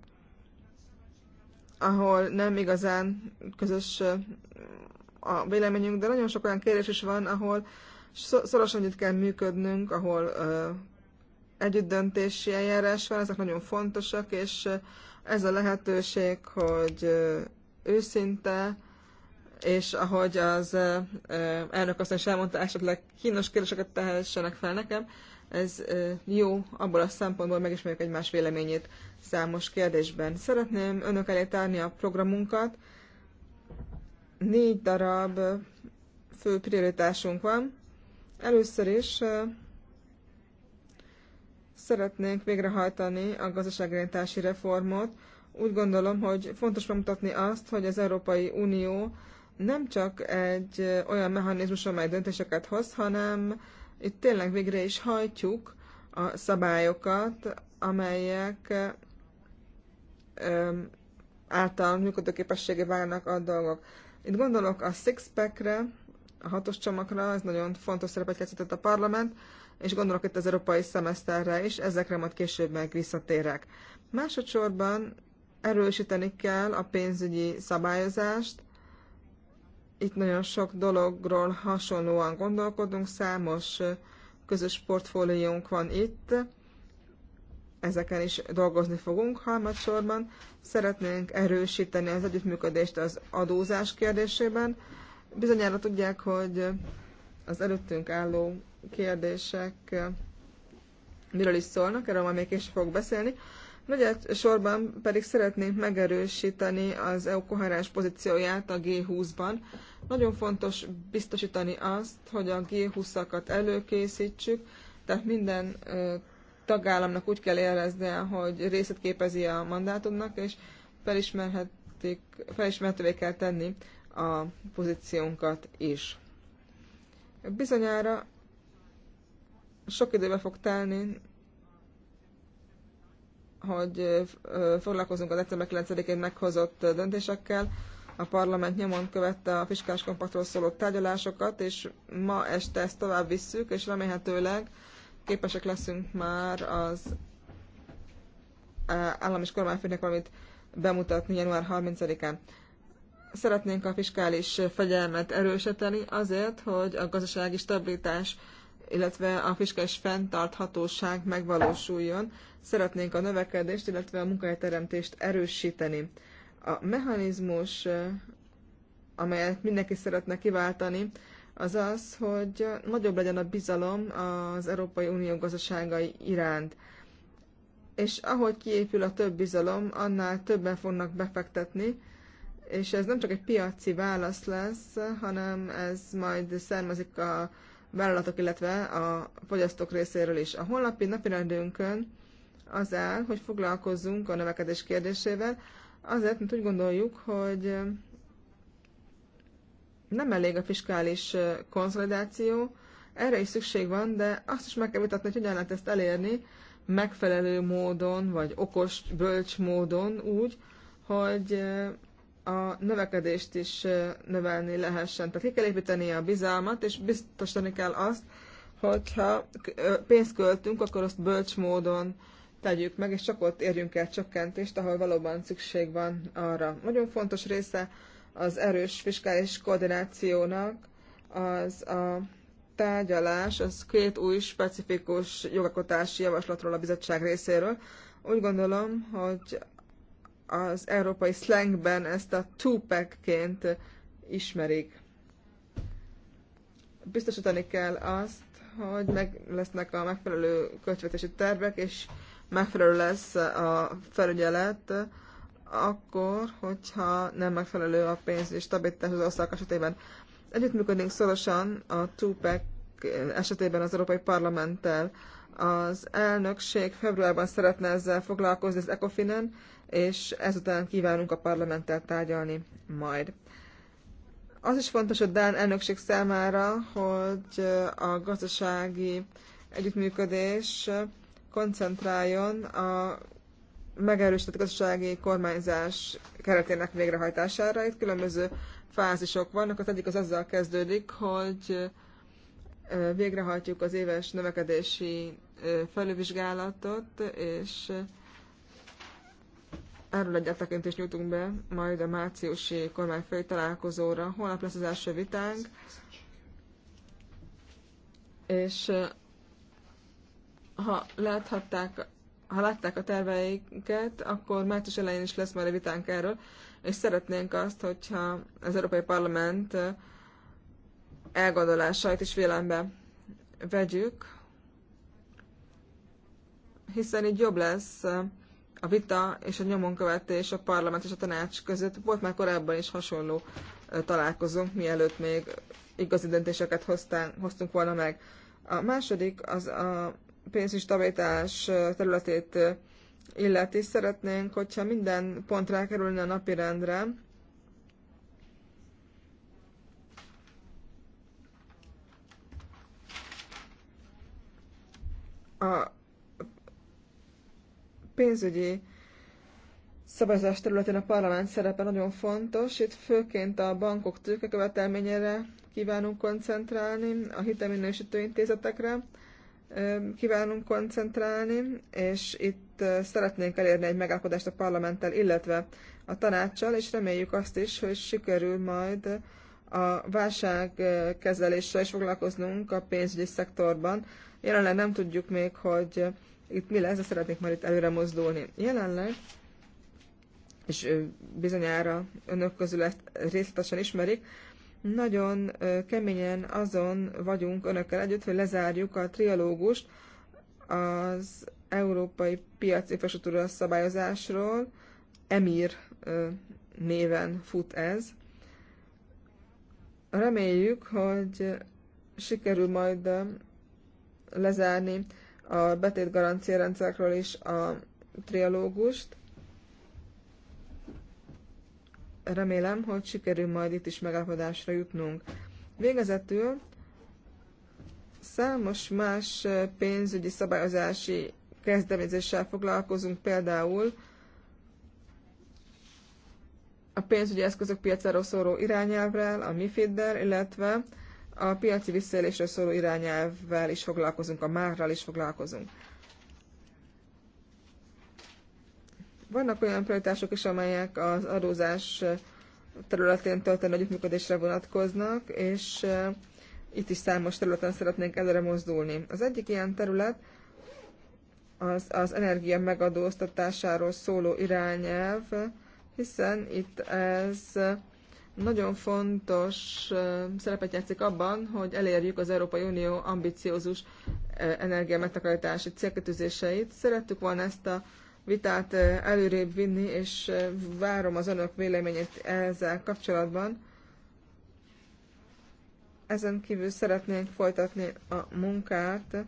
ahol nem igazán közös a véleményünk, de nagyon sok olyan kérdés is van, ahol szorosan együtt kell működnünk, ahol együttdöntési eljárás van, ezek nagyon fontosak, és ez a lehetőség, hogy őszinte, és ahogy az elnök azt is elmondta, esetleg kínos kérdéseket tehessenek fel nekem, ez jó, abból a szempontból megismerjük egymás véleményét számos kérdésben. Szeretném önök elé tárni a programunkat. Négy darab fő prioritásunk van. Először is szeretnénk végrehajtani a gazdaságrendtási reformot. Úgy gondolom, hogy fontos bemutatni azt, hogy az Európai Unió nem csak egy olyan mechanizmus, amely döntéseket hoz, hanem itt tényleg végre is hajtjuk a szabályokat, amelyek által működőképességé válnak a dolgok. Itt gondolok a six-packre, a hatos csomagra, ez nagyon fontos szerepet játszott a parlament, és gondolok itt az európai szemeszterre is, ezekre majd később meg visszatérek. Másodszorban erősíteni kell a pénzügyi szabályozást, itt nagyon sok dologról hasonlóan gondolkodunk, számos közös portfóliónk van itt, ezeken is dolgozni fogunk harmadsorban. Szeretnénk erősíteni az együttműködést az adózás kérdésében. Bizonyára tudják, hogy az előttünk álló kérdések miről is szólnak, erről majd még később fogok beszélni. Negyed sorban pedig szeretnénk megerősíteni az EU koherens pozícióját a G20-ban. Nagyon fontos biztosítani azt, hogy a G20-akat előkészítsük, tehát minden ö, tagállamnak úgy kell éreznie, hogy részét képezi a mandátumnak, és felismerhetik, felismerhetővé kell tenni a pozíciónkat is. Bizonyára sok időbe fog telni hogy foglalkozunk az december 9-én meghozott döntésekkel. A parlament nyomon követte a fiskális kompaktról szóló tárgyalásokat, és ma este ezt tovább visszük, és remélhetőleg képesek leszünk már az állam és kormányfőnek valamit bemutatni január 30-án. Szeretnénk a fiskális fegyelmet erősíteni azért, hogy a gazdasági stabilitás illetve a fiskális fenntarthatóság megvalósuljon. Szeretnénk a növekedést, illetve a munkahelyteremtést erősíteni. A mechanizmus, amelyet mindenki szeretne kiváltani, az az, hogy nagyobb legyen a bizalom az Európai Unió gazdaságai iránt. És ahogy kiépül a több bizalom, annál többen fognak befektetni, és ez nem csak egy piaci válasz lesz, hanem ez majd származik a vállalatok, illetve a fogyasztók részéről is. A holnapi napirendünkön az áll, hogy foglalkozzunk a növekedés kérdésével, azért, mert úgy gondoljuk, hogy nem elég a fiskális konszolidáció, erre is szükség van, de azt is meg kell vitatni, hogy hogyan lehet ezt elérni megfelelő módon, vagy okos, bölcs módon úgy, hogy a növekedést is növelni lehessen. Tehát ki kell építeni a bizalmat, és biztosítani kell azt, hogyha pénzt költünk, akkor azt bölcs módon tegyük meg, és csak ott érjünk el csökkentést, ahol valóban szükség van arra. Nagyon fontos része az erős fiskális koordinációnak az a tárgyalás, az két új specifikus jogakotási javaslatról a bizottság részéről. Úgy gondolom, hogy az európai slangben ezt a two ként ismerik. Biztosítani kell azt, hogy meg lesznek a megfelelő költségvetési tervek, és megfelelő lesz a felügyelet, akkor, hogyha nem megfelelő a pénz és stabilitás az ország esetében. Együttműködünk szorosan a TUPEC esetében az Európai Parlamenttel. Az elnökség februárban szeretne ezzel foglalkozni az ECOFIN-en, és ezután kívánunk a parlamenttel tárgyalni majd. Az is fontos a Dán elnökség számára, hogy a gazdasági együttműködés koncentráljon a megerősített gazdasági kormányzás keretének végrehajtására. Itt különböző fázisok vannak. Az egyik az azzal kezdődik, hogy végrehajtjuk az éves növekedési felülvizsgálatot, és erről egy áttekintést nyújtunk be majd a márciusi kormányfői találkozóra. Holnap lesz az első vitánk, és ha láthatták, ha látták a terveiket, akkor március elején is lesz majd a vitánk erről, és szeretnénk azt, hogyha az Európai Parlament elgondolásait is vélembe vegyük, hiszen így jobb lesz a vita és a nyomonkövetés a parlament és a tanács között. Volt már korábban is hasonló találkozunk mielőtt még igazi döntéseket hoztán, hoztunk volna meg. A második az a pénzügyi stabilitás területét illeti. Szeretnénk, hogyha minden pont rákerülne a napirendre, a pénzügyi szabályozás területén a parlament szerepe nagyon fontos. Itt főként a bankok tőkekövetelményére kívánunk koncentrálni, a hitelminősítő intézetekre kívánunk koncentrálni, és itt szeretnénk elérni egy megállapodást a parlamenttel, illetve a tanácssal, és reméljük azt is, hogy sikerül majd a válságkezeléssel is foglalkoznunk a pénzügyi szektorban. Jelenleg nem tudjuk még, hogy itt mi lesz, szeretnék már itt előre mozdulni. Jelenleg, és bizonyára önök közül ezt részletesen ismerik, nagyon keményen azon vagyunk önökkel együtt, hogy lezárjuk a trialógust az Európai piaci Infrastruktúra Szabályozásról, EMIR néven fut ez. Reméljük, hogy sikerül majd lezárni a betét garanciarendszerekről is a trialógust. Remélem, hogy sikerül majd itt is megállapodásra jutnunk. Végezetül számos más pénzügyi szabályozási kezdeményezéssel foglalkozunk, például a pénzügyi eszközök piacáról szóló irányelvrel, a MIFID-del, illetve a piaci visszaélésről szóló irányelvvel is foglalkozunk, a márral is foglalkozunk. Vannak olyan prioritások is, amelyek az adózás területén történő együttműködésre vonatkoznak, és itt is számos területen szeretnénk előre mozdulni. Az egyik ilyen terület az, az energia megadóztatásáról szóló irányelv, hiszen itt ez nagyon fontos szerepet játszik abban, hogy elérjük az Európai Unió ambiciózus energiamegtakarítási célkötőzéseit. Szerettük volna ezt a vitát előrébb vinni, és várom az önök véleményét ezzel kapcsolatban. Ezen kívül szeretnénk folytatni a munkát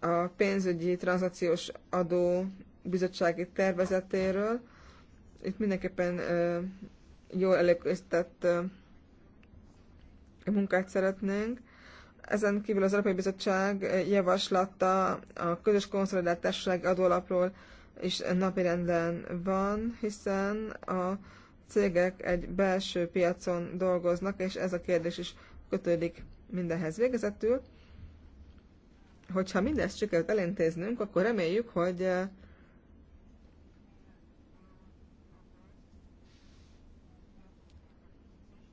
a pénzügyi tranzakciós adó bizottsági tervezetéről. Itt mindenképpen jól előköztett munkát szeretnénk. Ezen kívül az Európai Bizottság javaslata a közös konszolidált társaság adólapról is napirenden van, hiszen a cégek egy belső piacon dolgoznak, és ez a kérdés is kötődik mindenhez végezetül. Hogyha mindezt sikerült elintéznünk, akkor reméljük, hogy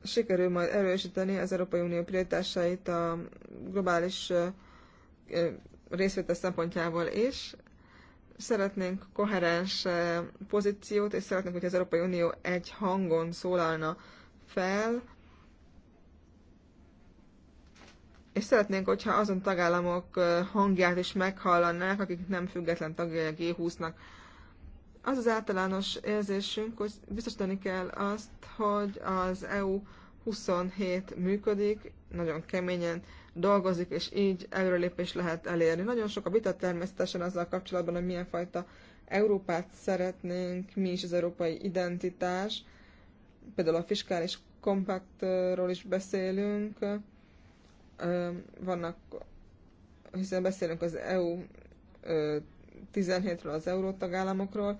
sikerül majd erősíteni az Európai Unió prioritásait a globális részvétel szempontjából is. Szeretnénk koherens pozíciót, és szeretnénk, hogy az Európai Unió egy hangon szólalna fel, és szeretnénk, hogyha azon tagállamok hangját is meghallanák, akik nem független tagjai a G20-nak. Az az általános érzésünk, hogy biztosítani kell azt, hogy az EU 27 működik, nagyon keményen dolgozik, és így előrelépés lehet elérni. Nagyon sok a vita természetesen azzal kapcsolatban, hogy milyen fajta Európát szeretnénk, mi is az európai identitás. Például a fiskális kompaktról is beszélünk, vannak, hiszen beszélünk az EU 17-ről az eurótagállamokról.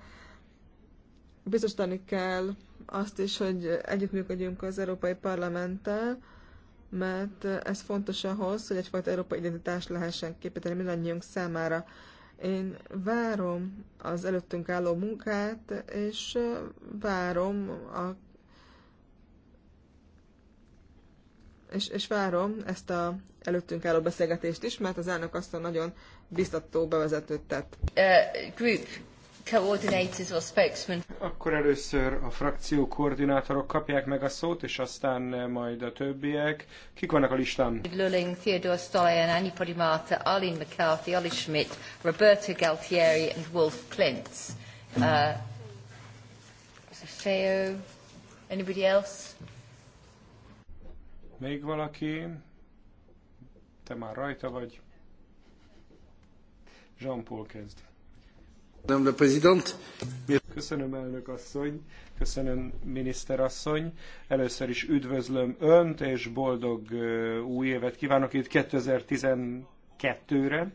Biztosítani kell azt is, hogy együttműködjünk az Európai Parlamenttel, mert ez fontos ahhoz, hogy egyfajta európai identitást lehessen képíteni mindannyiunk számára. Én várom az előttünk álló munkát, és várom a és, és várom ezt a előttünk álló beszélgetést is, mert az elnök azt nagyon biztató bevezetőt tett. Uh, group coordinators or spokesmen. Akkor először a frakció koordinátorok kapják meg a szót, és aztán majd a többiek. Kik vannak a listán? Lulling, Theodore Stoyan, Annie Podimata, Arlene McCarthy, Olli Schmidt, Roberto Galtieri and Wolf Klintz. Uh, Feo, anybody else? Még valaki? Te már rajta vagy. Jean-Paul kezd. Köszönöm, elnök asszony, köszönöm, miniszter asszony. Először is üdvözlöm Önt, és boldog új évet kívánok itt 2012-re,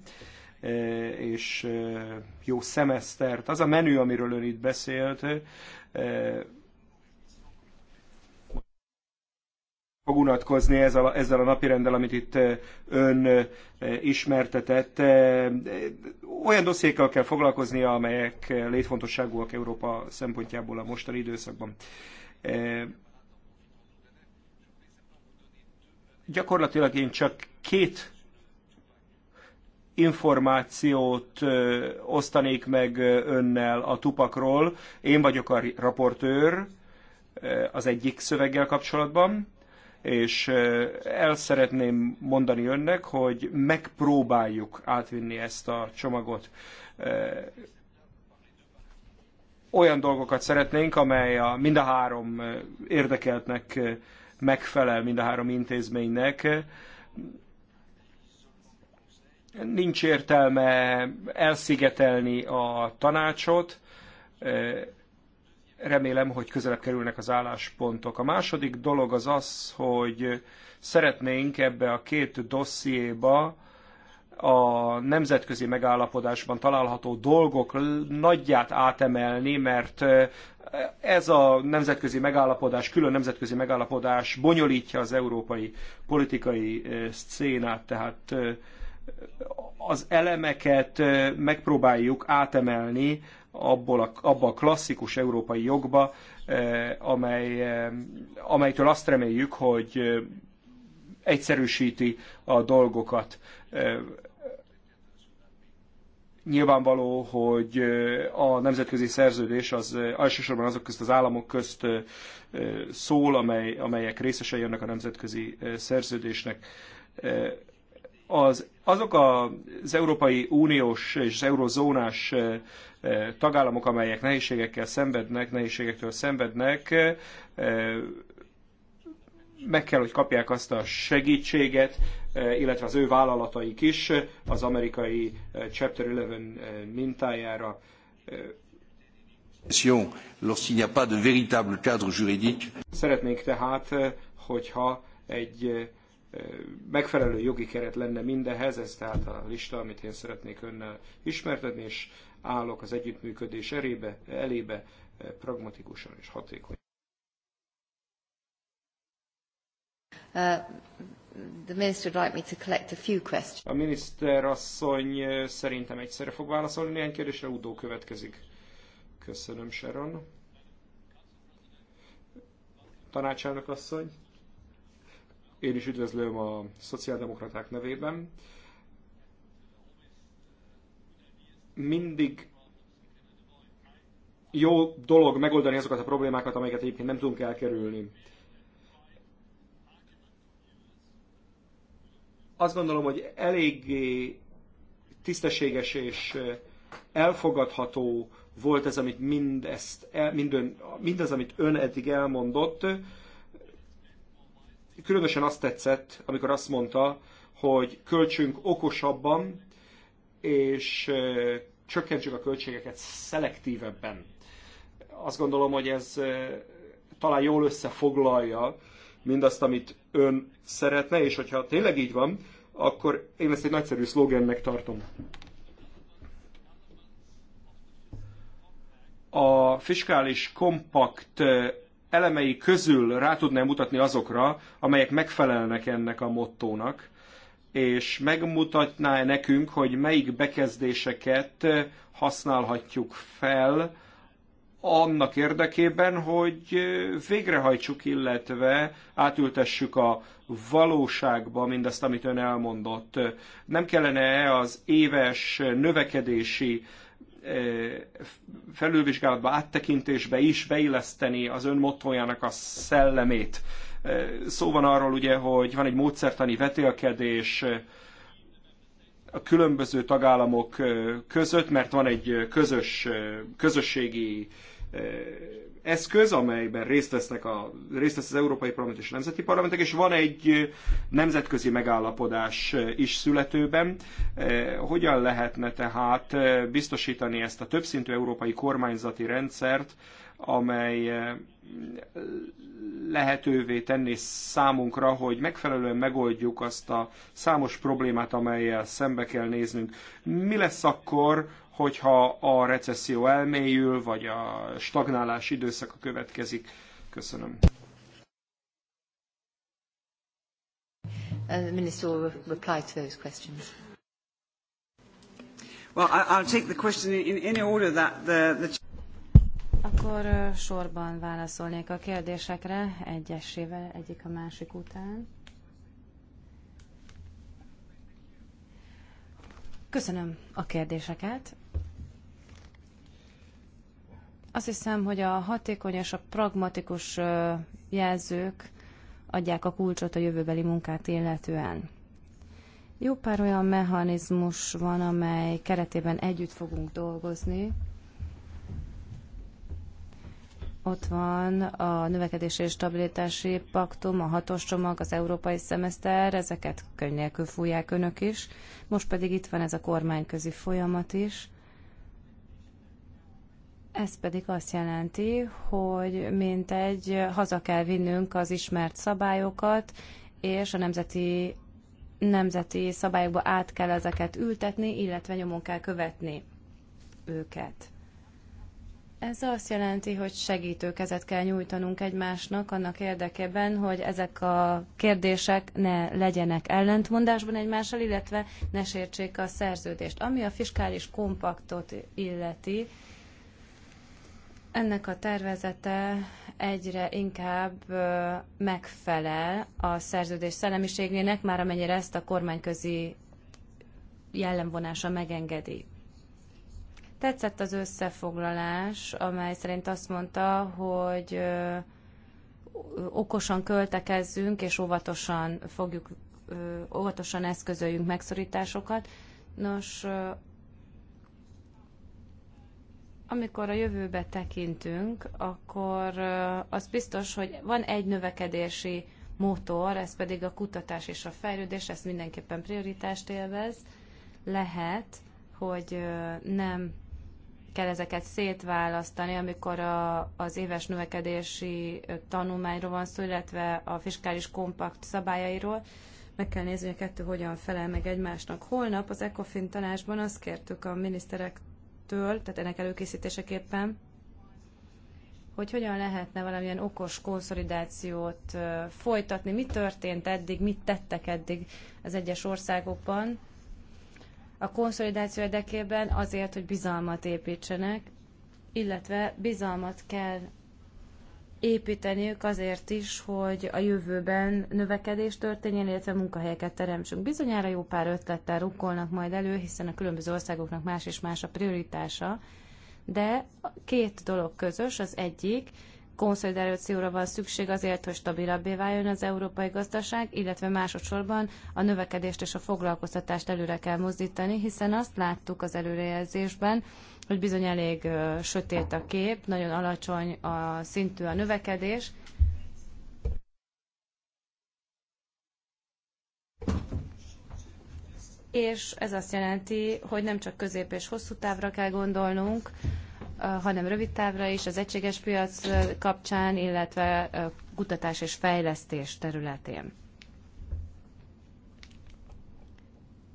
és jó szemesztert. Az a menü, amiről Ön itt beszélt, fog unatkozni ezzel, ezzel a napirenddel, amit itt ön ismertetett. Olyan dossziékkal kell foglalkoznia, amelyek létfontosságúak Európa szempontjából a mostani időszakban. Gyakorlatilag én csak két információt osztanék meg önnel a tupakról. Én vagyok a raportőr az egyik szöveggel kapcsolatban, és el szeretném mondani önnek, hogy megpróbáljuk átvinni ezt a csomagot. Olyan dolgokat szeretnénk, amely a mind a három érdekeltnek megfelel, mind a három intézménynek. Nincs értelme elszigetelni a tanácsot, remélem, hogy közelebb kerülnek az álláspontok. A második dolog az az, hogy szeretnénk ebbe a két dossziéba a nemzetközi megállapodásban található dolgok nagyját átemelni, mert ez a nemzetközi megállapodás, külön nemzetközi megállapodás bonyolítja az európai politikai szcénát, tehát az elemeket megpróbáljuk átemelni abból a, abba a klasszikus európai jogba, eh, amely, eh, amelytől azt reméljük, hogy eh, egyszerűsíti a dolgokat. Nyilvánvaló, hogy a nemzetközi szerződés az elsősorban azok közt az államok közt szól, amely, amelyek részesei ennek a nemzetközi szerződésnek az, azok az Európai Uniós és az eurozónás eh, eh, tagállamok, amelyek nehézségekkel szenvednek, nehézségektől szenvednek, eh, meg kell, hogy kapják azt a segítséget, illetve az ő vállalataik is az amerikai Chapter 11 mintájára. Szeretnénk tehát, hogyha egy megfelelő jogi keret lenne mindehez, ez tehát a lista, amit én szeretnék önnel ismertetni, és állok az együttműködés erébe, elébe pragmatikusan és hatékony. Uh, the minister would like me to collect a few questions. A miniszter asszony szerintem egyszerre fog válaszolni néhány kérdésre, Udó következik. Köszönöm, Sharon. Tanácselnök asszony. Én is üdvözlöm a szociáldemokraták nevében. Mindig jó dolog megoldani azokat a problémákat, amelyeket egyébként nem tudunk elkerülni. Azt gondolom, hogy eléggé tisztességes és elfogadható volt ez, amit mindezt, mindön, mindaz, amit ön eddig elmondott különösen azt tetszett, amikor azt mondta, hogy költsünk okosabban, és csökkentsük a költségeket szelektívebben. Azt gondolom, hogy ez talán jól összefoglalja mindazt, amit ön szeretne, és hogyha tényleg így van, akkor én ezt egy nagyszerű szlogennek tartom. A fiskális kompakt elemei közül rá tudnám mutatni azokra, amelyek megfelelnek ennek a mottónak, és megmutatná nekünk, hogy melyik bekezdéseket használhatjuk fel annak érdekében, hogy végrehajtsuk, illetve átültessük a valóságba mindazt, amit ön elmondott. Nem kellene az éves növekedési felülvizsgálatba, áttekintésbe is beilleszteni az ön mottojának a szellemét. Szó van arról ugye, hogy van egy módszertani vetélkedés a különböző tagállamok között, mert van egy közös, közösségi Eh, eszköz, amelyben részt, vesznek a, részt vesz az Európai Parlament és a Nemzeti Parlamentek, és van egy eh, nemzetközi megállapodás eh, is születőben. Hogyan lehetne tehát biztosítani ezt a többszintű európai kormányzati rendszert, amely lehetővé tenni számunkra, hogy megfelelően megoldjuk azt a számos problémát, amelyel szembe kell néznünk. Mi lesz akkor, hogyha a recesszió elmélyül, vagy a stagnálás időszaka következik. Köszönöm. And uh, the minister will reply to those questions. Well, I'll take the question in any order that the, the... Akkor uh, sorban válaszolnék a kérdésekre, egyesével, egyik a másik után. Köszönöm a kérdéseket. Azt hiszem, hogy a hatékony és a pragmatikus jelzők adják a kulcsot a jövőbeli munkát illetően. Jó pár olyan mechanizmus van, amely keretében együtt fogunk dolgozni. Ott van a növekedési és stabilitási paktum, a hatos csomag, az európai szemeszter, ezeket könnyelkül fújják önök is. Most pedig itt van ez a kormányközi folyamat is, ez pedig azt jelenti, hogy mint egy haza kell vinnünk az ismert szabályokat, és a nemzeti, nemzeti szabályokba át kell ezeket ültetni, illetve nyomon kell követni őket. Ez azt jelenti, hogy segítőkezet kell nyújtanunk egymásnak annak érdekében, hogy ezek a kérdések ne legyenek ellentmondásban egymással, illetve ne sértsék a szerződést. Ami a fiskális kompaktot illeti, ennek a tervezete egyre inkább megfelel a szerződés szellemiségének, már amennyire ezt a kormányközi jellemvonása megengedi. Tetszett az összefoglalás, amely szerint azt mondta, hogy okosan költekezzünk, és óvatosan fogjuk, óvatosan eszközöljünk megszorításokat. Nos, amikor a jövőbe tekintünk, akkor az biztos, hogy van egy növekedési motor, ez pedig a kutatás és a fejlődés, ez mindenképpen prioritást élvez. Lehet, hogy nem kell ezeket szétválasztani, amikor a, az éves növekedési tanulmányról van szó, illetve a fiskális kompakt szabályairól. Meg kell nézni, hogy a kettő hogyan felel meg egymásnak. Holnap az ECOFIN tanácsban azt kértük a miniszterek től, tehát ennek előkészítéseképpen, hogy hogyan lehetne valamilyen okos konszolidációt folytatni, mi történt eddig, mit tettek eddig az egyes országokban a konszolidáció érdekében azért, hogy bizalmat építsenek, illetve bizalmat kell építeniük azért is, hogy a jövőben növekedés történjen, illetve munkahelyeket teremtsünk. Bizonyára jó pár ötlettel rukkolnak majd elő, hiszen a különböző országoknak más és más a prioritása, de két dolog közös, az egyik, konszolidációra van szükség azért, hogy stabilabbé váljon az európai gazdaság, illetve másodszorban a növekedést és a foglalkoztatást előre kell mozdítani, hiszen azt láttuk az előrejelzésben, hogy bizony elég sötét a kép, nagyon alacsony a szintű a növekedés. És ez azt jelenti, hogy nem csak közép és hosszú távra kell gondolnunk, hanem rövid távra is, az egységes piac kapcsán, illetve kutatás és fejlesztés területén.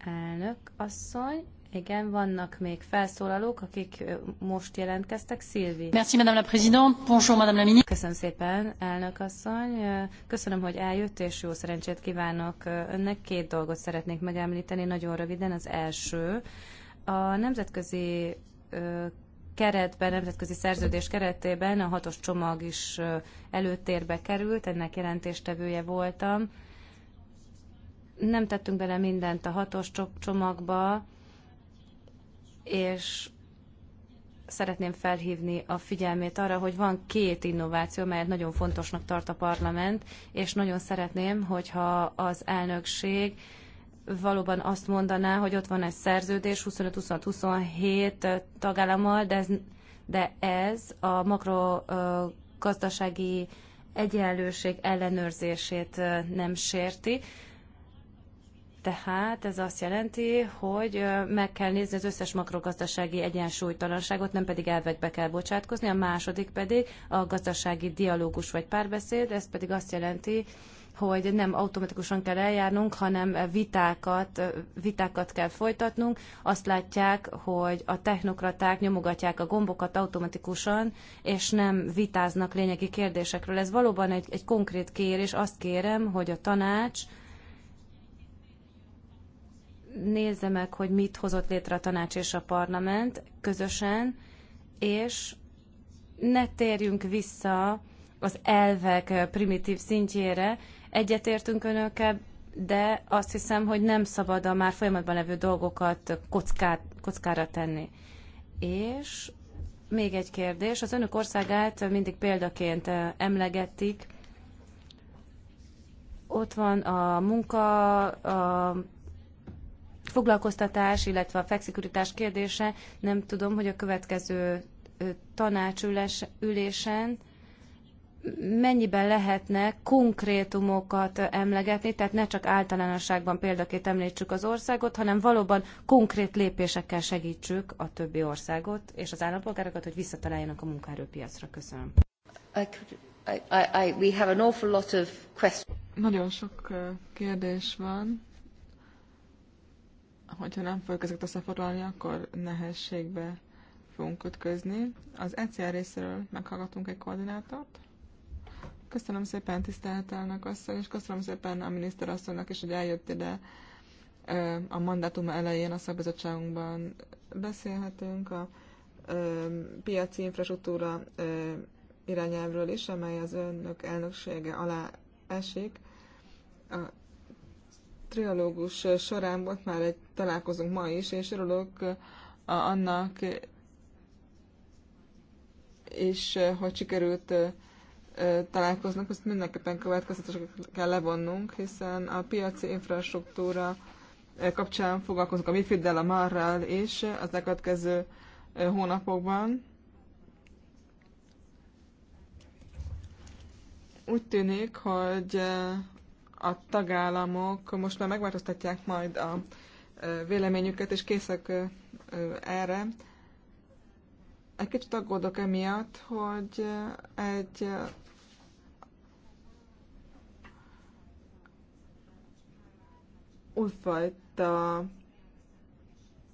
Elnök asszony, igen, vannak még felszólalók, akik most jelentkeztek. Szilvi. Merci, Madame la Présidente. Bonjour, Madame la Ministre. Köszönöm szépen, elnök asszony. Köszönöm, hogy eljött, és jó szerencsét kívánok önnek. Két dolgot szeretnék megemlíteni, nagyon röviden. Az első, a nemzetközi keretben, nemzetközi szerződés keretében a hatos csomag is előtérbe került, ennek jelentéstevője voltam. Nem tettünk bele mindent a hatos csomagba, és szeretném felhívni a figyelmét arra, hogy van két innováció, melyet nagyon fontosnak tart a parlament, és nagyon szeretném, hogyha az elnökség valóban azt mondaná, hogy ott van egy szerződés 25-26-27 tagállammal, de ez, de ez a makrogazdasági egyenlőség ellenőrzését nem sérti. Tehát ez azt jelenti, hogy meg kell nézni az összes makrogazdasági egyensúlytalanságot, nem pedig elvekbe kell bocsátkozni. A második pedig a gazdasági dialógus vagy párbeszéd, ez pedig azt jelenti, hogy nem automatikusan kell eljárnunk, hanem vitákat, vitákat kell folytatnunk. Azt látják, hogy a technokraták nyomogatják a gombokat automatikusan, és nem vitáznak lényegi kérdésekről. Ez valóban egy, egy konkrét kérés. Azt kérem, hogy a tanács, nézze meg, hogy mit hozott létre a tanács és a parlament közösen, és ne térjünk vissza az elvek primitív szintjére. Egyetértünk önökkel, de azt hiszem, hogy nem szabad a már folyamatban levő dolgokat kockát, kockára tenni. És még egy kérdés. Az önök országát mindig példaként emlegetik. Ott van a munka, a foglalkoztatás, illetve a flexikuritás kérdése, nem tudom, hogy a következő tanácsülésen mennyiben lehetne konkrétumokat emlegetni, tehát ne csak általánosságban példaként említsük az országot, hanem valóban konkrét lépésekkel segítsük a többi országot és az állampolgárokat, hogy visszataláljanak a munkaerőpiacra. Köszönöm. Nagyon sok kérdés van hogyha nem fogjuk ezeket összefoglalni, akkor nehézségbe fogunk ütközni. Az ECR részéről meghallgatunk egy koordinátort. Köszönöm szépen tisztelt elnök asszony, és köszönöm szépen a miniszter asszonynak is, hogy eljött ide a mandátum elején a szakbizottságunkban. Beszélhetünk a piaci infrastruktúra irányelvről is, amely az önök elnöksége alá esik. A triológus során volt már egy találkozunk ma is, és örülök eh, annak és eh, hogy sikerült eh, találkoznak, azt mindenképpen következtetéseket kell levonnunk, hiszen a piaci infrastruktúra kapcsán foglalkozunk a mifid a Marral és az elkövetkező hónapokban. Úgy tűnik, hogy a tagállamok most már megváltoztatják majd a véleményüket, és készek erre. Egy kicsit aggódok emiatt, hogy egy újfajta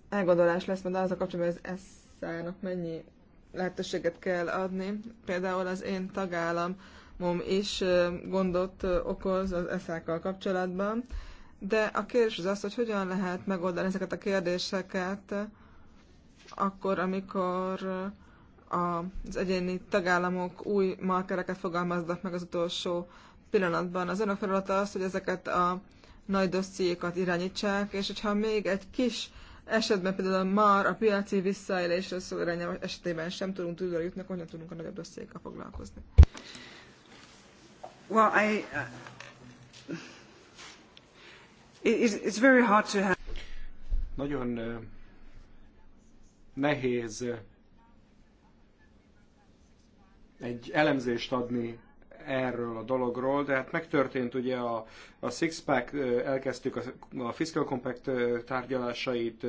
elgondolás lesz, mert az a kapcsolatban, hogy az sz mennyi lehetőséget kell adni. Például az én tagállamom is gondot okoz az eszákkal kapcsolatban. De a kérdés az az, hogy hogyan lehet megoldani ezeket a kérdéseket akkor, amikor az egyéni tagállamok új markereket fogalmaznak meg az utolsó pillanatban. Az önök feladata az, hogy ezeket a nagy dossziékat irányítsák, és hogyha még egy kis esetben például már a piaci visszaélésről szó irányelv esetében sem tudunk tudóra jutni, akkor nem tudunk a nagyobb dossziékkal foglalkozni. Well, I, uh... Nagyon nehéz egy elemzést adni erről a dologról, de hát megtörtént ugye a, a Six-Pack, elkezdtük a, a Fiscal Compact tárgyalásait,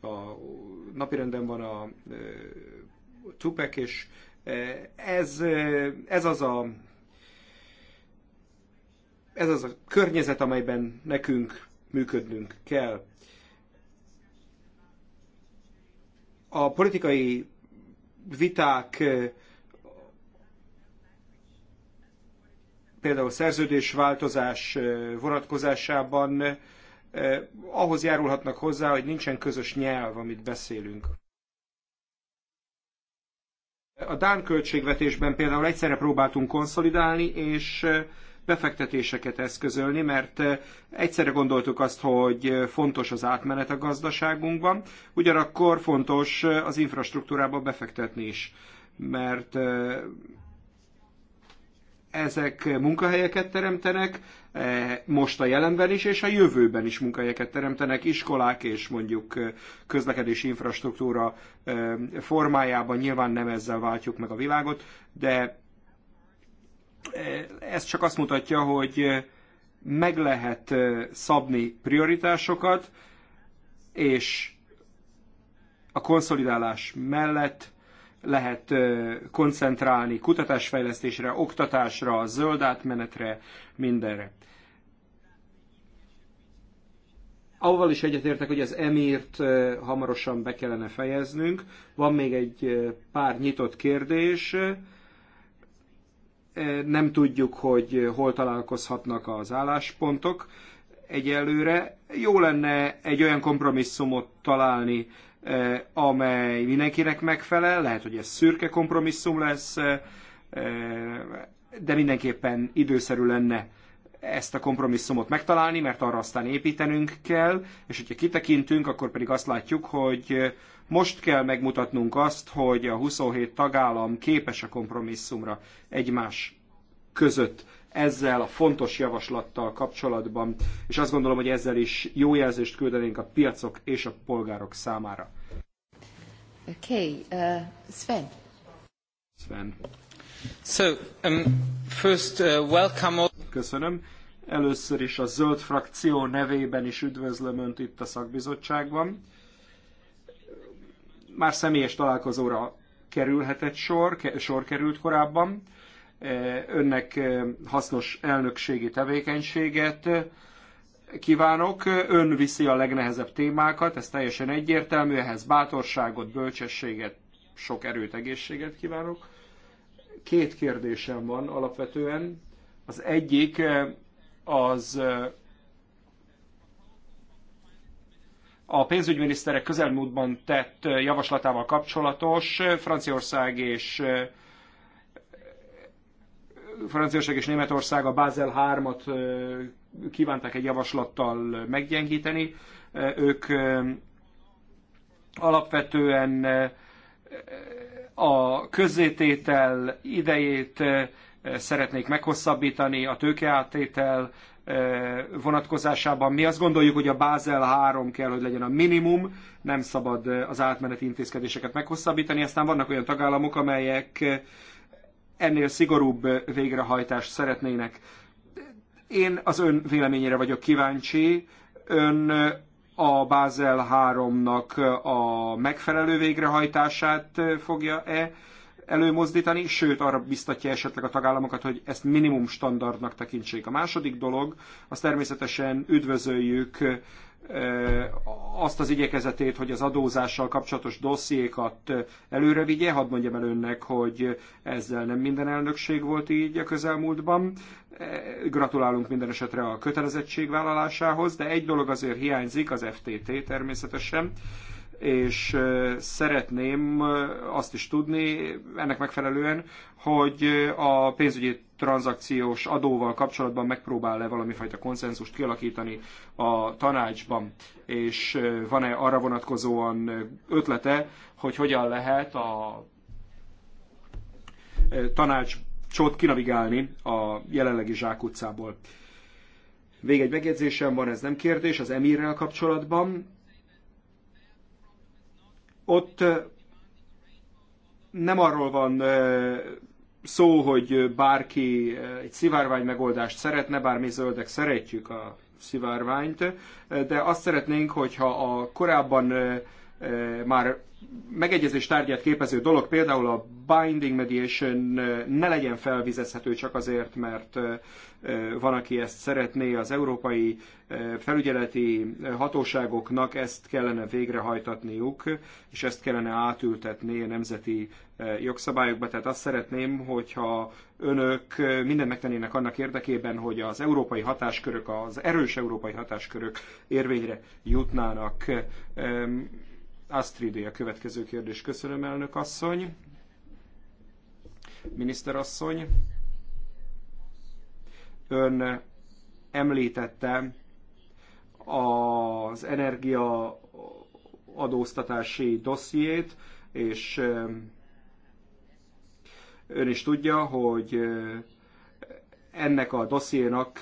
a napirenden van a, a Tupac, és ez, ez az a ez az a környezet, amelyben nekünk működnünk kell. A politikai viták például szerződésváltozás vonatkozásában ahhoz járulhatnak hozzá, hogy nincsen közös nyelv, amit beszélünk. A Dán költségvetésben például egyszerre próbáltunk konszolidálni, és befektetéseket eszközölni, mert eh, egyszerre gondoltuk azt, hogy eh, fontos az átmenet a gazdaságunkban, ugyanakkor fontos eh, az infrastruktúrába befektetni is, mert ezek munkahelyeket teremtenek, most a jelenben is, és a jövőben is munkahelyeket teremtenek, iskolák és mondjuk közlekedési infrastruktúra formájában. Nyilván nem ezzel váltjuk meg a világot, de ez csak azt mutatja, hogy meg lehet szabni prioritásokat, és a konszolidálás mellett lehet koncentrálni kutatásfejlesztésre, oktatásra, zöld átmenetre, mindenre. Avval is egyetértek, hogy az emírt hamarosan be kellene fejeznünk. Van még egy pár nyitott kérdés. Eh, nem tudjuk, hogy hol találkozhatnak az álláspontok egyelőre. Jó lenne egy olyan kompromisszumot találni, eh, amely mindenkinek megfelel, lehet, hogy ez szürke kompromisszum lesz, eh, de mindenképpen időszerű lenne ezt a kompromisszumot megtalálni, mert arra aztán építenünk kell, és hogyha kitekintünk, akkor pedig azt látjuk, hogy most kell megmutatnunk azt, hogy a 27 tagállam képes a kompromisszumra egymás között ezzel a fontos javaslattal kapcsolatban, és azt gondolom, hogy ezzel is jó jelzést küldenénk a piacok és a polgárok számára. Okay, uh, Sven. Sven. So, um, first, uh, welcome Köszönöm. Először is a zöld frakció nevében is üdvözlöm Önt itt a szakbizottságban. Már személyes találkozóra kerülhetett sor, sor került korábban. E, Önnek e, hasznos elnökségi tevékenységet kívánok. Ön viszi a legnehezebb témákat, ez teljesen egyértelmű, ehhez bátorságot, bölcsességet, sok erőt, egészséget kívánok. Két kérdésem van alapvetően. Az egyik az a pénzügyminiszterek közelmúltban tett javaslatával kapcsolatos Franciaország és Franciaország és Németország a Basel 3-at kívánták egy javaslattal meggyengíteni. Ők alapvetően a közzététel idejét szeretnék meghosszabbítani a tőkeáttétel eh, vonatkozásában. Mi azt gondoljuk, hogy a Bázel 3 kell, hogy legyen a minimum, nem szabad eh, az átmeneti intézkedéseket meghosszabbítani. Aztán vannak olyan tagállamok, amelyek eh, ennél szigorúbb végrehajtást szeretnének. Én az ön véleményére vagyok kíváncsi. Ön a Bázel 3-nak a megfelelő végrehajtását fogja-e előmozdítani, sőt arra biztatja esetleg a tagállamokat, hogy ezt minimum standardnak tekintsék. A második dolog, az természetesen üdvözöljük eh, azt az igyekezetét, hogy az adózással kapcsolatos dossziékat eh, előre vigye. Hadd mondjam el önnek, hogy ezzel nem minden elnökség volt így a közelmúltban. Eh, gratulálunk minden esetre a kötelezettség vállalásához, de egy dolog azért hiányzik, az FTT természetesen és szeretném azt is tudni ennek megfelelően, hogy a pénzügyi tranzakciós adóval kapcsolatban megpróbál-e valamifajta konszenzust kialakítani a tanácsban, és van-e arra vonatkozóan ötlete, hogy hogyan lehet a tanácsot kinavigálni a jelenlegi zsákutcából. vég egy megjegyzésem van, ez nem kérdés, az emírrel kapcsolatban ott nem arról van szó, hogy bárki egy szivárvány megoldást szeretne, bár mi zöldek szeretjük a szivárványt, de azt szeretnénk, hogyha a korábban már megegyezés tárgyát képező dolog, például a binding mediation ne legyen felvizezhető csak azért, mert van, aki ezt szeretné, az európai felügyeleti hatóságoknak ezt kellene végrehajtatniuk, és ezt kellene átültetni a nemzeti jogszabályokba. Tehát azt szeretném, hogyha önök mindent megtennének annak érdekében, hogy az európai hatáskörök, az erős európai hatáskörök érvényre jutnának Astridé a következő kérdés. Köszönöm, elnök asszony. Miniszter asszony, ön említette az energia adóztatási dossziét, és ön is tudja, hogy ennek a dossziénak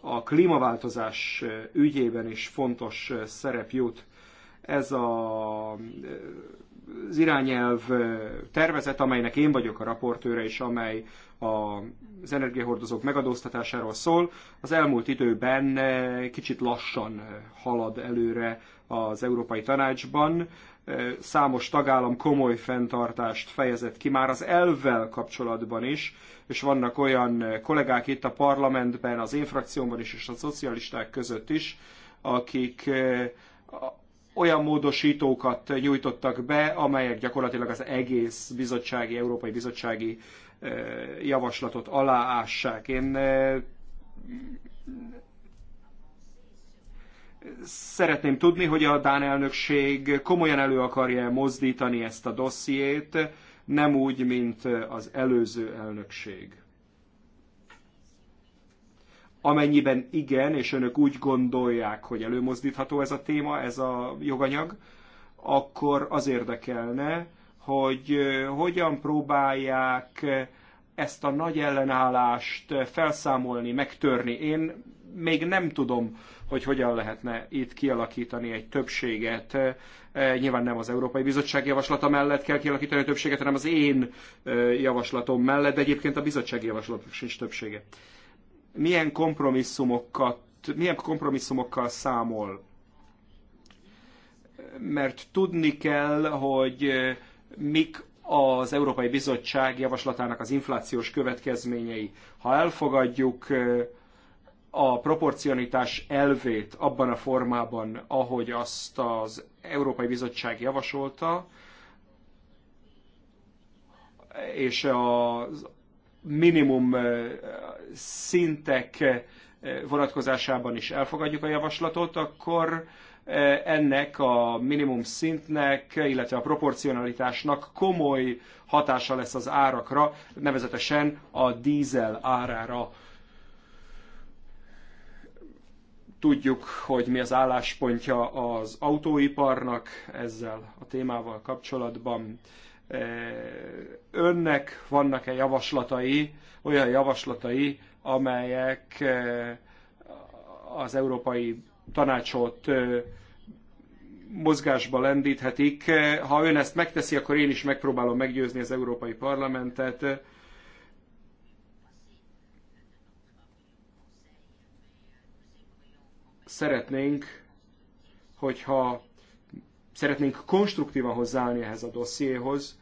a klímaváltozás ügyében is fontos szerep jut. Ez a, az irányelv tervezet, amelynek én vagyok a raportőre, és amely az energiahordozók megadóztatásáról szól, az elmúlt időben kicsit lassan halad előre az Európai Tanácsban. Számos tagállam komoly fenntartást fejezett ki már az elvvel kapcsolatban is, és vannak olyan kollégák itt a parlamentben, az én frakciómban is, és a szocialisták között is, akik olyan módosítókat nyújtottak be, amelyek gyakorlatilag az egész bizottsági, európai bizottsági javaslatot aláássák. Én szeretném tudni, hogy a Dán elnökség komolyan elő akarja -e mozdítani ezt a dossziét, nem úgy, mint az előző elnökség. Amennyiben igen, és önök úgy gondolják, hogy előmozdítható ez a téma, ez a joganyag, akkor az érdekelne, hogy hogyan próbálják ezt a nagy ellenállást felszámolni, megtörni. Én még nem tudom, hogy hogyan lehetne itt kialakítani egy többséget. Nyilván nem az Európai Bizottság javaslata mellett kell kialakítani a többséget, hanem az én javaslatom mellett, de egyébként a bizottság javaslatok sincs többsége milyen kompromisszumokat, milyen kompromisszumokkal számol. Mert tudni kell, hogy mik az Európai Bizottság javaslatának az inflációs következményei. Ha elfogadjuk a proporcionitás elvét abban a formában, ahogy azt az Európai Bizottság javasolta, és az minimum szintek vonatkozásában is elfogadjuk a javaslatot, akkor ennek a minimum szintnek, illetve a proporcionalitásnak komoly hatása lesz az árakra, nevezetesen a dízel árára. Tudjuk, hogy mi az álláspontja az autóiparnak ezzel a témával kapcsolatban önnek vannak-e javaslatai, olyan javaslatai, amelyek az Európai Tanácsot mozgásba lendíthetik. Ha ön ezt megteszi, akkor én is megpróbálom meggyőzni az Európai Parlamentet. Szeretnénk, hogyha szeretnénk konstruktívan hozzáállni ehhez a dossziéhoz.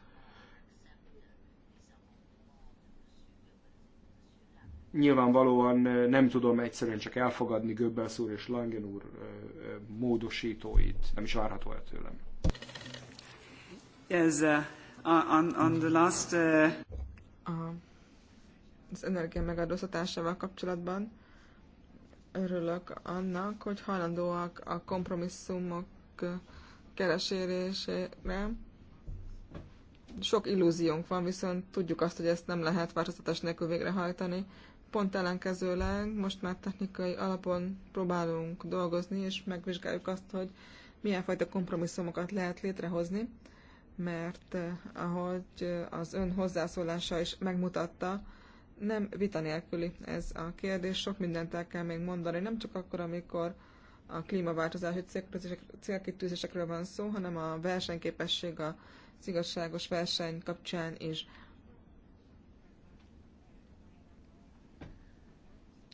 Nyilvánvalóan nem tudom egyszerűen csak elfogadni Göbbels úr és Langen úr módosítóit, nem is várható el tőlem. Yes, uh, on, on the last, uh... A, az energia megadóztatásával kapcsolatban örülök annak, hogy hajlandóak a kompromisszumok keresésére. Sok illúziónk van, viszont tudjuk azt, hogy ezt nem lehet változtatás nélkül végrehajtani. Pont ellenkezőleg most már technikai alapon próbálunk dolgozni, és megvizsgáljuk azt, hogy milyen fajta kompromisszumokat lehet létrehozni, mert eh, ahogy az ön hozzászólása is megmutatta, nem vita nélküli ez a kérdés, sok mindent el kell még mondani, nem csak akkor, amikor a klímaváltozás célkitűzésekről van szó, hanem a versenyképesség a igazságos verseny kapcsán is.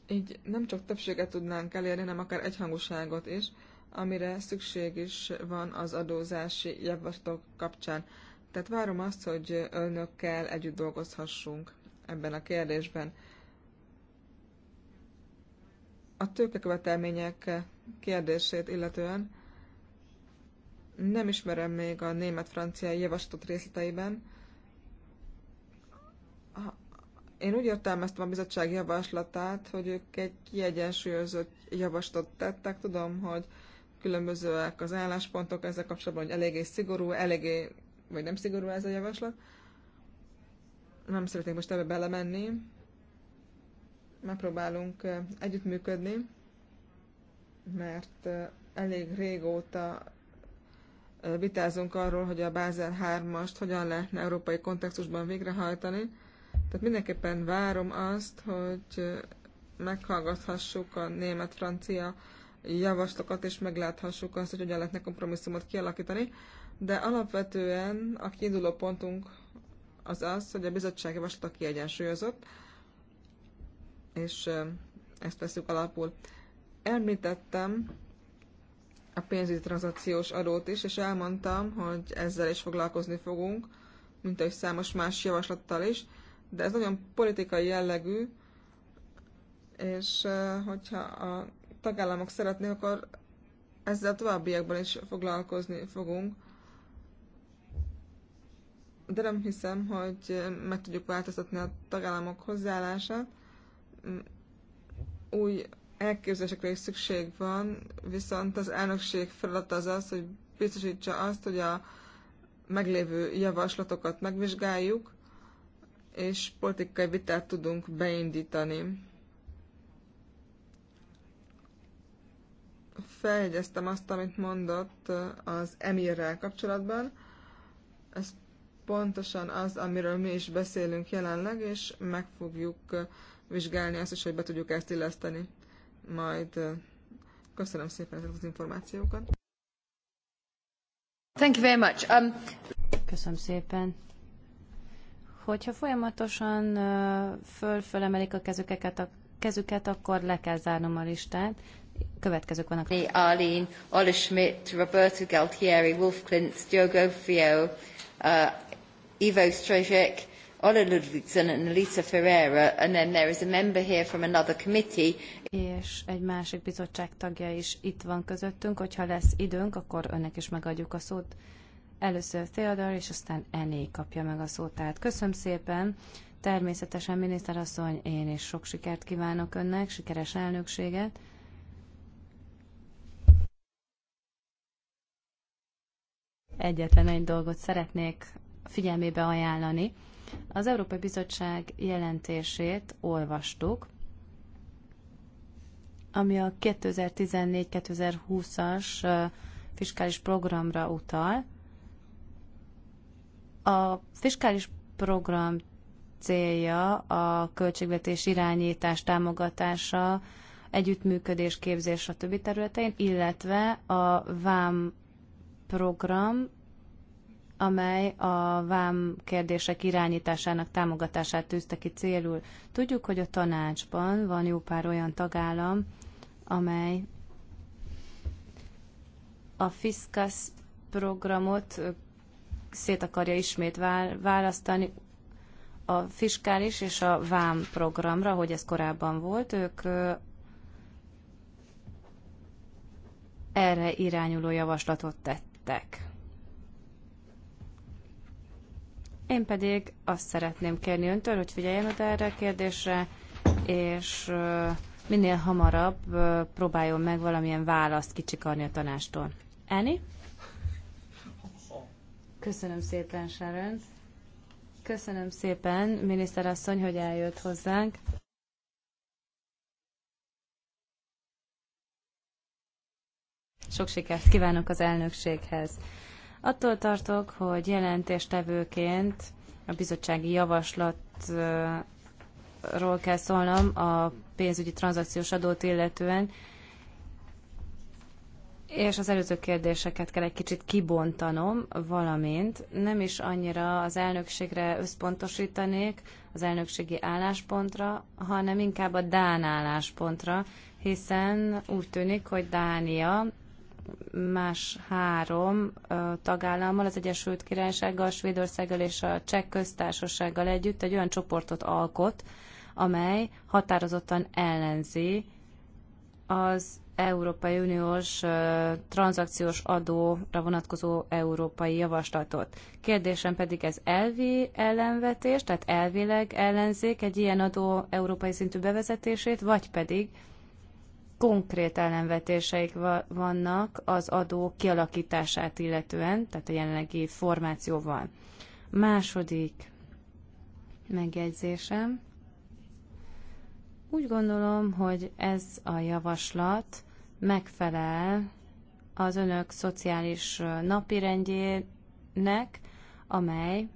Így nem csak többséget tudnánk elérni, hanem akár egyhangúságot is, amire szükség is van az adózási javaslatok kapcsán. Tehát várom azt, hogy önökkel együtt dolgozhassunk ebben a kérdésben a tőkekövetelmények kérdését illetően nem ismerem még a német-francia javaslatot részleteiben. Én úgy értelmeztem a bizottság javaslatát, hogy ők egy kiegyensúlyozott javaslatot tettek. Tudom, hogy különbözőek az álláspontok ezzel kapcsolatban, hogy eléggé szigorú, eléggé, vagy nem szigorú ez a javaslat. Nem szeretnék most ebbe belemenni megpróbálunk együttműködni, mert elég régóta vitázunk arról, hogy a Bázel 3-ast hogyan lehetne európai kontextusban végrehajtani. Tehát mindenképpen várom azt, hogy meghallgathassuk a német-francia javaslatokat, és megláthassuk azt, hogy hogyan lehetne kompromisszumot kialakítani. De alapvetően a kiinduló pontunk az az, hogy a bizottság javaslata kiegyensúlyozott, és ezt veszük alapul. Említettem a pénzügyi tranzakciós adót is, és elmondtam, hogy ezzel is foglalkozni fogunk, mint ahogy számos más javaslattal is, de ez nagyon politikai jellegű, és hogyha a tagállamok szeretnék, akkor ezzel továbbiakban is foglalkozni fogunk. De nem hiszem, hogy meg tudjuk változtatni a tagállamok hozzáállását új elképzelésekre is szükség van, viszont az elnökség feladata az az, hogy biztosítsa azt, hogy a meglévő javaslatokat megvizsgáljuk, és politikai vitát tudunk beindítani. Feljegyeztem azt, amit mondott uh, az Emirrel kapcsolatban. Ez pontosan az, amiről mi is beszélünk jelenleg, és meg fogjuk uh, vizsgálni azt is, hogy be tudjuk ezt illeszteni. Majd köszönöm szépen ezeket az információkat. Thank you very much. Um... Köszönöm szépen. Hogyha folyamatosan föl-fölemelik a kezüket, a kezüket, akkor le kell zárnom a listát. Következők vannak. Arlene, Ola Schmidt, Roberto Galtieri, Wolf Klintz, Diogo Fio, uh, Ivo Strojek, Ola Ludvigsen and Elisa Ferreira, and then there is a member here from another committee. És egy másik bizottság tagja is itt van közöttünk, hogyha lesz időnk, akkor önnek is megadjuk a szót. Először Theodor, és aztán Ené kapja meg a szót. Tehát köszönöm szépen. Természetesen, miniszterasszony, én is sok sikert kívánok önnek, sikeres elnökséget. Egyetlen egy dolgot szeretnék figyelmébe ajánlani. Az Európai Bizottság jelentését olvastuk, ami a 2014-2020-as fiskális programra utal. A fiskális program célja a költségvetés irányítás támogatása, együttműködés, képzés a többi területein, illetve a VAM program amely a vám kérdések irányításának támogatását tűzte ki célul. Tudjuk, hogy a tanácsban van jó pár olyan tagállam, amely a Fiskas programot szét akarja ismét választani a fiskális és a vám programra, hogy ez korábban volt. Ők erre irányuló javaslatot tettek. Én pedig azt szeretném kérni öntől, hogy figyeljen oda erre a kérdésre, és minél hamarabb próbáljon meg valamilyen választ kicsikarni a tanástól. Eni? Köszönöm szépen, Sharon. Köszönöm szépen, miniszterasszony, hogy eljött hozzánk. Sok sikert kívánok az elnökséghez. Attól tartok, hogy jelentéstevőként a bizottsági javaslatról kell szólnom a pénzügyi tranzakciós adót illetően, és az előző kérdéseket kell egy kicsit kibontanom, valamint nem is annyira az elnökségre összpontosítanék, az elnökségi álláspontra, hanem inkább a Dán álláspontra, hiszen úgy tűnik, hogy Dánia más három tagállammal, az Egyesült Királysággal, Svédországgal és a Cseh köztársasággal együtt egy olyan csoportot alkot, amely határozottan ellenzi az Európai Uniós tranzakciós adóra vonatkozó európai javaslatot. Kérdésem pedig ez elvi ellenvetés, tehát elvileg ellenzik egy ilyen adó európai szintű bevezetését, vagy pedig konkrét ellenvetéseik vannak az adó kialakítását illetően, tehát a jelenlegi formációval. Második megjegyzésem. Úgy gondolom, hogy ez a javaslat megfelel az önök szociális napirendjének, amely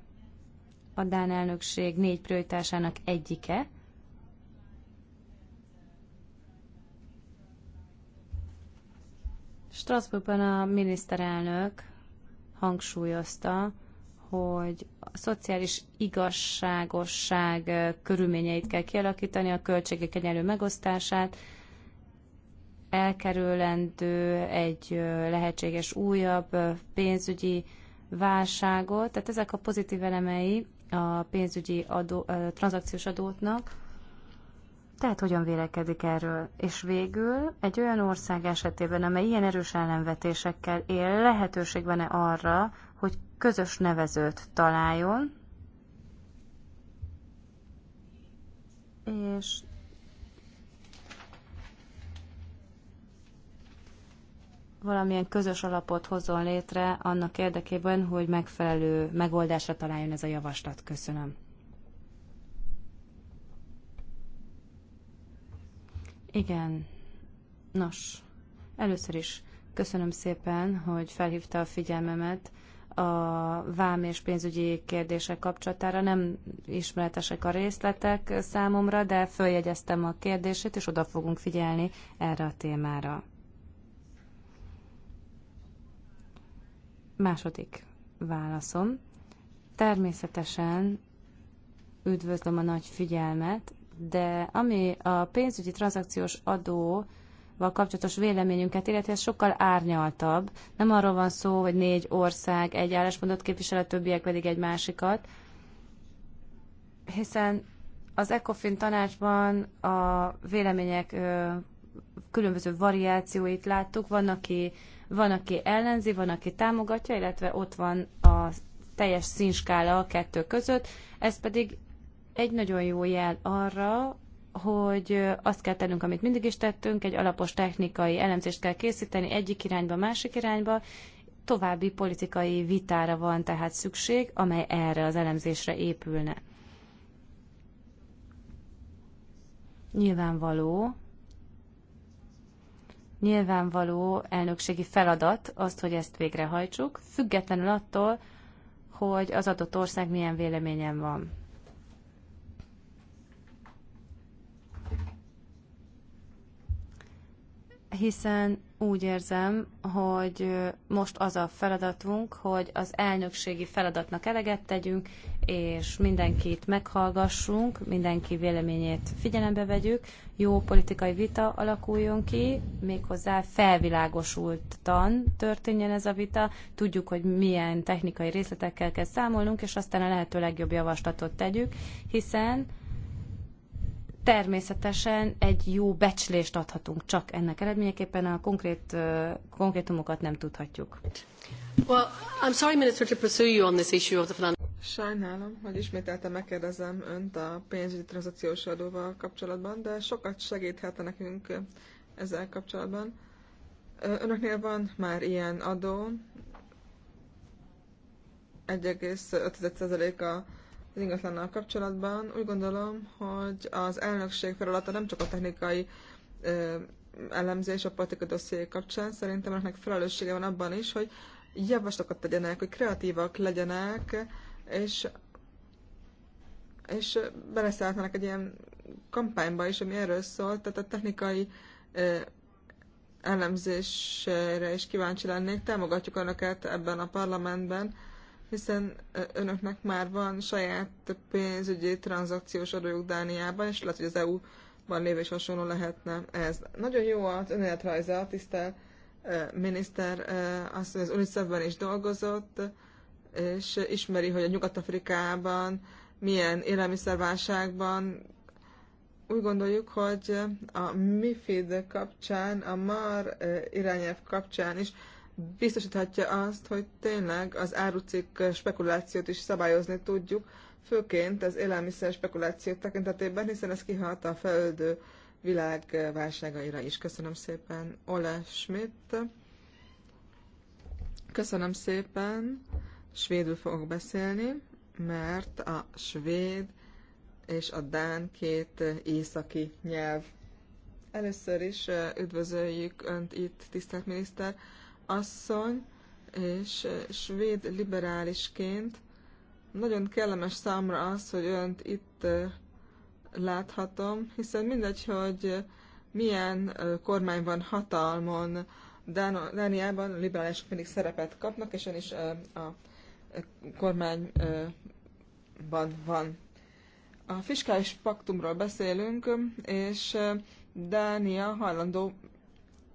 a Dán elnökség négy prioritásának egyike, Strasbourgban a miniszterelnök hangsúlyozta, hogy a szociális igazságosság körülményeit kell kialakítani, a költségek egyenlő megosztását, elkerülendő egy lehetséges újabb pénzügyi válságot. Tehát ezek a pozitív elemei a pénzügyi adó, a tranzakciós adótnak. Tehát hogyan vélekedik erről? És végül egy olyan ország esetében, amely ilyen erős ellenvetésekkel él, lehetőség van-e arra, hogy közös nevezőt találjon, és valamilyen közös alapot hozzon létre annak érdekében, hogy megfelelő megoldásra találjon ez a javaslat. Köszönöm. Igen. Nos, először is köszönöm szépen, hogy felhívta a figyelmemet a vám és pénzügyi kérdések kapcsolatára. Nem ismeretesek a részletek számomra, de följegyeztem a kérdését, és oda fogunk figyelni erre a témára. Második válaszom. Természetesen üdvözlöm a nagy figyelmet, de ami a pénzügyi tranzakciós adó val kapcsolatos véleményünket illetve ez sokkal árnyaltabb. Nem arról van szó, hogy négy ország egy álláspontot képvisel, a többiek pedig egy másikat, hiszen az ECOFIN tanácsban a vélemények különböző variációit láttuk, van aki, van, aki ellenzi, van, aki támogatja, illetve ott van a teljes színskála a kettő között, ez pedig egy nagyon jó jel arra, hogy azt kell tennünk, amit mindig is tettünk, egy alapos technikai elemzést kell készíteni egyik irányba, másik irányba, további politikai vitára van tehát szükség, amely erre az elemzésre épülne. Nyilvánvaló, nyilvánvaló elnökségi feladat azt, hogy ezt végrehajtsuk, függetlenül attól, hogy az adott ország milyen véleményen van. hiszen úgy érzem, hogy most az a feladatunk, hogy az elnökségi feladatnak eleget tegyünk, és mindenkit meghallgassunk, mindenki véleményét figyelembe vegyük, jó politikai vita alakuljon ki, méghozzá felvilágosultan történjen ez a vita, tudjuk, hogy milyen technikai részletekkel kell számolnunk, és aztán a lehető legjobb javaslatot tegyük, hiszen Természetesen egy jó becslést adhatunk csak ennek eredményeképpen, a konkrét, konkrétumokat nem tudhatjuk. Well, I'm sorry, Minister, to pursue you on this issue of the Sajnálom, hogy ismételten megkérdezem Önt a pénzügyi tranzakciós adóval kapcsolatban, de sokat segíthet nekünk ezzel kapcsolatban. Önöknél van már ilyen adó, 1,5% a az ingatlannal kapcsolatban. Úgy gondolom, hogy az elnökség feladata nem csak a technikai ö, elemzés a politikai dosszié kapcsán, szerintem ennek felelőssége van abban is, hogy javaslatokat tegyenek, hogy kreatívak legyenek, és, és beleszállhatnak egy ilyen kampányba is, ami erről szól, tehát a technikai ö, elemzésre is kíváncsi lennék. Támogatjuk önöket ebben a parlamentben, hiszen önöknek már van saját pénzügyi tranzakciós adójuk Dániában, és lehet, hogy az EU-ban lévő is hasonló lehetne ez. Nagyon jó az önéletrajza, tisztel miniszter azt az UNICEF-ben is dolgozott, és ismeri, hogy a Nyugat-Afrikában milyen élelmiszerválságban úgy gondoljuk, hogy a MIFID kapcsán, a MAR irányelv kapcsán is biztosíthatja azt, hogy tényleg az árucikk spekulációt is szabályozni tudjuk, főként az élelmiszer spekuláció tekintetében, hiszen ez kihat a feldő világ válságaira is. Köszönöm szépen, Ole Schmidt. Köszönöm szépen, svédül fogok beszélni, mert a svéd és a dán két északi nyelv. Először is üdvözöljük Önt itt, tisztelt miniszter! asszony, és svéd liberálisként nagyon kellemes számra az, hogy önt itt láthatom, hiszen mindegy, hogy milyen kormány van hatalmon, Dániában a liberálisok mindig szerepet kapnak, és ön is a kormányban van. A fiskális paktumról beszélünk, és Dánia hajlandó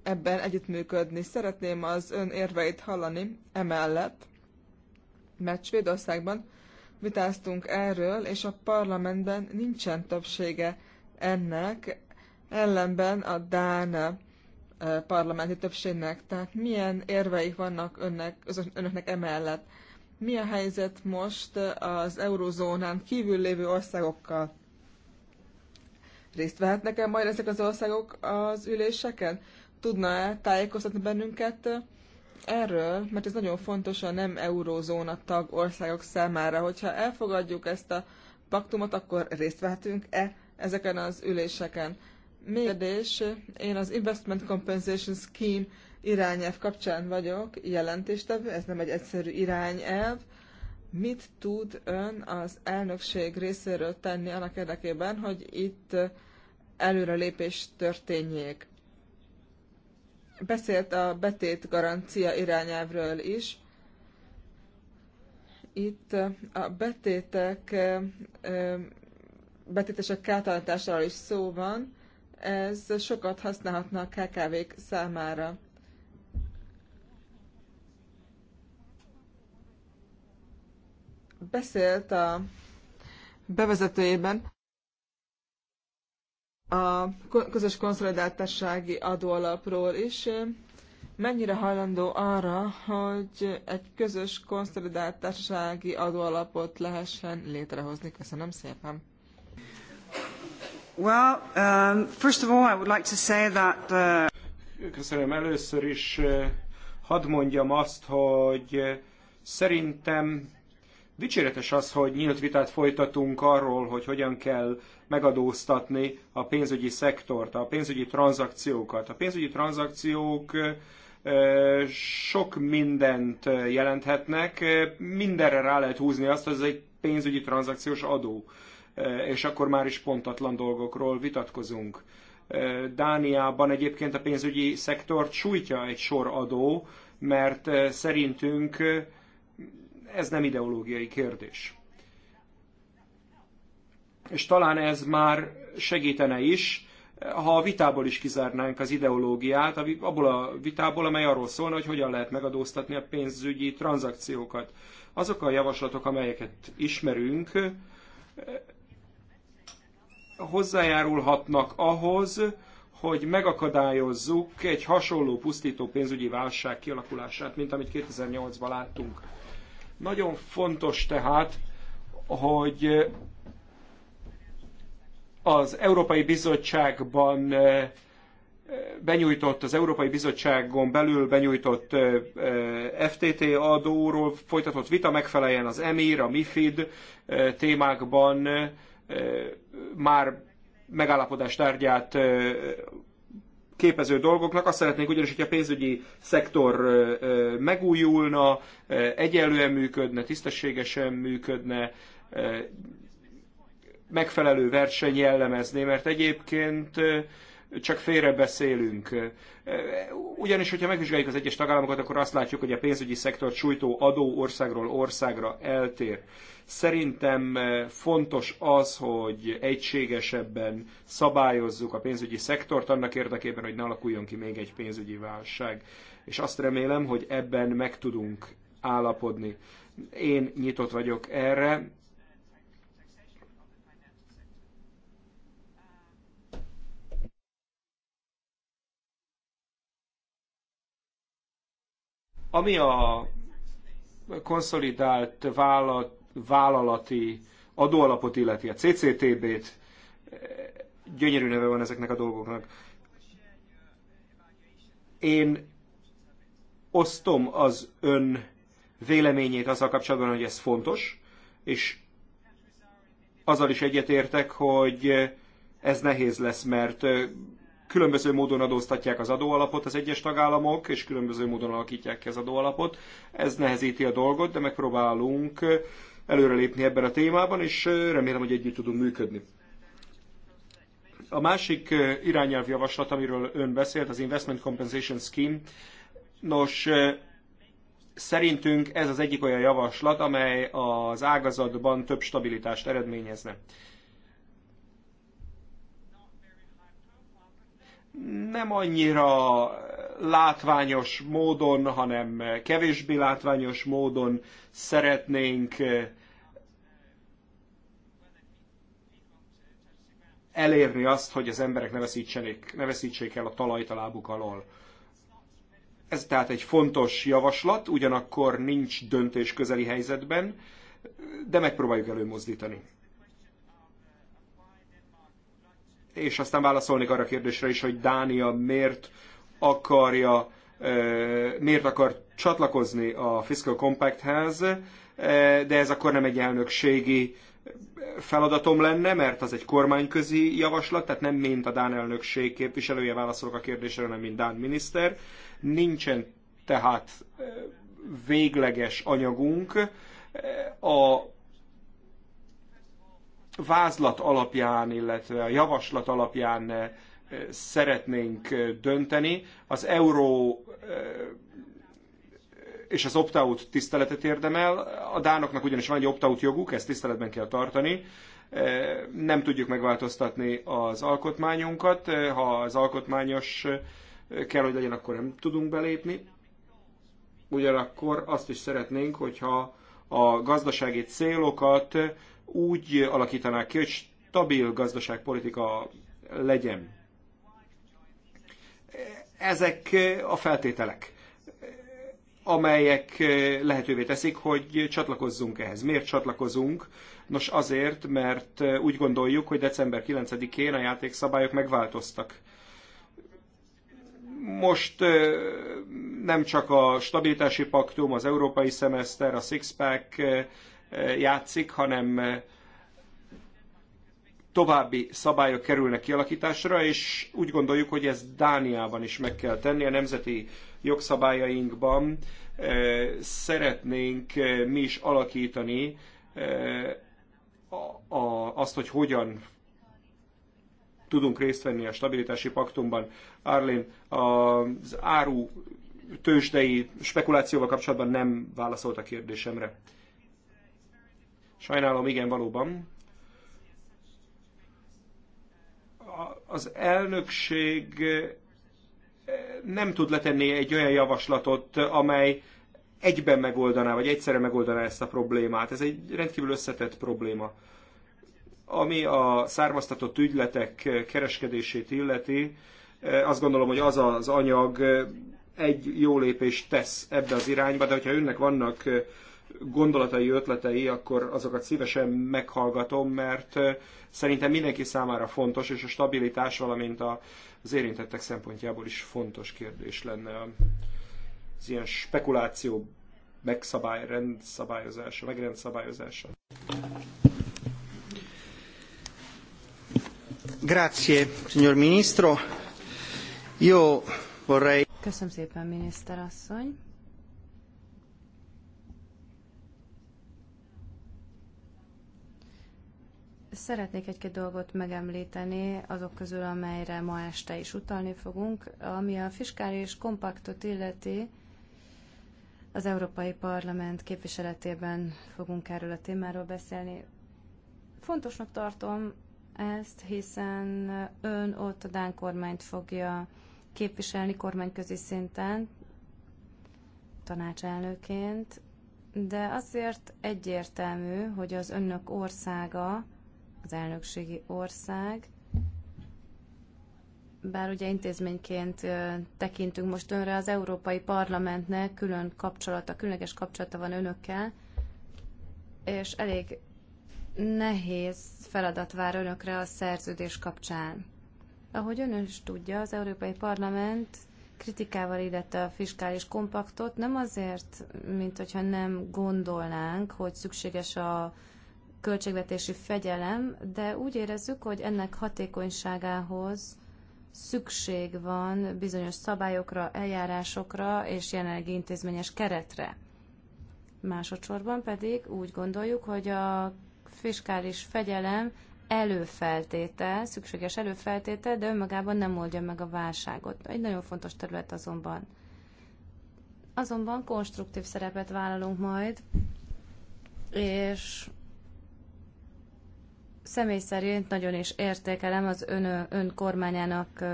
ebben együttműködni. Szeretném az ön érveit hallani emellett, mert Svédországban vitáztunk erről, és a parlamentben nincsen többsége ennek, ellenben a Dán eh, parlamenti többségnek. Tehát milyen érveik vannak önnek, az önöknek emellett? Mi a helyzet most eh, az eurozónán kívül lévő országokkal? Részt vehetnek-e majd ezek az országok az üléseken? tudna-e tájékoztatni bennünket erről, mert ez nagyon fontos a nem eurózóna tag országok számára, hogyha elfogadjuk ezt a paktumot, akkor részt vehetünk-e ezeken az üléseken. Még kérdés, én az Investment Compensation Scheme irányelv kapcsán vagyok, jelentéstevő, ez nem egy egyszerű irányelv. Mit tud ön az elnökség részéről tenni annak érdekében, hogy itt előrelépés történjék? beszélt a betét garancia irányelvről is. Itt a betétek, betétesek kártalanításáról is szó van, ez sokat használhatna a KKV-k számára. Beszélt a bevezetőjében a közös konszolidáltassági adóalapról is. Mennyire hajlandó arra, hogy egy közös konszolidáltassági adóalapot lehessen létrehozni? Köszönöm szépen. Well, um, first of all, I would like to say that. Uh... Köszönöm. Először is uh, hadd mondjam azt, hogy uh, szerintem Dicséretes az, hogy nyílt vitát folytatunk arról, hogy hogyan kell megadóztatni a pénzügyi szektort, a pénzügyi tranzakciókat. A pénzügyi tranzakciók sok mindent jelenthetnek, mindenre rá lehet húzni azt, hogy ez egy pénzügyi tranzakciós adó, és akkor már is pontatlan dolgokról vitatkozunk. Dániában egyébként a pénzügyi szektort sújtja egy sor adó, mert szerintünk ez nem ideológiai kérdés. És talán ez már segítene is, ha a vitából is kizárnánk az ideológiát, abból a vitából, amely arról szólna, hogy hogyan lehet megadóztatni a pénzügyi tranzakciókat. Azok a javaslatok, amelyeket ismerünk, hozzájárulhatnak ahhoz, hogy megakadályozzuk egy hasonló pusztító pénzügyi válság kialakulását, mint amit 2008-ban láttunk. Nagyon fontos tehát, hogy az Európai Bizottságban eh, benyújtott, az Európai Bizottságon belül benyújtott eh, eh, FTT adóról folytatott vita megfeleljen az EMIR, a MIFID témákban már megállapodás tárgyát képező dolgoknak. Azt szeretnénk ugyanis, hogy a pénzügyi szektor megújulna, egyenlően működne, tisztességesen működne, megfelelő verseny jellemezné, mert egyébként csak félrebeszélünk. Ugyanis, hogyha megvizsgáljuk az egyes tagállamokat, akkor azt látjuk, hogy a pénzügyi szektor sújtó adó országról országra eltér. Szerintem fontos az, hogy egységesebben szabályozzuk a pénzügyi szektort annak érdekében, hogy ne alakuljon ki még egy pénzügyi válság. És azt remélem, hogy ebben meg tudunk állapodni. Én nyitott vagyok erre, Ami a konszolidált vállalat, vállalati adóalapot illeti, a CCTB-t, gyönyörű neve van ezeknek a dolgoknak. Én osztom az ön véleményét azzal kapcsolatban, hogy ez fontos, és azzal is egyetértek, hogy ez nehéz lesz, mert különböző módon adóztatják az adóalapot az egyes tagállamok, és különböző módon alakítják ki az adóalapot. Ez nehezíti a dolgot, de megpróbálunk előrelépni ebben a témában, és remélem, hogy együtt tudunk működni. A másik irányelvjavaslat, amiről ön beszélt, az Investment Compensation Scheme. Nos, szerintünk ez az egyik olyan javaslat, amely az ágazatban több stabilitást eredményezne. nem annyira látványos módon, hanem kevésbé látványos módon szeretnénk eh, elérni azt, hogy az emberek ne, veszítsenek, ne veszítsék el a talajt a lábuk alól. Ez tehát egy fontos javaslat, ugyanakkor nincs döntés közeli helyzetben, de megpróbáljuk előmozdítani. és aztán válaszolnék arra a kérdésre is, hogy Dánia miért akarja, miért akar csatlakozni a Fiscal Compacthez, de ez akkor nem egy elnökségi feladatom lenne, mert az egy kormányközi javaslat, tehát nem mint a Dán elnökség képviselője válaszolok a kérdésre, hanem mint Dán miniszter. Nincsen tehát végleges anyagunk. A vázlat alapján, illetve a javaslat alapján eh, szeretnénk eh, dönteni. Az euró eh, és az opt-out tiszteletet érdemel. A dánoknak ugyanis van egy opt-out joguk, ezt tiszteletben kell tartani. Nem tudjuk megváltoztatni az alkotmányunkat. Ha az alkotmányos kell, hogy legyen, akkor nem tudunk belépni. Ugyanakkor azt is szeretnénk, hogyha a gazdasági célokat úgy alakítanák ki, hogy stabil gazdaságpolitika legyen. Ezek a feltételek, amelyek lehetővé teszik, hogy csatlakozzunk ehhez. Miért csatlakozunk? Nos azért, mert úgy gondoljuk, hogy december 9-én a játékszabályok megváltoztak most nem csak a stabilitási paktum, az európai szemeszter, a six-pack játszik, hanem további szabályok kerülnek kialakításra, és úgy gondoljuk, hogy ezt Dániában is meg kell tenni a nemzeti jogszabályainkban. Szeretnénk mi is alakítani azt, hogy hogyan tudunk részt venni a stabilitási paktumban. Arlén, az áru tőzsdei spekulációval kapcsolatban nem válaszolt a kérdésemre. Sajnálom, igen, valóban. Az elnökség eh, nem tud letenni egy olyan javaslatot, amely egyben megoldaná, vagy egyszerre megoldaná ezt a problémát. Ez egy rendkívül összetett probléma. Ami a származtatott ügyletek eh, kereskedését illeti, eh, azt gondolom, hogy az az anyag egy jó lépést tesz ebbe az irányba, de hogyha önnek vannak gondolatai, ötletei, akkor azokat szívesen meghallgatom, mert szerintem mindenki számára fontos, és a stabilitás, valamint az érintettek szempontjából is fontos kérdés lenne az ilyen spekuláció megszabály, rendszabályozása, megrendszabályozása. Grazie, signor ministro. Io vorrei... Köszönöm szépen, miniszter asszony. Szeretnék egy-két dolgot megemlíteni azok közül, amelyre ma este is utalni fogunk. Ami a fiskális kompaktot illeti, az Európai Parlament képviseletében fogunk erről a témáról beszélni. Fontosnak tartom ezt, hiszen ön ott a Dán kormányt fogja képviselni kormányközi szinten, tanácselnőként, de azért egyértelmű, hogy az önök országa az elnökségi ország. Bár ugye intézményként tekintünk most önre, az Európai Parlamentnek külön kapcsolata, különleges kapcsolata van önökkel, és elég nehéz feladat vár önökre a szerződés kapcsán. Ahogy ön is tudja, az Európai Parlament kritikával illette a fiskális kompaktot, nem azért, mint hogyha nem gondolnánk, hogy szükséges a költségvetési fegyelem, de úgy érezzük, hogy ennek hatékonyságához szükség van bizonyos szabályokra, eljárásokra és jelenlegi intézményes keretre. Másodszorban pedig úgy gondoljuk, hogy a fiskális fegyelem előfeltétel, szükséges előfeltétel, de önmagában nem oldja meg a válságot. Egy nagyon fontos terület azonban. Azonban konstruktív szerepet vállalunk majd, és személy szerint nagyon is értékelem az ön, ön kormányának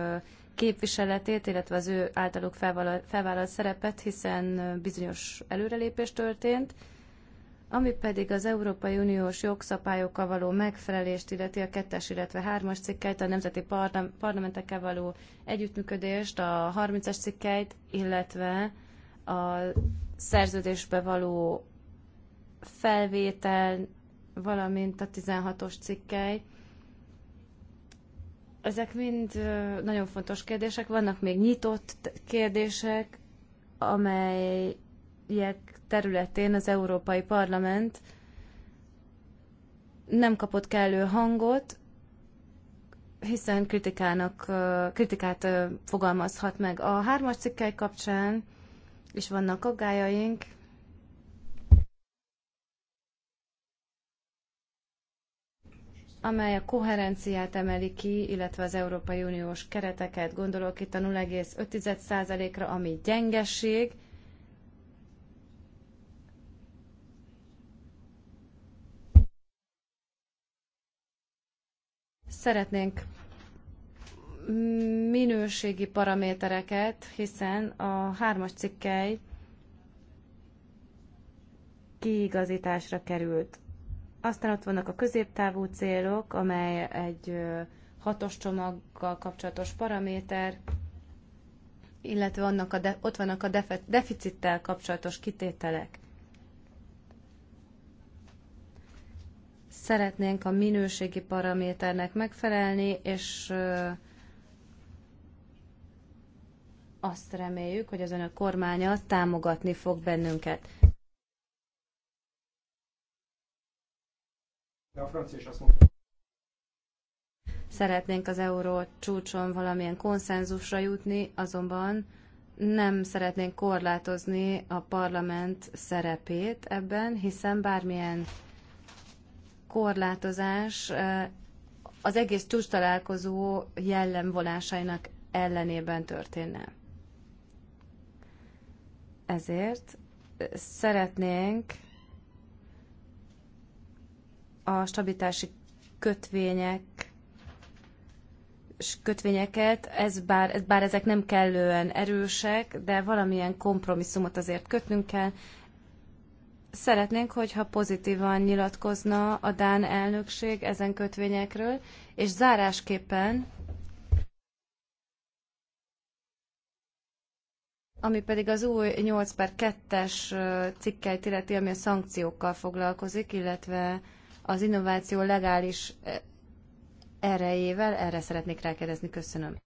képviseletét, illetve az ő általuk felvállalt, felvállalt szerepet, hiszen bizonyos előrelépés történt. Ami pedig az Európai Uniós jogszabályokkal való megfelelést illeti a kettes, illetve hármas cikkeit, a nemzeti parlam- parlamentekkel való együttműködést, a 30-as cikkeit, illetve a szerződésbe való felvétel valamint a 16-os cikkely. Ezek mind nagyon fontos kérdések. Vannak még nyitott kérdések, amelyek területén az Európai Parlament nem kapott kellő hangot, hiszen kritikának, kritikát fogalmazhat meg. A hármas cikkely kapcsán is vannak aggájaink, amely a koherenciát emeli ki, illetve az Európai Uniós kereteket. Gondolok itt a 0,5%-ra, ami gyengeség. Szeretnénk minőségi paramétereket, hiszen a hármas cikkely kiigazításra került. Aztán ott vannak a középtávú célok, amely egy hatos csomaggal kapcsolatos paraméter, illetve vannak a de, ott vannak a defe, deficittel kapcsolatos kitételek. Szeretnénk a minőségi paraméternek megfelelni, és azt reméljük, hogy az önök kormánya támogatni fog bennünket. De a francia is azt mondta, Szeretnénk az euró csúcson valamilyen konszenzusra jutni, azonban nem szeretnénk korlátozni a parlament szerepét ebben, hiszen bármilyen korlátozás eh, az egész csúcs találkozó jellemvonásainak ellenében történne. Ezért eh, szeretnénk a stabilitási kötvények kötvényeket, ez bár, ez bár ezek nem kellően erősek, de valamilyen kompromisszumot azért kötnünk kell. Szeretnénk, hogyha pozitívan nyilatkozna a Dán elnökség ezen kötvényekről, és zárásképpen, ami pedig az új 8 per 2-es cikkeit illeti, ami a szankciókkal foglalkozik, illetve az innováció legális eh, erejével, erre szeretnék rákérdezni. Köszönöm.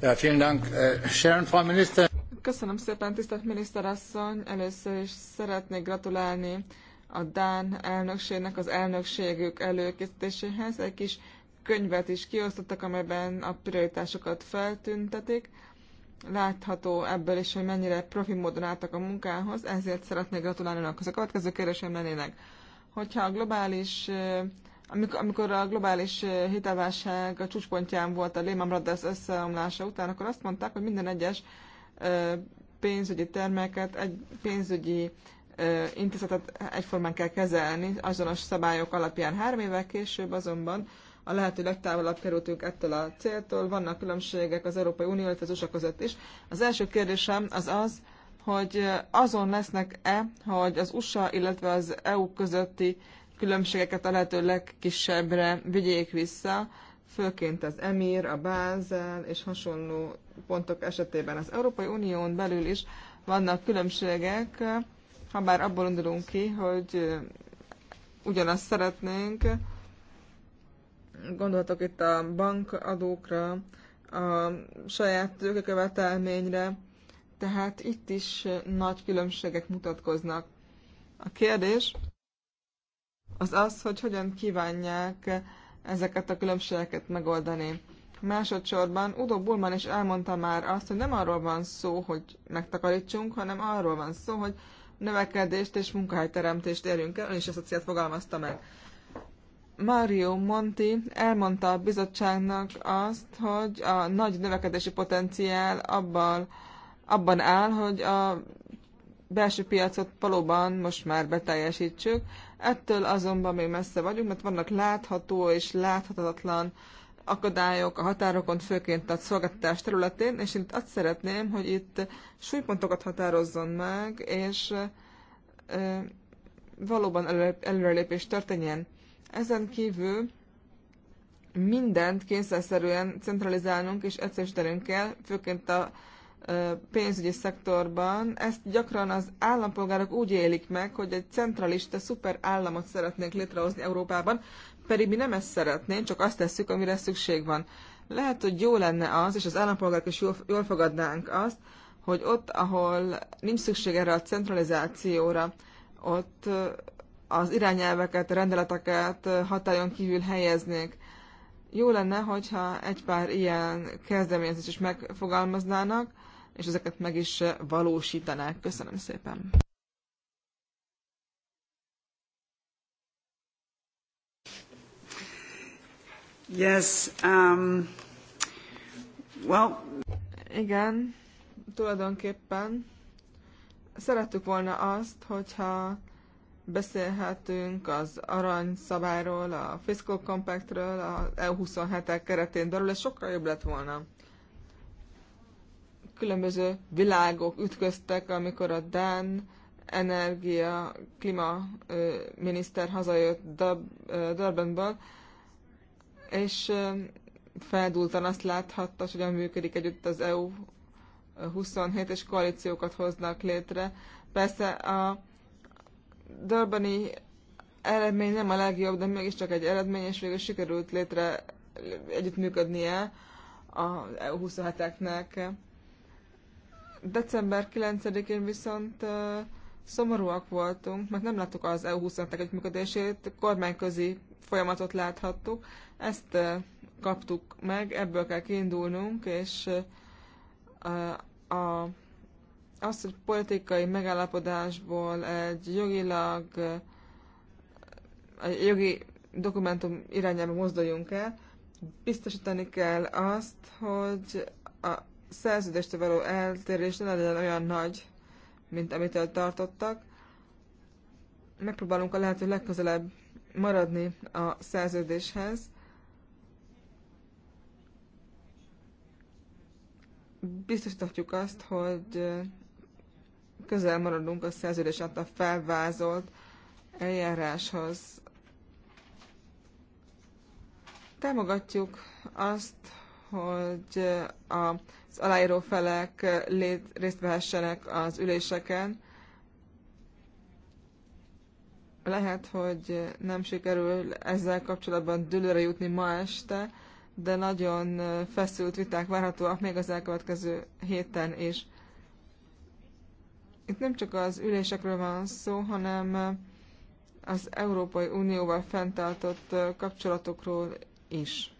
Äh, Köszönöm szépen, tisztelt miniszterasszony! Először is szeretnék gratulálni a Dán elnökségnek az elnökségük előkészítéséhez. Egy kis könyvet is kiosztottak, amelyben a prioritásokat feltüntetik. Látható ebből is, hogy mennyire profi módon álltak a munkához, ezért szeretnék gratulálni önök. A következő kérdésem lennének hogyha a globális amikor a globális hitelválság a csúcspontján volt a Lehman Brothers összeomlása után, akkor azt mondták, hogy minden egyes pénzügyi terméket, egy pénzügyi intézetet egyformán kell kezelni, azonos szabályok alapján. Három évvel később azonban a lehető legtávolabb kerültünk ettől a céltól, vannak különbségek az Európai Unió, illetve az USA között is. Az első kérdésem az az, hogy azon lesznek-e, hogy az USA, illetve az EU közötti különbségeket a lehető legkisebbre vigyék vissza, főként az Emir, a Bázel és hasonló pontok esetében. Az Európai Unión belül is vannak különbségek, ha bár abból indulunk ki, hogy ugyanazt szeretnénk, gondolhatok itt a bankadókra, a saját tőkekövetelményre, tehát itt is nagy különbségek mutatkoznak. A kérdés az az, hogy hogyan kívánják ezeket a különbségeket megoldani. Másodszorban Udo Bullman is elmondta már azt, hogy nem arról van szó, hogy megtakarítsunk, hanem arról van szó, hogy növekedést és munkahelyteremtést érjünk el, ön is ezt a célt fogalmazta meg. Mario Monti elmondta a bizottságnak azt, hogy a nagy növekedési potenciál abban abban áll, hogy a belső piacot valóban most már beteljesítsük. Ettől azonban még messze vagyunk, mert vannak látható és láthatatlan akadályok a határokon, főként a szolgáltatás területén, és itt azt szeretném, hogy itt súlypontokat határozzon meg, és e, valóban előrelépés történjen. Ezen kívül mindent kényszerszerűen centralizálnunk és egyszerűsítenünk kell, főként a pénzügyi szektorban, ezt gyakran az állampolgárok úgy élik meg, hogy egy centralista szuper államot szeretnénk létrehozni Európában, pedig mi nem ezt szeretnénk, csak azt tesszük, amire szükség van. Lehet, hogy jó lenne az, és az állampolgárok is jól, jól fogadnánk azt, hogy ott, ahol nincs szükség erre a centralizációra, ott az irányelveket, rendeleteket hatályon kívül helyeznék. Jó lenne, hogyha egy pár ilyen kezdeményezést is megfogalmaznának, és ezeket meg is eh, valósítanák. Köszönöm szépen! Yes, um, well... Igen, tulajdonképpen szerettük volna azt, hogyha beszélhetünk az szabályról, a Fiscal Compactről, az EU27-ek keretén belül, ez sokkal jobb lett volna különböző világok ütköztek, amikor a Dán energia klima miniszter hazajött Durbanból, és feldúltan azt láthatta, hogyan működik együtt az EU 27, és koalíciókat hoznak létre. Persze a Durbani eredmény nem a legjobb, de mégiscsak egy eredmény, és végül sikerült létre együttműködnie a EU 27-eknek. December 9-én viszont szomorúak voltunk, mert nem láttuk az EU 25 együttműködését, kormányközi folyamatot láthattuk, ezt kaptuk meg, ebből kell kiindulnunk, és a, a, az, hogy politikai megállapodásból egy jogilag egy jogi dokumentum irányába mozduljunk el, biztosítani kell azt, hogy a szerződéstől való eltérés ne legyen olyan nagy, mint amitől tartottak. Megpróbálunk a lehető legközelebb maradni a szerződéshez. Biztosítatjuk azt, hogy közel maradunk a szerződés a felvázolt eljáráshoz. Támogatjuk azt, hogy a az aláíró felek eh, lét, részt vehessenek az üléseken. Lehet, hogy nem sikerül ezzel kapcsolatban dőlőre jutni ma este, de nagyon eh, feszült viták várhatóak még az elkövetkező héten is. Itt nem csak az ülésekről van szó, hanem eh, az Európai Unióval fenntartott kapcsolatokról is.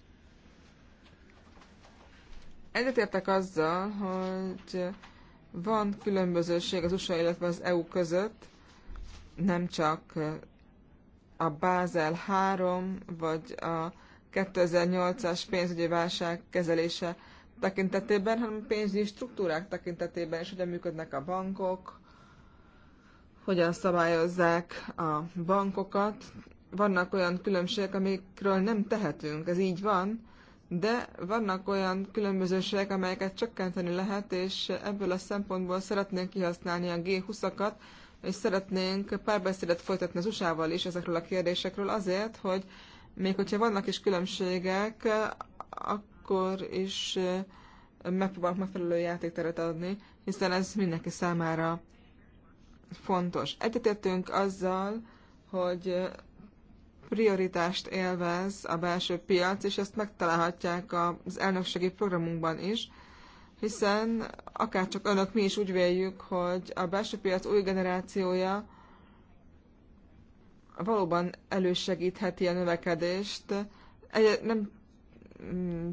Egyetértek azzal, hogy van különbözőség az USA, illetve az EU között, nem csak a Bázel 3 vagy a 2008-as pénzügyi válság kezelése tekintetében, hanem pénzügyi struktúrák tekintetében is, hogyan működnek a bankok, hogyan szabályozzák a bankokat. Vannak olyan különbségek, amikről nem tehetünk, ez így van, de vannak olyan különbözőségek, amelyeket csökkenteni lehet, és ebből a szempontból szeretnénk kihasználni a G20-akat, és szeretnénk párbeszédet folytatni az USA-val is ezekről a kérdésekről azért, hogy még hogyha vannak is különbségek, akkor is megpróbálok megfelelő játékteret adni, hiszen ez mindenki számára fontos. Egyetértünk azzal, hogy prioritást élvez a belső piac, és ezt megtalálhatják az elnökségi programunkban is, hiszen akárcsak önök, mi is úgy véljük, hogy a belső piac új generációja valóban elősegítheti a növekedést. Egy, nem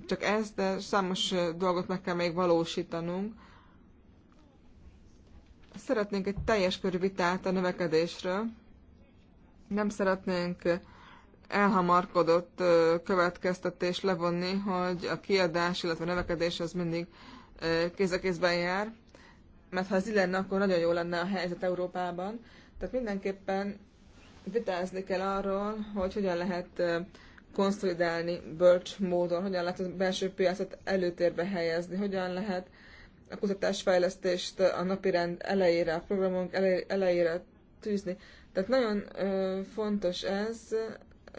csak ez, de számos dolgot meg kell még valósítanunk. Szeretnénk egy teljes körű vitát a növekedésről. Nem szeretnénk elhamarkodott következtetés levonni, hogy a kiadás, illetve a növekedés az mindig kéz a kézben jár, mert ha ez így lenne, akkor nagyon jó lenne a helyzet Európában. Tehát mindenképpen vitázni kell arról, hogy hogyan lehet konszolidálni bölcs módon, hogyan lehet a belső piacot előtérbe helyezni, hogyan lehet a kutatásfejlesztést a napirend elejére, a programunk elejére tűzni. Tehát nagyon fontos ez,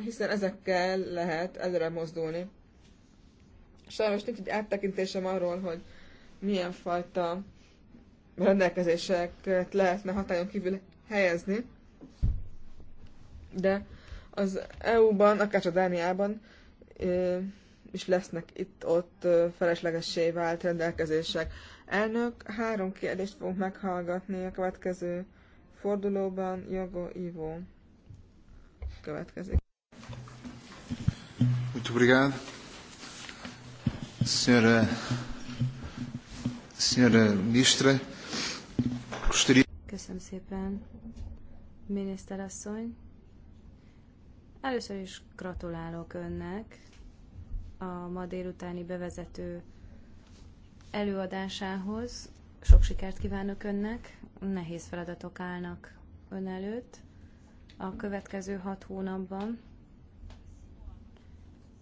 hiszen ezekkel lehet előre mozdulni. Sajnos nincs egy áttekintésem arról, hogy milyen fajta rendelkezéseket lehetne hatályon kívül helyezni, de az EU-ban, akár csak Dániában is lesznek itt-ott feleslegessé vált rendelkezések. Elnök, három kérdést fogunk meghallgatni a következő fordulóban. Jogo Ivo következik. Muito obrigado. Senhora, eh, senhora eh, Ministra, gostaria... Köszönöm szépen, miniszterasszony. Először is gratulálok önnek a ma délutáni bevezető előadásához. Sok sikert kívánok önnek. Nehéz feladatok állnak ön előtt a következő hat hónapban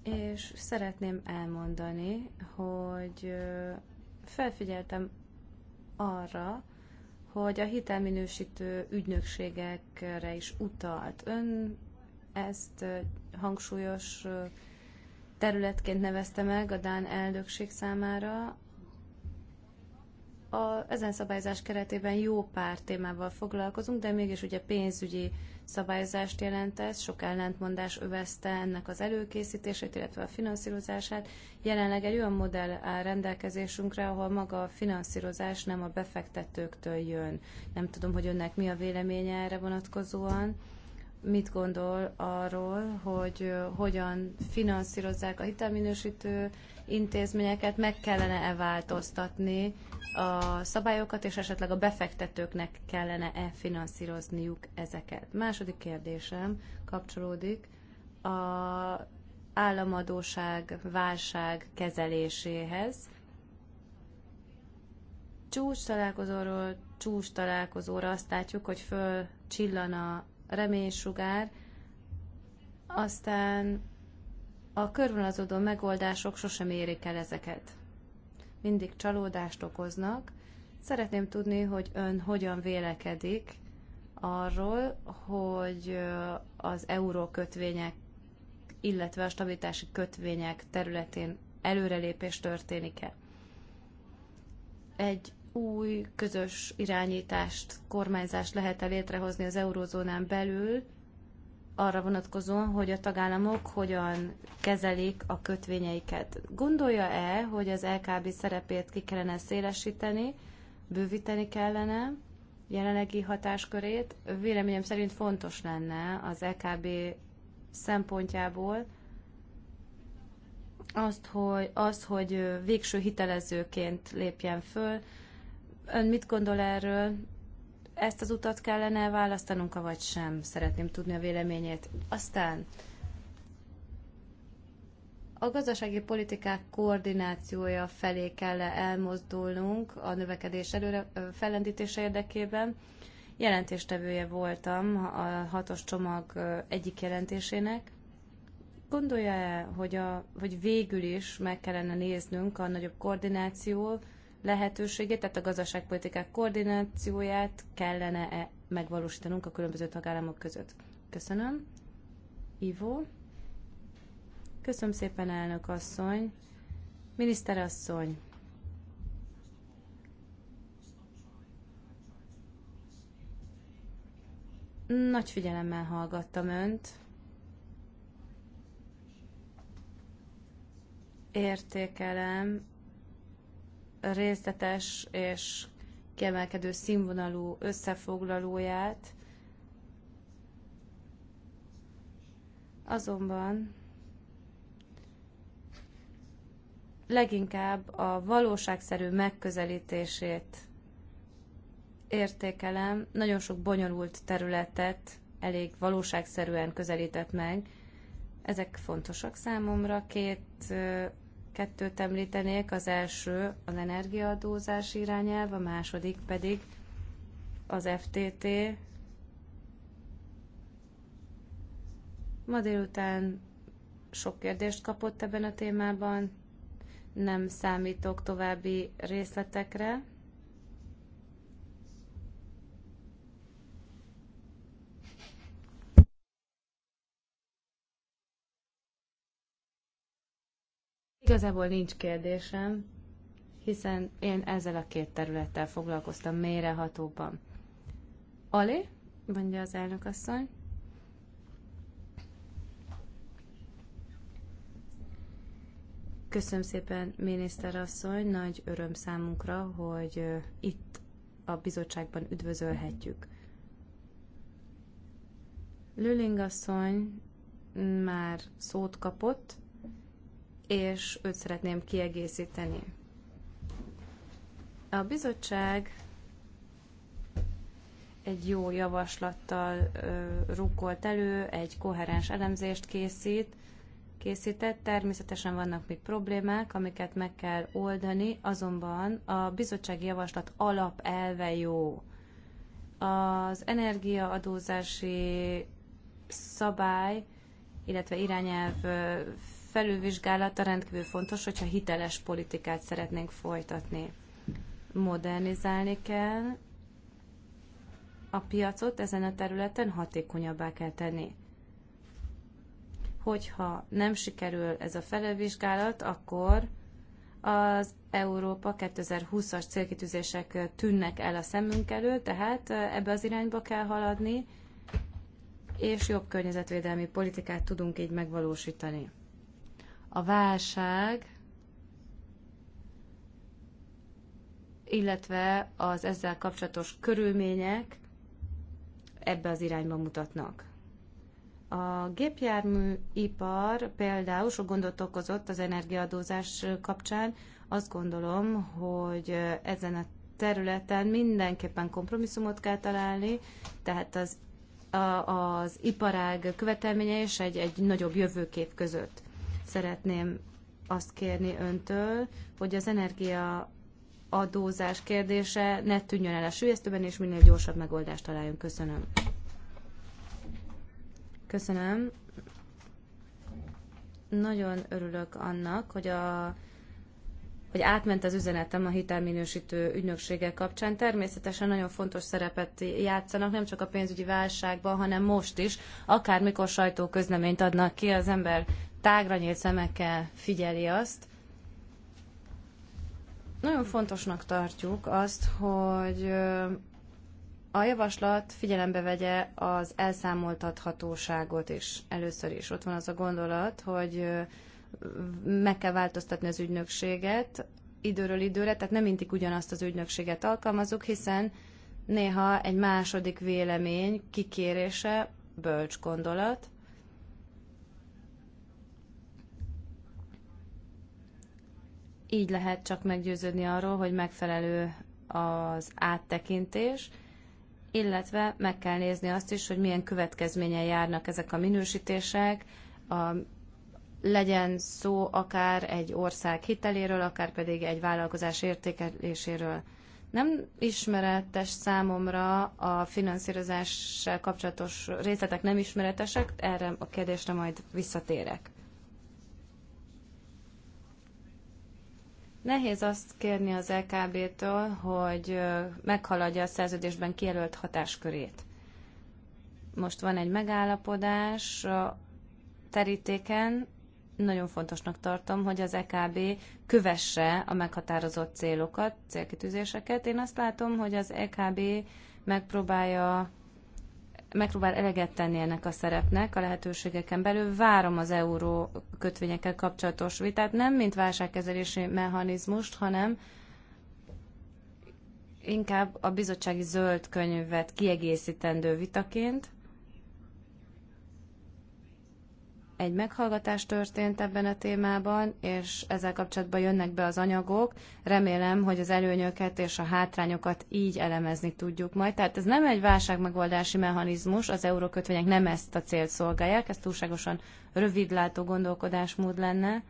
és szeretném elmondani, hogy felfigyeltem arra, hogy a hitelminősítő ügynökségekre is utalt. Ön ezt hangsúlyos területként nevezte meg a Dán elnökség számára. A, ezen szabályzás keretében jó pár témával foglalkozunk, de mégis ugye pénzügyi szabályozást jelent ez, sok ellentmondás övezte ennek az előkészítését, illetve a finanszírozását. Jelenleg egy olyan modell áll rendelkezésünkre, ahol maga a finanszírozás nem a befektetőktől jön. Nem tudom, hogy önnek mi a véleménye erre vonatkozóan. Mit gondol arról, hogy hogyan finanszírozzák a hitelminősítő intézményeket meg kellene-e változtatni, a szabályokat, és esetleg a befektetőknek kellene-e finanszírozniuk ezeket. Második kérdésem kapcsolódik a államadóság válság kezeléséhez. Csúcs találkozóról csúcs találkozóra azt látjuk, hogy föl csillan a reménysugár, aztán a körvonalazódó megoldások sosem érik el ezeket. Mindig csalódást okoznak. Szeretném tudni, hogy ön hogyan vélekedik arról, hogy az eurókötvények, illetve a stabilitási kötvények területén előrelépés történik-e. Egy új közös irányítást, kormányzást lehet-e létrehozni az eurózónán belül, arra vonatkozóan, hogy a tagállamok hogyan kezelik a kötvényeiket. Gondolja-e, hogy az LKB szerepét ki kellene szélesíteni, bővíteni kellene jelenlegi hatáskörét? Véleményem szerint fontos lenne az LKB szempontjából azt, hogy, az, hogy végső hitelezőként lépjen föl. Ön mit gondol erről? ezt az utat kellene választanunk, vagy sem. Szeretném tudni a véleményét. Aztán a gazdasági politikák koordinációja felé kell elmozdulnunk a növekedés előre fellendítése érdekében. Jelentéstevője voltam a hatos csomag egyik jelentésének. Gondolja-e, hogy, a, hogy végül is meg kellene néznünk a nagyobb koordinációt, lehetőségét, tehát a gazdaságpolitikák koordinációját kellene -e megvalósítanunk a különböző tagállamok között. Köszönöm. Ivo. Köszönöm szépen, elnök asszony. Miniszter asszony. Nagy figyelemmel hallgattam önt. Értékelem részletes és kiemelkedő színvonalú összefoglalóját, azonban leginkább a valóságszerű megközelítését értékelem. Nagyon sok bonyolult területet elég valóságszerűen közelített meg. Ezek fontosak számomra. Két kettőt említenék, az első az energiaadózás irányelv, a második pedig az FTT. Ma délután sok kérdést kapott ebben a témában, nem számítok további részletekre. Igazából nincs kérdésem, hiszen én ezzel a két területtel foglalkoztam mélyrehatóban. Ali, mondja az elnökasszony. Köszönöm szépen, miniszter asszony, nagy öröm számunkra, hogy itt a bizottságban üdvözölhetjük. Lüling asszony már szót kapott, és őt szeretném kiegészíteni. A bizottság egy jó javaslattal rukkolt elő, egy koherens elemzést készít, készített. Természetesen vannak még problémák, amiket meg kell oldani, azonban a bizottsági javaslat alapelve jó. Az energiaadózási szabály, illetve irányelv felülvizsgálata rendkívül fontos, hogyha hiteles politikát szeretnénk folytatni. Modernizálni kell a piacot ezen a területen hatékonyabbá kell tenni. Hogyha nem sikerül ez a felülvizsgálat, akkor az Európa 2020-as célkitűzések tűnnek el a szemünk elől, tehát ebbe az irányba kell haladni, és jobb környezetvédelmi politikát tudunk így megvalósítani a válság, illetve az ezzel kapcsolatos körülmények ebbe az irányba mutatnak. A gépjárműipar például sok gondot okozott az energiaadózás kapcsán. Azt gondolom, hogy ezen a területen mindenképpen kompromisszumot kell találni, tehát az, a, az iparág követelménye és egy, egy nagyobb jövőkép között szeretném azt kérni öntől, hogy az energia adózás kérdése ne tűnjön el a sülyeztőben, és minél gyorsabb megoldást találjunk. Köszönöm. Köszönöm. Nagyon örülök annak, hogy a hogy átment az üzenetem a hitelminősítő ügynökséggel kapcsán. Természetesen nagyon fontos szerepet játszanak, nem csak a pénzügyi válságban, hanem most is. Akármikor sajtóközleményt adnak ki, az ember tágra nyílt szemekkel figyeli azt. Nagyon fontosnak tartjuk azt, hogy a javaslat figyelembe vegye az elszámoltathatóságot is. Először is ott van az a gondolat, hogy meg kell változtatni az ügynökséget időről időre, tehát nem mindig ugyanazt az ügynökséget alkalmazunk, hiszen néha egy második vélemény kikérése bölcs gondolat, Így lehet csak meggyőződni arról, hogy megfelelő az áttekintés, illetve meg kell nézni azt is, hogy milyen következménye járnak ezek a minősítések, a, legyen szó akár egy ország hiteléről, akár pedig egy vállalkozás értékeléséről. Nem ismeretes számomra a finanszírozással kapcsolatos részletek nem ismeretesek, erre a kérdésre majd visszatérek. Nehéz azt kérni az LKB-től, hogy meghaladja a szerződésben kijelölt hatáskörét. Most van egy megállapodás a terítéken, nagyon fontosnak tartom, hogy az EKB kövesse a meghatározott célokat, célkitűzéseket. Én azt látom, hogy az EKB megpróbálja megpróbál eleget tenni ennek a szerepnek a lehetőségeken belül. Várom az euró kötvényekkel kapcsolatos vitát, nem mint válságkezelési mechanizmust, hanem inkább a bizottsági zöld könyvet kiegészítendő vitaként. egy meghallgatás történt ebben a témában, és ezzel kapcsolatban jönnek be az anyagok. Remélem, hogy az előnyöket és a hátrányokat így elemezni tudjuk majd. Tehát ez nem egy válságmegoldási mechanizmus, az eurókötvények nem ezt a célt szolgálják, ez túlságosan rövidlátó gondolkodásmód lenne,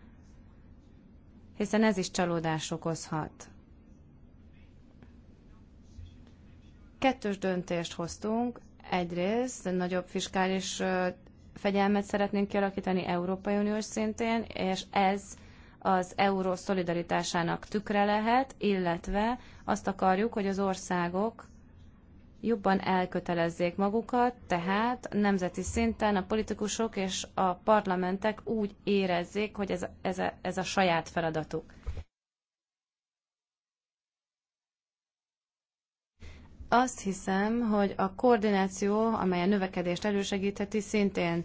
hiszen ez is csalódás okozhat. Kettős döntést hoztunk, egyrészt nagyobb fiskális fegyelmet szeretnénk kialakítani Európai Uniós szintén, és ez az euró szolidaritásának tükre lehet, illetve azt akarjuk, hogy az országok jobban elkötelezzék magukat, tehát nemzeti szinten a politikusok és a parlamentek úgy érezzék, hogy ez, ez, a, ez a saját feladatuk. Azt hiszem, hogy a koordináció, amely a növekedést elősegítheti, szintén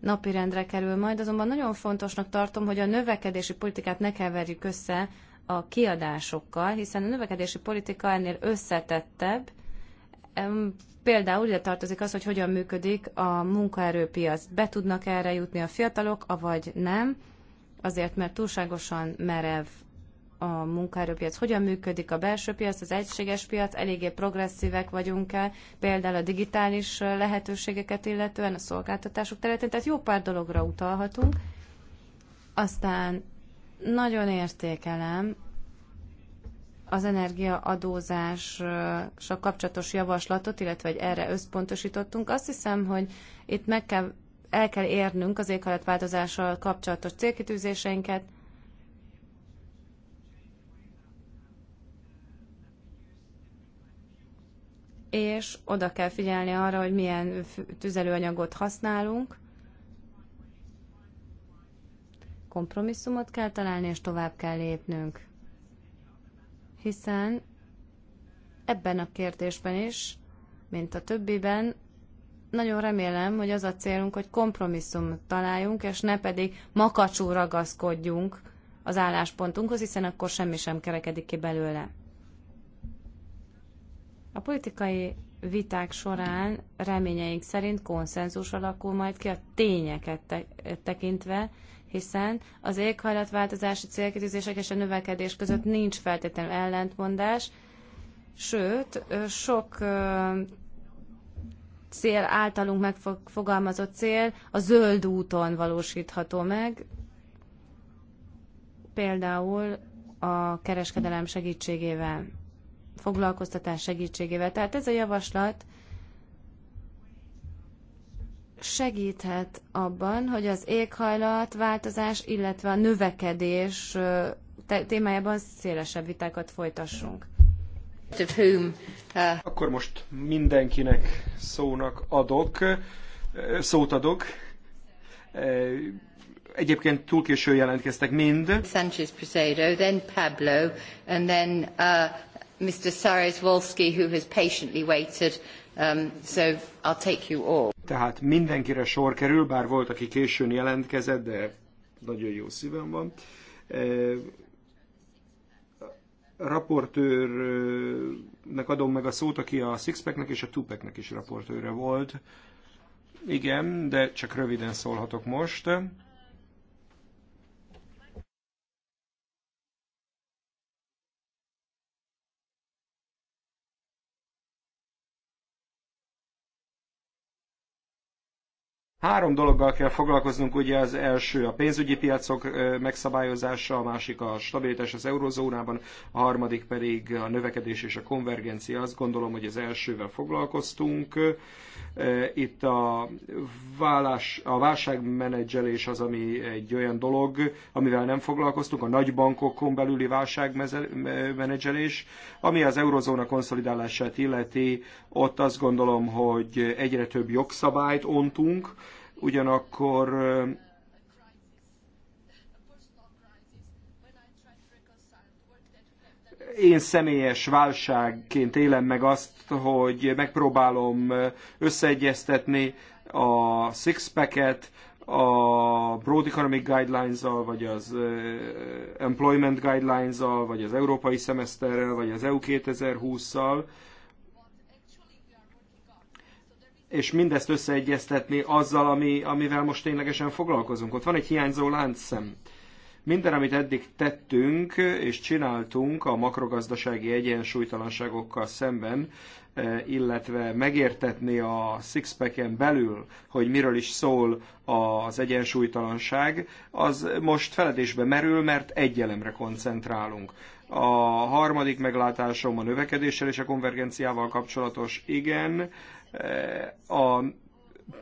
napirendre kerül majd, azonban nagyon fontosnak tartom, hogy a növekedési politikát ne keverjük össze a kiadásokkal, hiszen a növekedési politika ennél összetettebb. Például ide tartozik az, hogy hogyan működik a munkaerőpiac. Be tudnak erre jutni a fiatalok, avagy nem, azért mert túlságosan merev a munkaerőpiac hogyan működik, a belső piac, az egységes piac, eléggé progresszívek vagyunk-e, például a digitális lehetőségeket illetően, a szolgáltatások területén, tehát jó pár dologra utalhatunk. Aztán nagyon értékelem az energiaadózással kapcsolatos javaslatot, illetve hogy erre összpontosítottunk. Azt hiszem, hogy itt meg kell, el kell érnünk az éghajlatváltozással kapcsolatos célkitűzéseinket, és oda kell figyelni arra, hogy milyen tüzelőanyagot használunk. Kompromisszumot kell találni, és tovább kell lépnünk. Hiszen ebben a kérdésben is, mint a többiben, nagyon remélem, hogy az a célunk, hogy kompromisszumot találjunk, és ne pedig makacsú ragaszkodjunk az álláspontunkhoz, hiszen akkor semmi sem kerekedik ki belőle. A politikai viták során reményeink szerint konszenzus alakul majd ki a tényeket te tekintve, hiszen az éghajlatváltozási célkitűzések és a növekedés között nincs feltétlenül ellentmondás, sőt, sok cél általunk megfogalmazott cél a zöld úton valósítható meg, például a kereskedelem segítségével foglalkoztatás segítségével. Tehát ez a javaslat segíthet abban, hogy az éghajlatváltozás, illetve a növekedés témájában szélesebb vitákat folytassunk. Uh, Akkor most mindenkinek szónak adok, szót adok. Egyébként túl későn jelentkeztek mind. Sanchez Presedo, then Pablo, and then uh, Mr. Sarez-Wolski, who has patiently waited, um, so I'll take you all. Tehát mindenkire sor kerül, bár volt, aki későn jelentkezett, de nagyon jó szívem van. E, raportőrnek adom meg a szót, aki a Sixpacknek és a Tupacnek is raportőre volt. Igen, de csak röviden szólhatok most. Három dologgal kell foglalkoznunk, ugye az első a pénzügyi piacok megszabályozása, a másik a stabilitás az eurozónában, a harmadik pedig a növekedés és a konvergencia. Azt gondolom, hogy az elsővel foglalkoztunk. Itt a, válás, a válságmenedzselés az, ami egy olyan dolog, amivel nem foglalkoztunk, a nagy bankokon belüli válságmenedzselés, ami az eurozóna konszolidálását illeti, ott azt gondolom, hogy egyre több jogszabályt ontunk, ugyanakkor én személyes válságként élem meg azt, hogy megpróbálom összeegyeztetni a six-packet, a Broad Economic Guidelines-al, vagy az Employment Guidelines-al, vagy az Európai Szemeszterrel, vagy az EU 2020-szal, és mindezt összeegyeztetni azzal, ami, amivel most ténylegesen foglalkozunk. Ott van egy hiányzó láncszem. Minden, amit eddig tettünk és csináltunk a makrogazdasági egyensúlytalanságokkal szemben, eh, illetve megértetni a sixpacken belül, hogy miről is szól az egyensúlytalanság, az most feledésbe merül, mert egy elemre koncentrálunk. A harmadik meglátásom a növekedéssel és a konvergenciával kapcsolatos, igen, Eh, a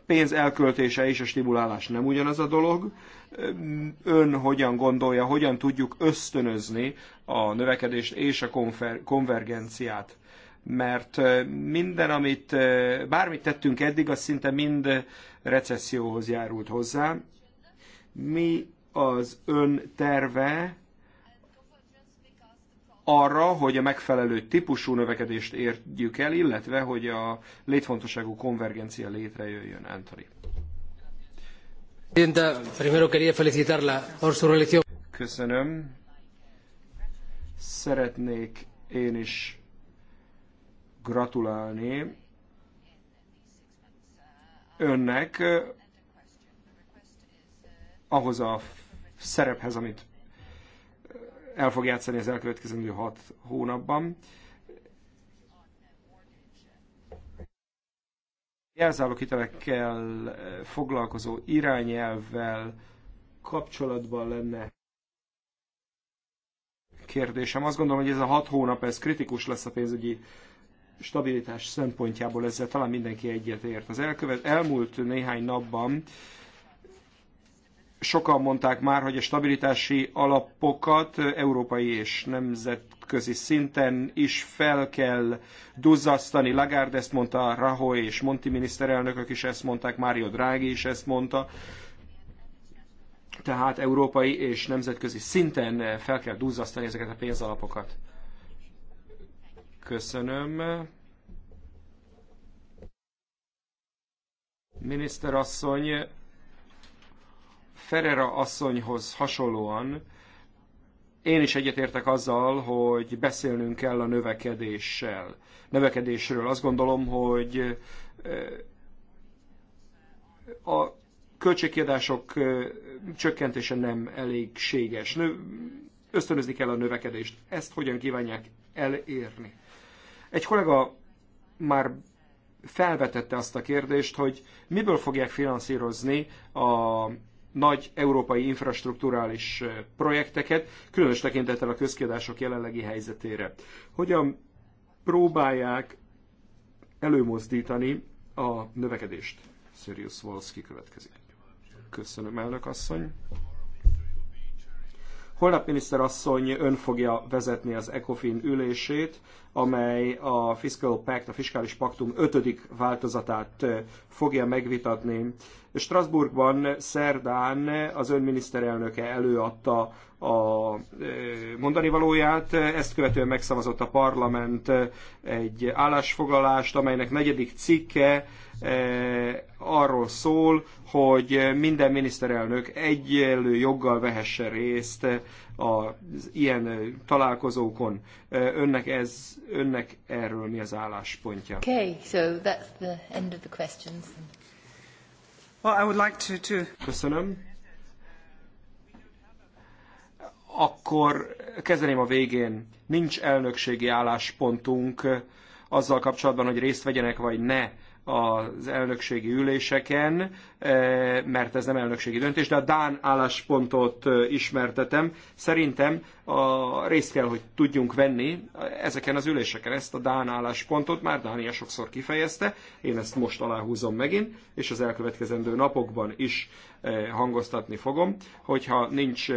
pénz elköltése és a stimulálás nem ugyanaz a dolog. Eh, ön hogyan gondolja, hogyan tudjuk ösztönözni a növekedést és a konvergenciát? Mert eh, minden, amit bármit tettünk eddig, az szinte mind recesszióhoz járult hozzá. Mi az ön terve arra, hogy a megfelelő típusú növekedést érjük el, illetve hogy a létfontosságú konvergencia létrejöjjön, Antoni. Köszönöm. Szeretnék én is gratulálni önnek eh, ahhoz a szerephez, amit el fog játszani az elkövetkezendő hat hónapban. hitelekkel eh, foglalkozó irányelvvel kapcsolatban lenne kérdésem. Azt gondolom, hogy ez a hat hónap, ez kritikus lesz a pénzügyi stabilitás szempontjából, ezzel talán mindenki egyetért. Az elkövet, elmúlt néhány napban sokan mondták már, hogy a stabilitási alapokat európai és nemzetközi szinten is fel kell duzzasztani. Lagarde ezt mondta, Rahoy és Monti miniszterelnökök is ezt mondták, Mário Draghi is ezt mondta. Tehát európai és nemzetközi szinten fel kell duzzasztani ezeket a pénzalapokat. Köszönöm. Miniszterasszony, Ferrera asszonyhoz hasonlóan én is egyetértek azzal, hogy beszélnünk kell a növekedéssel, növekedésről. Azt gondolom, hogy eh, a költségkiadások eh, csökkentése nem elégséges. Ösztönözni kell a növekedést. Ezt hogyan kívánják elérni? Egy kollega már felvetette azt a kérdést, hogy miből fogják finanszírozni a nagy európai infrastruktúrális projekteket, különös tekintettel a közkiadások jelenlegi helyzetére. Hogyan próbálják előmozdítani a növekedést? Sirius Wolski következik. Köszönöm, elnök asszony. Holnap miniszter asszony ön fogja vezetni az ECOFIN ülését, amely a Fiscal Pact, a fiskális paktum ötödik változatát fogja megvitatni. Strasbourgban szerdán az miniszterelnöke előadta a e, mondani valóját, ezt követően megszavazott a parlament egy állásfoglalást, amelynek negyedik cikke e, arról szól, hogy minden miniszterelnök egyenlő joggal vehesse részt az ilyen találkozókon. E, önnek, ez, önnek erről mi az álláspontja? Okay, so that's the end of the questions. Köszönöm. Akkor kezdeném a végén. Nincs elnökségi álláspontunk azzal kapcsolatban, hogy részt vegyenek vagy ne az elnökségi üléseken, eh, mert ez nem elnökségi döntés, de a Dán álláspontot eh, ismertetem. Szerintem a részt kell, hogy tudjunk venni eh, ezeken az üléseken. Ezt a Dán álláspontot már Dánia sokszor kifejezte, én ezt most aláhúzom megint, és az elkövetkezendő napokban is hangoztatni fogom, hogyha nincs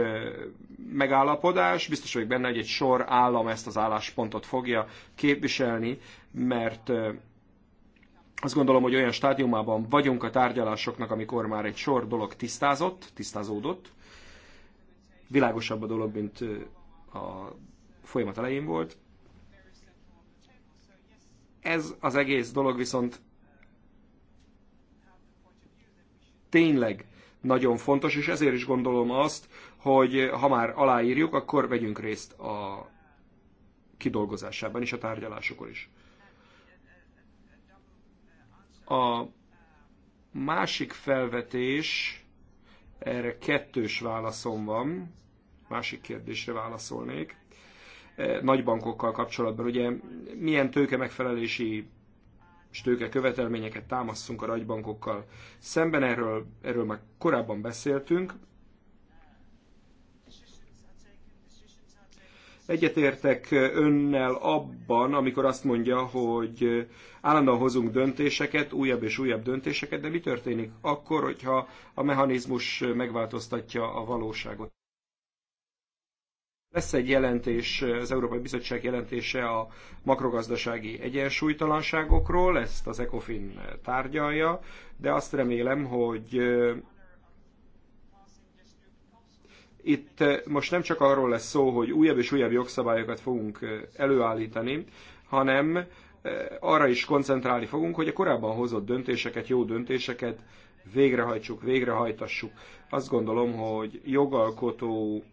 megállapodás, biztos vagyok benne, hogy egy sor állam ezt az álláspontot fogja képviselni, mert azt gondolom, hogy olyan stádiumában vagyunk a tárgyalásoknak, amikor már egy sor dolog tisztázott, tisztázódott. Világosabb a dolog, mint a folyamat elején volt. Ez az egész dolog viszont tényleg nagyon fontos, és ezért is gondolom azt, hogy ha már aláírjuk, akkor vegyünk részt a kidolgozásában és a tárgyalásokon is. A másik felvetés, erre kettős válaszom van, másik kérdésre válaszolnék. E, nagybankokkal kapcsolatban, ugye milyen tőke megfelelési és tőke követelményeket támasztunk a nagybankokkal szemben, erről, erről már korábban beszéltünk. Egyetértek önnel abban, amikor azt mondja, hogy állandóan hozunk döntéseket, újabb és újabb döntéseket, de mi történik akkor, hogyha a mechanizmus megváltoztatja a valóságot? Lesz egy jelentés, az Európai Bizottság jelentése a makrogazdasági egyensúlytalanságokról, ezt az ECOFIN tárgyalja, de azt remélem, hogy itt eh, most nem csak arról lesz szó, hogy újabb és újabb jogszabályokat fogunk eh, előállítani, hanem eh, arra is koncentrálni fogunk, hogy a korábban hozott döntéseket, jó döntéseket végrehajtsuk, végrehajtassuk. Azt gondolom, hogy jogalkotó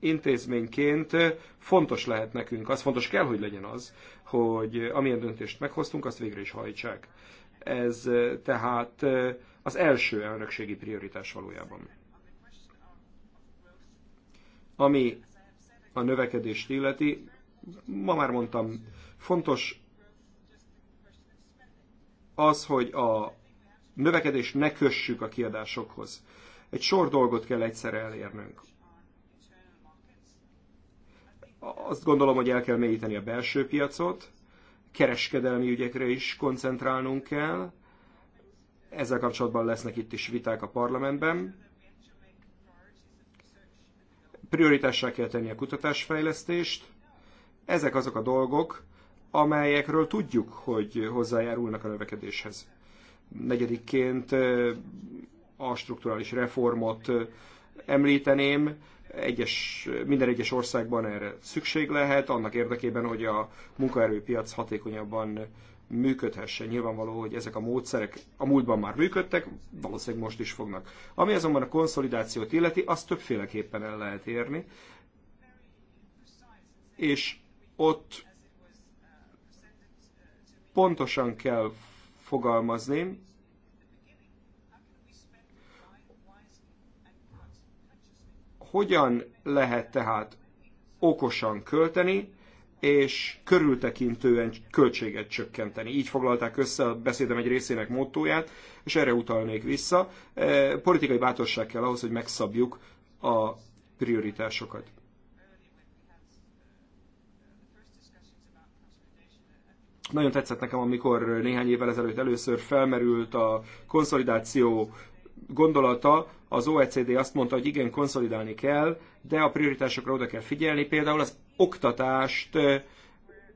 intézményként fontos lehet nekünk, az fontos kell, hogy legyen az, hogy amilyen döntést meghoztunk, azt végre is hajtsák. Ez tehát az első elnökségi prioritás valójában. Ami a növekedést illeti, ma már mondtam, fontos az, hogy a növekedést ne kössük a kiadásokhoz. Egy sor dolgot kell egyszerre elérnünk. Azt gondolom, hogy el kell mélyíteni a belső piacot, kereskedelmi ügyekre is koncentrálnunk kell. Ezzel kapcsolatban lesznek itt is viták a parlamentben prioritással kell tenni a kutatásfejlesztést. Ezek azok a dolgok, amelyekről tudjuk, hogy hozzájárulnak a növekedéshez. Negyedikként a strukturális reformot említeném, egyes, minden egyes országban erre szükség lehet, annak érdekében, hogy a munkaerőpiac hatékonyabban működhessen. Nyilvánvaló, hogy ezek a módszerek a múltban már működtek, valószínűleg most is fognak. Ami azonban a konszolidációt illeti, azt többféleképpen el lehet érni, és ott pontosan kell fogalmazni, hogyan lehet tehát okosan költeni, és körültekintően költséget csökkenteni. Így foglalták össze a beszédem egy részének mottóját, és erre utalnék vissza. E, politikai bátorság kell ahhoz, hogy megszabjuk a prioritásokat. Nagyon tetszett nekem, amikor néhány évvel ezelőtt először felmerült a konszolidáció gondolata, az OECD azt mondta, hogy igen, konszolidálni kell, de a prioritásokra oda kell figyelni, például az oktatást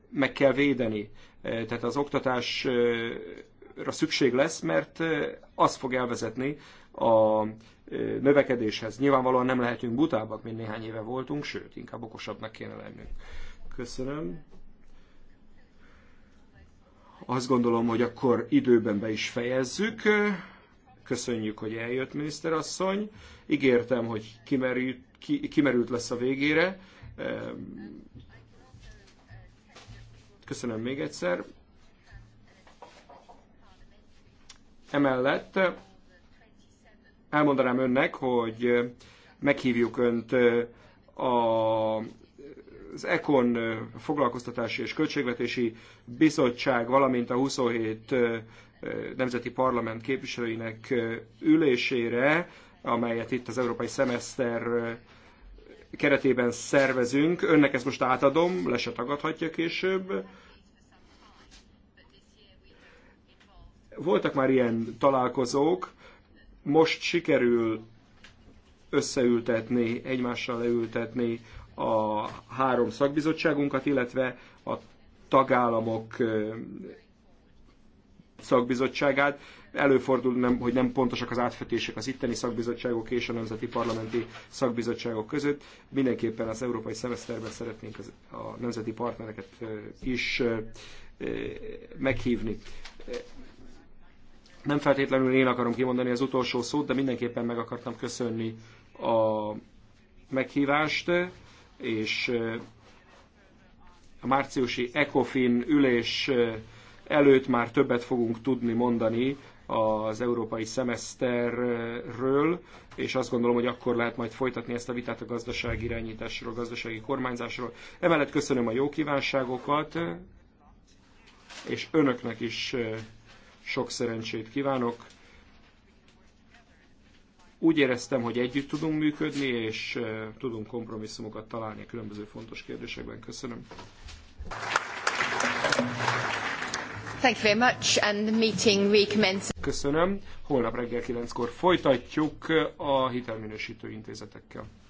meg kell védeni. Tehát az oktatásra szükség lesz, mert az fog elvezetni a növekedéshez. Nyilvánvalóan nem lehetünk butábbak, mint néhány éve voltunk, sőt, inkább okosabbnak kéne lennünk. Köszönöm. Azt gondolom, hogy akkor időben be is fejezzük. Köszönjük, hogy eljött, miniszterasszony. Ígértem, hogy kimerült, ki, kimerült lesz a végére. Ehm, köszönöm még egyszer. Emellett elmondanám önnek, hogy meghívjuk önt a, az ECON foglalkoztatási és költségvetési bizottság, valamint a 27 nemzeti parlament képviselőinek ülésére, amelyet itt az európai szemeszter keretében szervezünk. Önnek ezt most átadom, le se tagadhatja később. Voltak már ilyen találkozók, most sikerül összeültetni, egymással leültetni a három szakbizottságunkat, illetve a tagállamok szakbizottságát. Előfordul, nem, hogy nem pontosak az átfetések az itteni szakbizottságok és a nemzeti parlamenti szakbizottságok között. Mindenképpen az európai szemeszterben szeretnénk az, a nemzeti partnereket is meghívni. Nem feltétlenül én akarom kimondani az utolsó szót, de mindenképpen meg akartam köszönni a meghívást, és a márciusi ECOFIN ülés előtt már többet fogunk tudni mondani az európai szemeszterről, és azt gondolom, hogy akkor lehet majd folytatni ezt a vitát a gazdasági irányításról, a gazdasági kormányzásról. Emellett köszönöm a jó kívánságokat, és önöknek is eh, sok szerencsét kívánok. Úgy éreztem, hogy együtt tudunk működni, és eh, tudunk kompromisszumokat találni a különböző fontos kérdésekben. Köszönöm. Thank you very much, and the meeting recommences. Köszönöm. Holnap reggel 9-kor folytatjuk a hitelminősítő intézetekkel.